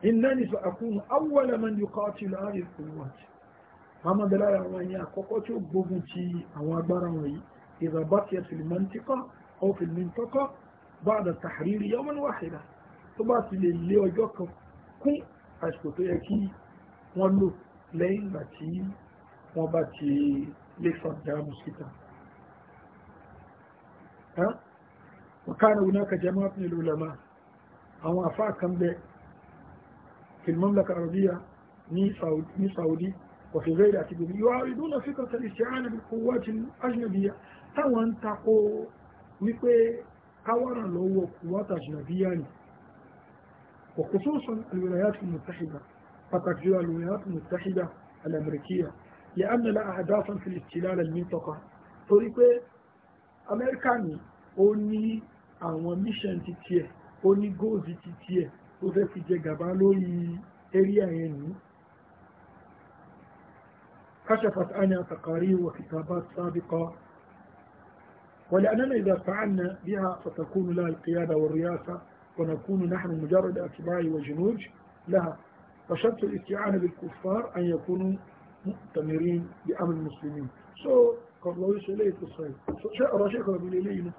إنني سأكون أول من يقاتل هذه القوات أما بلا يوانيا كوكوتو بوبوتي أو أباراوي إذا بقي في المنطقة أو في المنطقة بعد التحرير يوما واحدا تبات للي وجوكم كن أسكتو يكي ولو لين باتي وباتي لفرد مسكتا ها وكان هناك جماعة من العلماء أو أفاكم به في المملكة العربية ني سعودي وفي غير اعتباري يعارضون فكرة الاستعانة بالقوات الأجنبية أو أن تقو ويكوي كورا لو قوات أجنبية وخصوصا الولايات المتحدة فتكذير الولايات المتحدة الأمريكية لأن لها أهدافا في الاستلال المنطقة تريكوي أمريكاني أوني أو ميشن تتيه أوني جوزي تتيه ó fẹ́ fi jẹ gàba lórí area yẹn nìyí كشفت عنها تقارير وكتابات سابقة ولأننا إذا فعلنا بها ستكون لها القيادة والرئاسة ونكون نحن مجرد أتباع وجنود لها فشرط الاستعانة بالكفار أن يكونوا مؤتمرين بأمر المسلمين so قبل يسأل إليه الصحيح شيء رشيق ربي إليه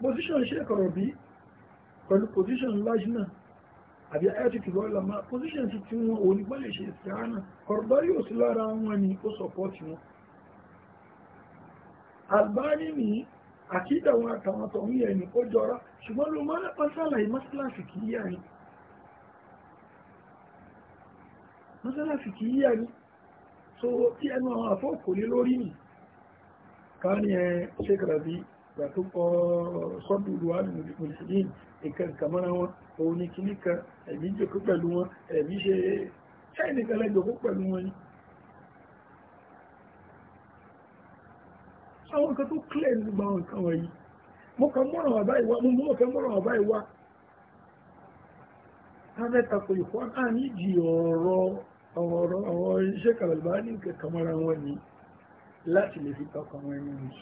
position Sheikh Rabi pẹ̀lú position Lajna àbí ayatollah lọ́la máa position ti tí wọn ò ní gbọ́n lè ṣe ìsìnkánà Kordari ò sí lára wọn ni ó sọpọ́tì wọn Albani ni àkídà wọn àtàwọn tó ń yẹ ni ó jọra ṣùgbọ́n ló máa lẹ́pàá sàlàyé mọ́sálásì kì í yà ni mọ́sálásì kì í yà ni so tí ẹnu àwọn àfọ́ kò lé lórí nì ká ní ẹ Sheikh Rabi ìgbà tó kọ sọ́dúnrún wà wọn òun ni kìíní kan ẹ̀mí jòkó pẹ̀lú wọn ẹ̀mí ṣe ṣáìní kan lẹ́jọ̀kó pẹ̀lú wọn ni. àwọn nǹkan tó clear ní gbogbo àwọn nǹkan wọ̀nyí mo kàn mọ́ràn wà báyìí wá mo mọ́ fẹ́ mọ́ràn wà báyìí wá. tábẹ́ tako ni láti lè fi tako àwọn ẹni nìyí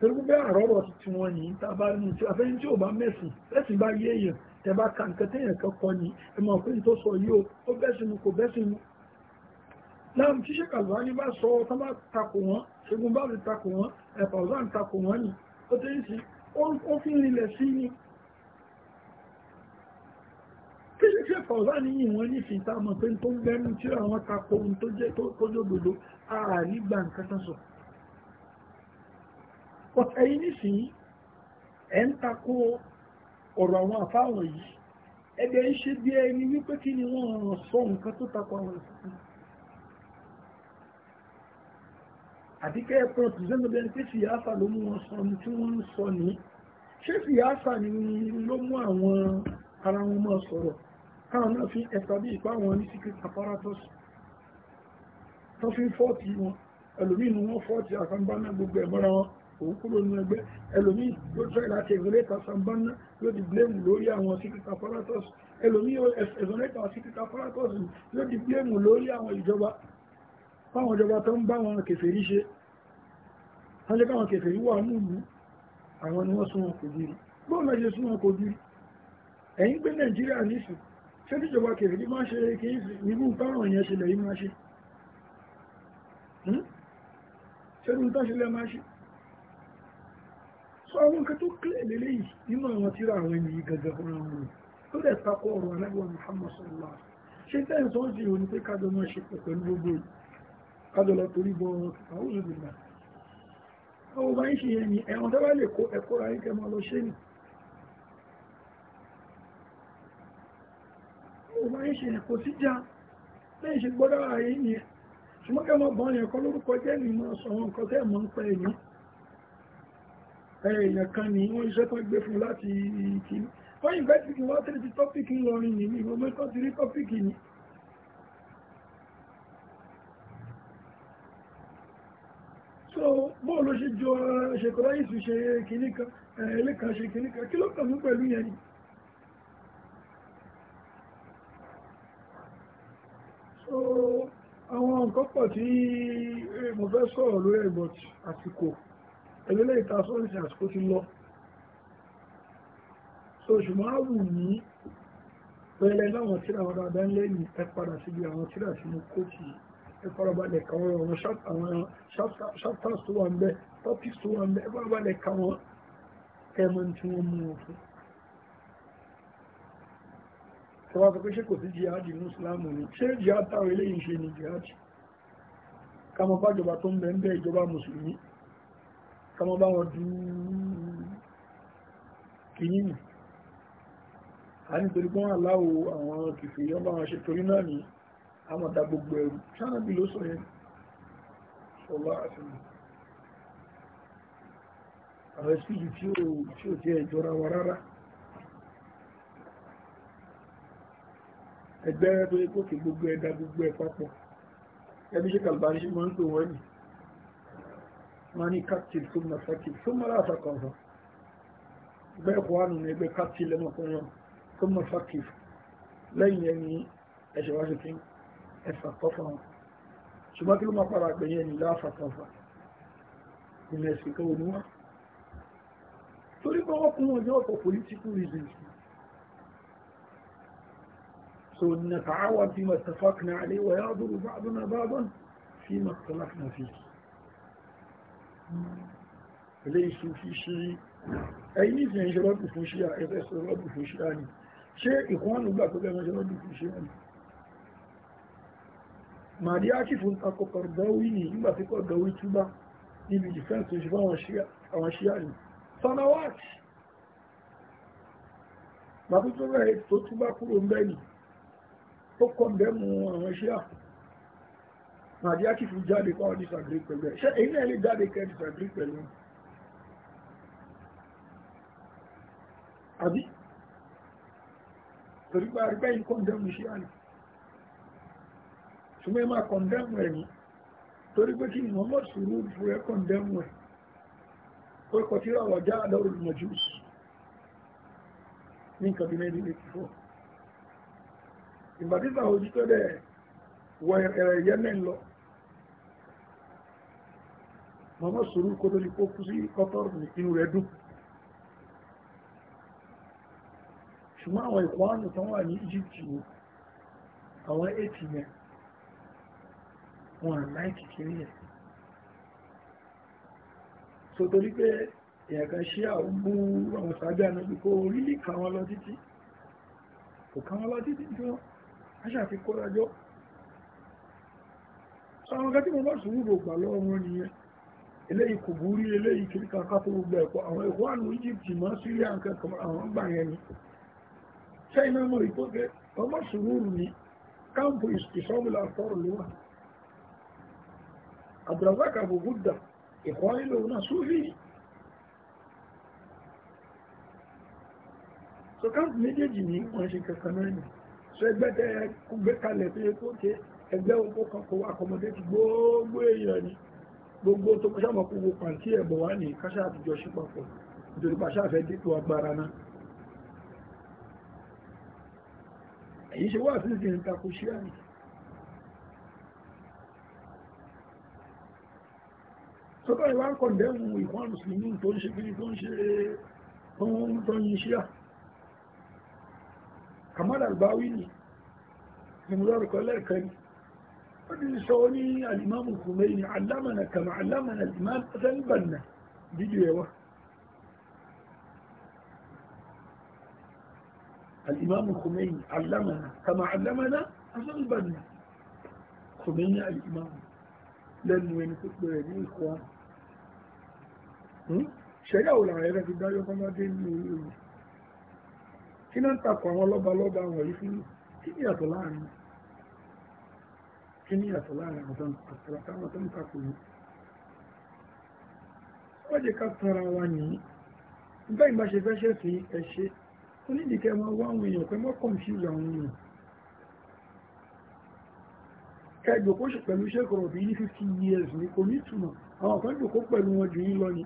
torí pé àrọ́rọ̀ ti wọn ní tàbá ní tí afẹ́yìn tí ò bá mẹ́sìn lẹ́sìn bá yé èèyàn tẹ́bá ka nǹkan téèyàn kan kọ ni ẹ mọ̀ pé tó sọ yìí ó bẹ́sìn mu kò bẹ́sìn mu náà tí ṣe kàlùwá ní bá sọ tán bá takò wọn ṣẹ́gun bá fi takò wọn ẹ̀fọ̀zá ń takò o ni ó tẹ́ sí ó fi rinlẹ̀ sí ni kí ṣe ṣe ẹ̀fọ̀zá ní ìwọ̀n ní fi ta mọ̀ pé tó ń bẹ́nu tí àwọn takò ohun tó jẹ́ tó jódodo àà nígbà nǹkan tán sọ̀rọ̀ but ẹ̀yin nísìnyí ẹ̀ ń takò ọ̀rọ̀ àwọn àfáwọn yìí ẹgbẹ́ ń ṣe bí ẹni wípé kí ni wọ́n rán sọ nǹkan tó takò àwọn ìsìnkú àdíkẹ́ ẹ̀pọ̀ pìsẹ́ntọ́bẹ̀ẹ́ pé fìyàfà ló mú wọn sọ ní tí wọ́n ń sọ ní ṣé fìyàfà ni ló mú àwọn ara wọn mọ́ sọ̀rọ̀ káwọn náà fi ẹ̀ta bí ìpá wọn ní secret apparatus tó fi fọ́ọ̀tì wọn ẹlòmínú wọn fọ́ọ̀tì àkànbá náà gbogbo ẹ̀mọ́ra wọn òun kúrò ní ẹgbẹ́ ẹlòmíì ló tẹ́ láti ìrẹ́lẹ́ta sambana yóò di blame lórí àwọn secret apparatus ẹlòmíì ẹ̀sọ̀lẹ́ta secret apparatus yóò di blame lórí àwọn ìjọba fáwọn ìjọba tó ń bá wọn kèfèrí ṣe wọ́n jẹ́ káwọn kèfèrí wà ní ìlú àwọn ni wọ́n sún wọn kò gírí bóun náà ṣe sún wọn kò gírí ẹ̀yìn gbé nàìjíríà nísìn ṣé tíjọba kèfèrí máa ṣe kìí irú táwọn èèyàn ṣe lẹ́yìn máa ṣe hmm? ṣé irú táṣe lẹ́ máa ṣe sọ àwọn nǹkan tó kílẹ̀ lélẹ́yìí nínú àwọn tíra àwọn ènìyàn gẹ́gẹ́ fún àwọn ọmọ tó dẹ̀ takọ ọ̀rọ̀ alẹ́wà Muhammad sallallahu ṣe tẹ́ ìsọ́ sí òní pé kájọ máa ṣe pẹ̀lú gbogbo kájọ lọ torí bọ àwọn òṣèlú àwọn bá ń ṣe yẹn ni ẹ̀wọ̀n tó bá lè kó ẹ̀kọ́ ra yín kẹmọ lọ èèyàn kan ní wọ́n iṣẹ́ tó gbé fún láti ìkíní wọ́n yìí bẹ́ẹ̀ tí wọ́n tẹ́lẹ̀ ti tọ́pìkì lọ́rin nìyí ìwọ̀n mẹ́tọ́ ti rí tọ́pìkì ni so bóò ló ṣe jọ ṣèkọ́lá yìí ṣe kìíní kan ẹ̀ẹ́lẹ́ kan ṣe kìíní kan kí ló kàn mú pẹ̀lú yẹn ni so àwọn nǹkan pọ̀ tí eh, mo fẹ́ sọ̀rọ̀ lórí ẹ̀gbọ̀t àsìkò ẹgbẹ́lẹ́ ìta sọ́rìsì àsìkò ti lọ so ṣùgbọ́n àwù ní pẹ̀lẹ́ láwọn tíra wọn dáadáa lẹ́yìn ẹ padà síbi àwọn tíra sínú kóòtù ẹ farabalẹ̀ káwọn àwọn chapters tó wà ń bẹ topics tó wà ń bẹ ẹ farabalẹ̀ káwọn ẹmọ tí wọ́n mú wọn fún tọwọ́ sọ pé ṣe kò sí jihadi ní Islam ni ṣé jihad táwọn eléyìí ṣe ni jihad kàmọ́ bá ìjọba tó ń bẹ ń bẹ ìjọba mùsùlùmí kọmọ bá wọn dúú kìíní a ní torí pọ́n aláwò àwọn kìfì yọ́n bá wọn ṣe torí náà ní àmọ̀dá gbogbo ẹ̀rù ṣáàbí ló sọ yẹn ṣọlá àfihàn àwọn ìsìnkú tí ó tí ó jẹ́ ìjọra wa rárá ẹgbẹ́ tó yẹ kó kí gbogbo ẹ̀dá gbogbo ẹ̀ papọ̀ ẹbí ṣe kàlùbárí ṣe máa ń tò wọ́n nìí يعني كتل ثم فكل ثم لا تقاها بإخواننا بكتل لما قلنا ثم فكل لن يعني أجواجك أفقفها ṣùgbọ́n kí ló máa fara pé yẹn ni láfàtàfà ilẹ̀ ìsìnkà olúwa torí pé wọ́n kún wọn jẹ́ ọ̀pọ̀ political reasons so nàtàáwà bí mọ̀tàfàkì náà àléwà yá dúró bá dúnà bá dún fi mọ̀tàfàkì náà fi eléyìí sufi ṣírí ẹ̀yìn ní ìsìn ìṣẹ́ lọ́dún fún ṣíà ẹ̀fẹ́ sọ lọ́dún fún ṣíà ni ṣé ìkùnwọ́n nígbà tó bẹ́ẹ̀ mọ́ṣẹ́ lọ́dún fún ṣíà ni màdí ákìfù ń takò kọ̀dọ̀wí ni nígbà tí kọ̀dọ̀wí túbá níbi dìfẹ́ǹsì oṣù fún àwọn ṣíà ni sanawat bàbá tó rẹ̀ tó túbá kúrò ń bẹ́ẹ̀ ni nàbí akífù jáde kọ́ disagree pẹ̀lú ẹ̀ ṣé èyí náà lè jáde kẹ́ disagree pẹ̀lú àbí torí pé àrígbẹ́ yìí kọ́ndẹ́mù ṣe àlè ṣùgbọ́n ẹ máa kọ́ndẹ́mù ẹ̀ ní torí pé kí Muhammad Surur fún ẹ kọ́ndẹ́mù ẹ̀ ó kọ́ tí ra wàjá àdáwòrán Majus ní nǹkan bí mẹ́rin lè fọ́ ìgbà tí sàhójú dẹ̀ wọ ẹ̀rẹ̀ Yemen lọ mọ̀mọ́ sòrú kó tó ní kó kú sí kọ́tọ́rù inú rẹ̀ dùn ṣùgbọ́n àwọn ìkọ́ àánú tán wà ní Egypt wo àwọn ètì yẹn wọn láìkì kiri yẹn so torí pé èèyàn kan ṣe àwọn bú àwọn sàájá náà bí kó orí lè kà wọn lọ títí kò kà wọn lọ títí tí wọn á ṣàfi kó àwọn kan bá sùúrù gbà lọ́wọ́ nìyẹn eléyìí kò burú eléyìí kiri kankan fún gbogbo ẹ̀kọ́ àwọn ẹ̀kọ́ àwọn Egypt mọ́ Syria nǹkan kan àwọn gbà yẹn ni China mọ̀ rí pé ọmọ sùúrù ni káàmpù ìsọ́mùlà àtọ́rọ̀ ló wà Abdulrazak Abubuda ẹ̀kọ́ nílò náà sórí so káàmpù méjèèjì ni wọ́n ṣe kankan náà ni so ẹgbẹ́ tẹ́ gbé kalẹ̀ pé ẹgbẹ́ òpó kan kò wà ti gbogbo èèyàn ni gbogbo tó kọ́ṣà mọ̀ gbogbo pàǹtí ẹ̀bọ̀ wá ní káṣà àtijọ́ ṣe papọ̀ nítorí pàṣà fẹ́ dípò agbára náà èyí ṣe wà sí ìsìn ìtakò ṣí àmì sọ́tọ̀ ìwà ń kọ̀ndẹ́mù ìwọ̀n mùsùlùmí tó ń ṣe kiri tó ń ṣe ohun tó ń ṣe سوني الإمام الخميني علمنا كما علمنا الإمام حسن البنا بيجوا يوا الإمام الخميني علمنا كما علمنا حسن البنا خميني الإمام لأنه وين كتبوا يدي إخوان ṣẹ̀dá ò làwọn في fi dájọ́ kọ́ máa dé ní orí omi kí náà ń takọ̀ kí ní ìyàtọ̀ láàrin àwọn àtàwọn tó ń takò yìí wọ́n jẹ́ ká tọ́ra wa nìyí nígbà ìgbà ṣe fẹ́ ṣẹ́ sí ẹ̀ṣẹ́ ó ní ìdíkẹ́ máa wá àwọn èèyàn pé mọ́ kọ̀ǹfíìlì àwọn èèyàn ká ìgbòkó ṣe pẹ̀lú iṣẹ́ kọ̀rọ̀ bí ní 50 years ní kò ní ìtumọ̀ àwọn kan jòkó pẹ̀lú wọn jù yín lọ ni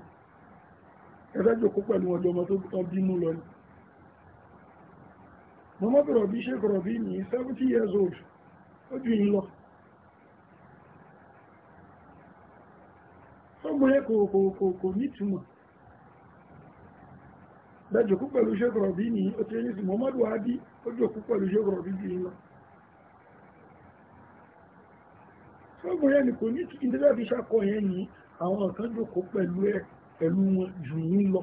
ẹ̀fẹ́ jòkó pẹ̀lú wọn jọmọ tó tọ́ bínú lọ ni mọ́mọ́ kọ̀rọ̀ bí iṣẹ́ kọ̀rọ̀ bí ní 70 years old ó jù lọ múlẹ̀ kò nítumọ̀ bẹ́jọ̀kú pẹ̀lú ṣẹ́gọ̀rọ̀ bí ní ó ti rí sí Muhammadu Adi ó jọ̀kú pẹ̀lú ṣẹ́gọ̀rọ̀ bí jù lọ ṣọ́gbọ̀n yẹn ni kò ní kí ìdílé fi ṣàkọ yẹn ní àwọn kan jòkó pẹ̀lú ẹ̀ pẹ̀lú wọn jù ní lọ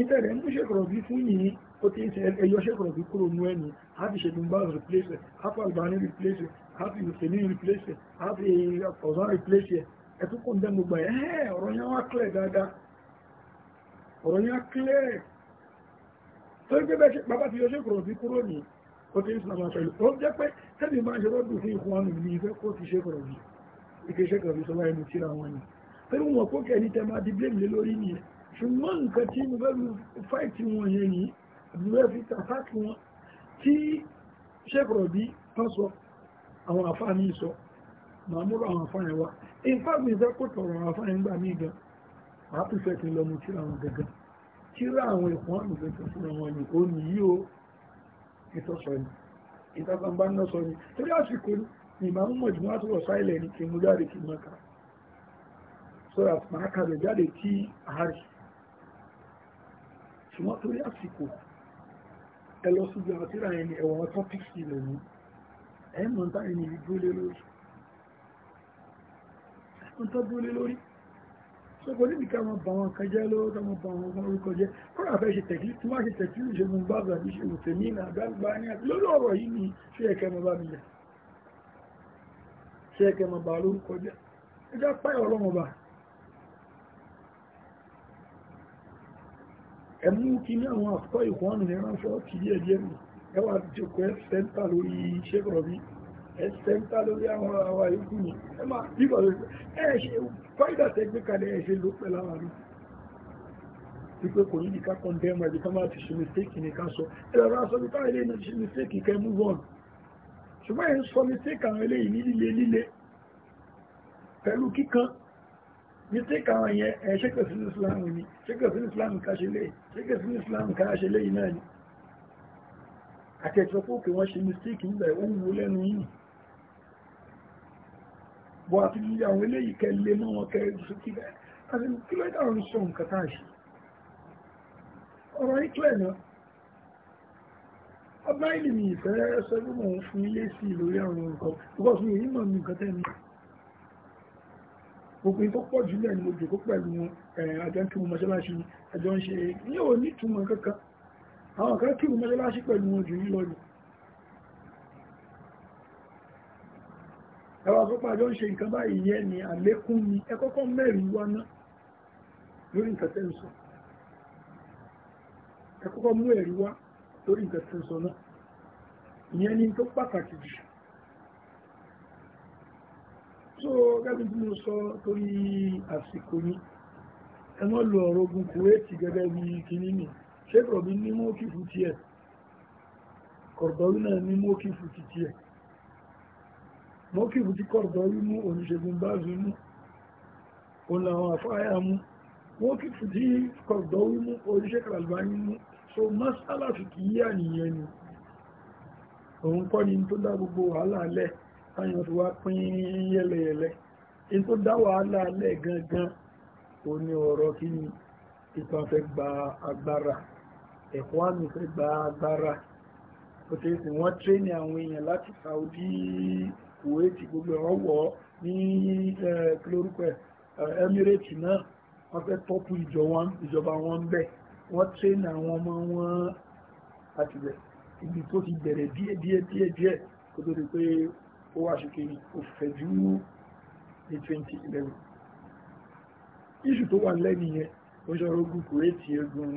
ìtẹ̀lẹ̀ mú ṣẹ́gọ̀rọ̀ fún yìí ó ti ń sẹ ẹyọ ṣẹ́gọ̀rọ̀ kúrò nú ẹni hafi ṣẹ̀dùn bá replace hafi Albani replace hafi Hussein replace hafi ọ̀zán replace ẹ̀tún kò ń dẹ́nu gbà ẹ̀ ọ̀rọ̀ yẹn wá clear dáadáa ọ̀rọ̀ yẹn clear tó ń jẹ́ bẹ́ẹ̀ ṣe ti yọ ṣe kòrò sí kúrò ní ó ti ń ó jẹ́ pé tẹ́lẹ̀ máa ṣe rọ́dùn fún ìfún àwọn ìlú ìfẹ́ kó ti ṣe kòrò yìí ike ṣe kòrò yìí sọ láì ra wọn ni pẹ̀lú wọn kó kẹ́ ní tẹ́ máa di blame lé lórí nìyẹn ṣùgbọ́n nǹkan tí mo fẹ́ lu fáìtì wọn yẹn ni àbí wọ́n fi tàfáàkì wọn tí ṣe kòrò bí wọ́n sọ àwọn àfáà ní sọ màá múlò àwọn afáyẹn wa in fact mi fẹ́ kó tọrọ àwọn afáyẹn gbà mí gan màá pèsè kí lọ mu tíra àwọn gangan tíra àwọn ìpọ́n àlùfẹ́tọ̀ fúnra wọn ni ó ní yí o ìtọ́sọ ni ìtàkànbá ń lọ́sọ ni torí àsìkò ni màá mú mọ̀jùmọ́ àtúwọ̀ sáìlẹ̀ ni kí n mú jáde kí n mọ̀ ká so that màá kalẹ̀ jáde kí àárẹ̀ ṣùgbọ́n torí àsìkò ẹ ni ẹ̀wọ̀n ni ẹ̀ ẹni ìdúró lé lórí nǹkan dúró lé lórí sọ́kò níbi ká wọn bà wọn kan jẹ́ lọ́wọ́ ká wọn bà wọn kan orúkọ jẹ́ kọ́nà àfẹ́ ṣe tẹ̀kí tí wọ́n ṣe tẹ̀kí ìṣe mú bá àbí ṣe òtẹ̀ ní ìlà àgbàgbà ní àti lórí ọ̀rọ̀ yìí ni ṣé ẹ̀kẹ́ mọ bá mi yà ṣé ẹ̀kẹ́ mọ bá lórúkọ jẹ́ ẹjọ́ páyọ̀ ọlọ́mọ bá ẹ̀mú kí ní àwọn àkọ́ ìkọ́ ẹ̀ránṣọ́ kìí ẹ̀dí ẹ̀mí ẹwà àti jòkó ẹ̀ sẹ́ńtà lórí ṣẹ́kọ̀rọ̀ ẹ̀sẹ̀ ń tá lórí àwọn àwà ikú ni ẹ máa bíbọ̀ lórí ẹ ṣe fáìdà tẹ́gbẹ́ kalẹ̀ ẹ ṣe ló pẹ́ láwọn àrí wípé kò ní ìdíkà kan dẹ́mọ̀ ẹ̀bí tó máa ti ṣe mistake ní ká sọ ẹ̀rọ ra sọ wípé ilé náà ti ṣe mistake kẹ́ move on ṣùgbọ́n ẹ̀ ń sọ mistake àwọn eléyìí ní líle líle pẹ̀lú kíkan mistake àwọn yẹn ẹ̀ ṣẹ́kẹ̀ sí Islam ni ṣẹ́kẹ̀ sí Islam ká ṣe lé ṣẹ́kẹ̀ sí Islam ká ṣe lé yìí náà ni àti ẹ̀ṣọ́ pé òkè wọ́n ṣe mistake nígbà ó wúwo lẹ́nu yìí bọ́ àti ní àwọn eléyìí kẹ lé mọ́ wọn kẹ sókè bẹ́ẹ̀ àti kí ló dà ń sọ nǹkan tá a ṣe ọ̀rọ̀ ìtú ẹ̀ náà ọba ìlú mi ìfẹ́ sọ pé mò ń fún ilé sí i lórí àwọn nǹkan bọ́ fún èyí mọ̀ mi nǹkan tẹ́mi gbogbo tó pọ̀ jù lẹ́nu mo jòkó pẹ̀lú àjọ ń kí mo mọ́ṣáláṣí àjọ ń ṣe ní òní kankan àwọn kan kí mo mọ́ṣáláṣí pẹ̀lú wọn jù yí lọ́yìn ẹwà púpà jọ ń ṣe nǹkan báyìí yẹn ni àlékún ni ẹ kọ́kọ́ mẹ́rin wá ná lórí nǹkan tẹ́ ń sọ ẹ mú ẹ̀rí wá lórí nǹkan tẹ́ ń sọ náà ìyẹn ni tó pàtàkì jù so gẹ́gẹ́ bí mo sọ torí àsìkò ni ẹ mọ́ lo ọ̀rọ̀ ogun kuwaiti gẹ́gẹ́ bí kìíní nì ṣé kọ̀ọ̀bí ní mọ́kìfù tiẹ̀ kọ̀ọ̀bọ̀rú náà ní mọ́kìfù ti tiẹ̀ mọ́kìbù tí kọ̀rọ̀dọ̀ rí mú oníṣègùn bá rí mú òun àwọn àfáyà mú mọ́kìbù tí kọ̀rọ̀dọ̀ rí mú oníṣègùn albani so masala fi ni òun kọ́ ni tó dá gbogbo wàhálà alẹ́ táyàn fi wá pín yẹlẹyẹlẹ in tó dá wàhálà alẹ́ gangan ó ní ọ̀rọ̀ kí ni ìtàn fẹ́ gba ẹ̀kọ́ àmì fẹ́ gba agbára kò tẹ́ sí wọ́n àwọn èèyàn láti Saudi kuwait gbogbo ẹ̀wọ̀n wọ̀ ní kílórúkọ emirate náà wọ́n fẹ́ tọ́pù ìjọba wọn bẹ̀ wọ́n train àwọn ọmọ wọn àti bẹ̀ ibi tó ti bẹ̀rẹ̀ díẹ̀ díẹ̀ díẹ̀ díẹ̀ kó tó di pé ó wá ṣe kiri ó fẹ̀ jù ní 2011 iṣu tó wà lẹ́nu yẹn ó ṣọ́rọ̀ ogun kúrẹ́tì ogun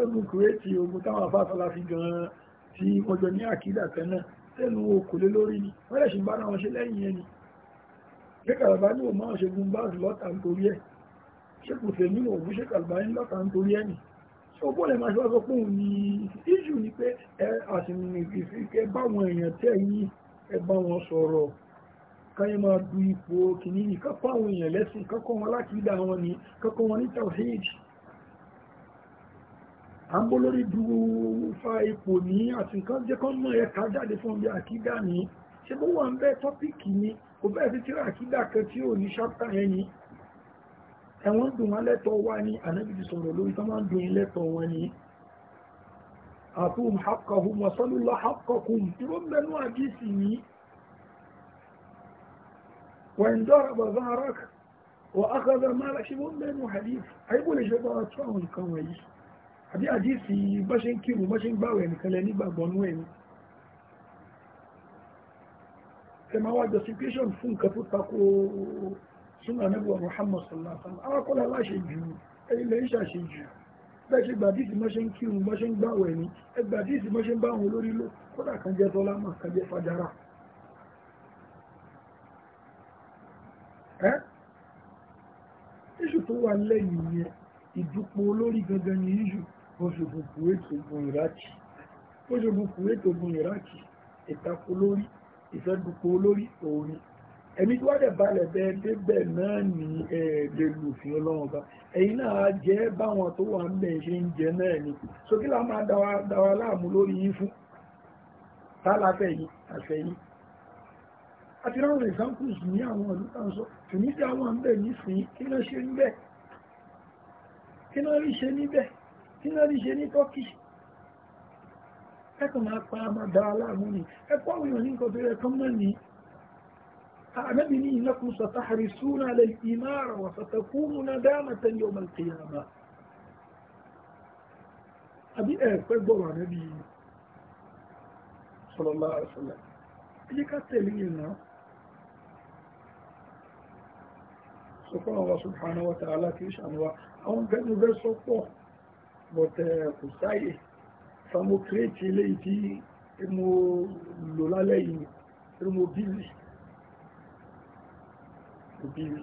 ogun kúrẹ́tì ogun táwọn afáfàlà gan-an tí wọ́n jọ ní àkídà kan náà tẹ́nu okò lé lórí ni wọ́n lè ṣe ń bára wọn ṣe lẹ́yìn ẹni ṣé kàlàbá ní òun máa ṣe gun báàsì lọ́ta nítorí ẹ̀ ṣé kò tẹ̀mí òun ṣe ní lọ́ta nítorí ẹ̀ ni ṣé ọgbọ́n lè máa ṣe wá pé òun ni ìjù ni pé ẹ àsìmì ìfikẹ́ báwọn èèyàn tẹ́ yín ẹ bá wọn sọ̀rọ̀ káyẹ máa du ipò kìnnìyàn kápá àwọn èèyàn lẹ́sìn kákọ́ wọn láti ni kákọ́ à ń bọ́ lórí dúró fa ipò ní àti nǹkan jẹ́ kán mọ́ ẹ̀ka jáde fún bí àkídà ní ṣe bó wà ń bẹ́ tọ́pìkì ni kò bẹ́ẹ̀ sí tíra àkídà kan tí ò ní ṣáptà yẹn ni ẹ̀wọ̀n dùn wọn lẹ́tọ̀ wá ní ànábìdì sọ̀rọ̀ lórí tó máa ń dùn lẹ́tọ̀ wọn ni àtúm haqqahum wa sallallahu haqqakum ìró mẹ́nu àdìsí ni wọ́n bàbá arak wọ́n akọ́dọ̀ máa àbí àdísì bá ṣe ń kírun bá ṣe ń gbàwẹ̀ nìkan lẹ nígbàgbọ́ nú ẹ̀yìn ẹ máa wá justification fún nǹkan tó tako súnà nígbà Muhammad sallallahu alaihi wasallam awakọ́lá láṣẹ jù ẹni lẹ́yìn ṣàṣẹ jù bẹ́ẹ̀ ṣe gbàdísì bá ṣe ń kírun bá ṣe ń gbàwẹ̀ ní ẹ gbàdísì bá ṣe ń bá àwọn olórí lò kódà kan jẹ́ tọ́lá mà kan jẹ́ fajara ẹ́ tó wà lẹ́yìn yẹn ìdúpọ̀ olórí gangan ni iṣu bó ṣe bu Kuwait ogun Iraki bó ṣe bu Kuwait ogun Iraki ìtako lórí ìfẹ́dùkọ olórí òní ẹni tí wá dẹ̀ balẹ̀ bẹ́ẹ̀ débẹ̀ náà ní ẹ̀ẹ́dẹ̀lù fi ọlọ́run bá ẹ̀yin náà jẹ́ báwọn tó wà ń bẹ̀ ṣe ń jẹ náà ni so kí la máa dáwà láàmú lórí yín fún tálàfẹ́ yìí àfẹ́ yìí àti ráwọn examples ní àwọn ọdún tán sọ tùmí tí àwọn ń bẹ̀ nísìnyí kí náà ṣe níbẹ̀ tí náà ní ṣe ní turkey ẹkùn máa pa máa dára láàmú ni ẹkọ́ àwọn èèyàn ní nǹkan tó yẹ kán mọ́ ni àmẹ́bí ní ìnákun sọ̀tàhárí súnà lè ìmáàrà wà sọ̀tàkúnú náà dáàmà tẹ́lẹ̀ ọmọ ìkẹyàmá àbí ẹ̀ẹ́pẹ́ gbọ́rọ̀ àmẹ́bí sọ̀rọ̀lá àṣọlá ẹjẹ́ ká tẹ̀lé yẹn náà sọ fún àwọn subhanahu wa ta'ala kì í ṣàmúwa àwọn gẹ́gẹ́ bẹ́ẹ̀ sọ pọ̀ but uh, kò sáyè famo kírètì eléyìí tí mo lò lálẹ́ yìí tí mo bíbí mo bíbí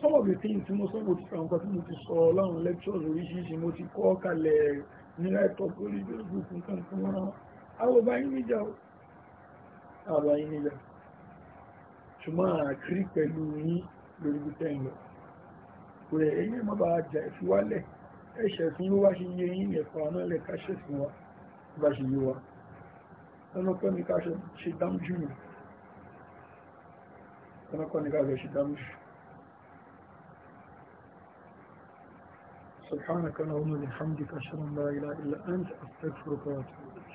some of the things tí mo sọ mo ti fẹ́ nǹkan tí mo ti sọ láwọn lectures oríṣiríṣi mo ti kọ́ kalẹ̀ nílá ẹ̀tọ́ lórí facebook nǹkan kan mọ́ra àwọn ọba yín níjà o àwọn yín níjà ṣùgbọ́n àkírí pẹ̀lú yín lórí bí tẹ́ lọ kò ẹ̀yìn mọ́ bá jà ìfiwálẹ̀ ẹ̀ṣẹ̀ fún ló wá ṣe yé yí ẹ̀kọ́ àmọ́ ilẹ̀ káṣẹ̀ fún wa bá ṣe yé wa ọlọ́pọ̀ ní káṣẹ̀ ṣe dámjú nù ọlọ́pọ̀ ní káṣẹ̀ ṣe dámjú سبحانك اللهم وبحمدك اشهد ان لا اله الا انت استغفرك واتوب اليك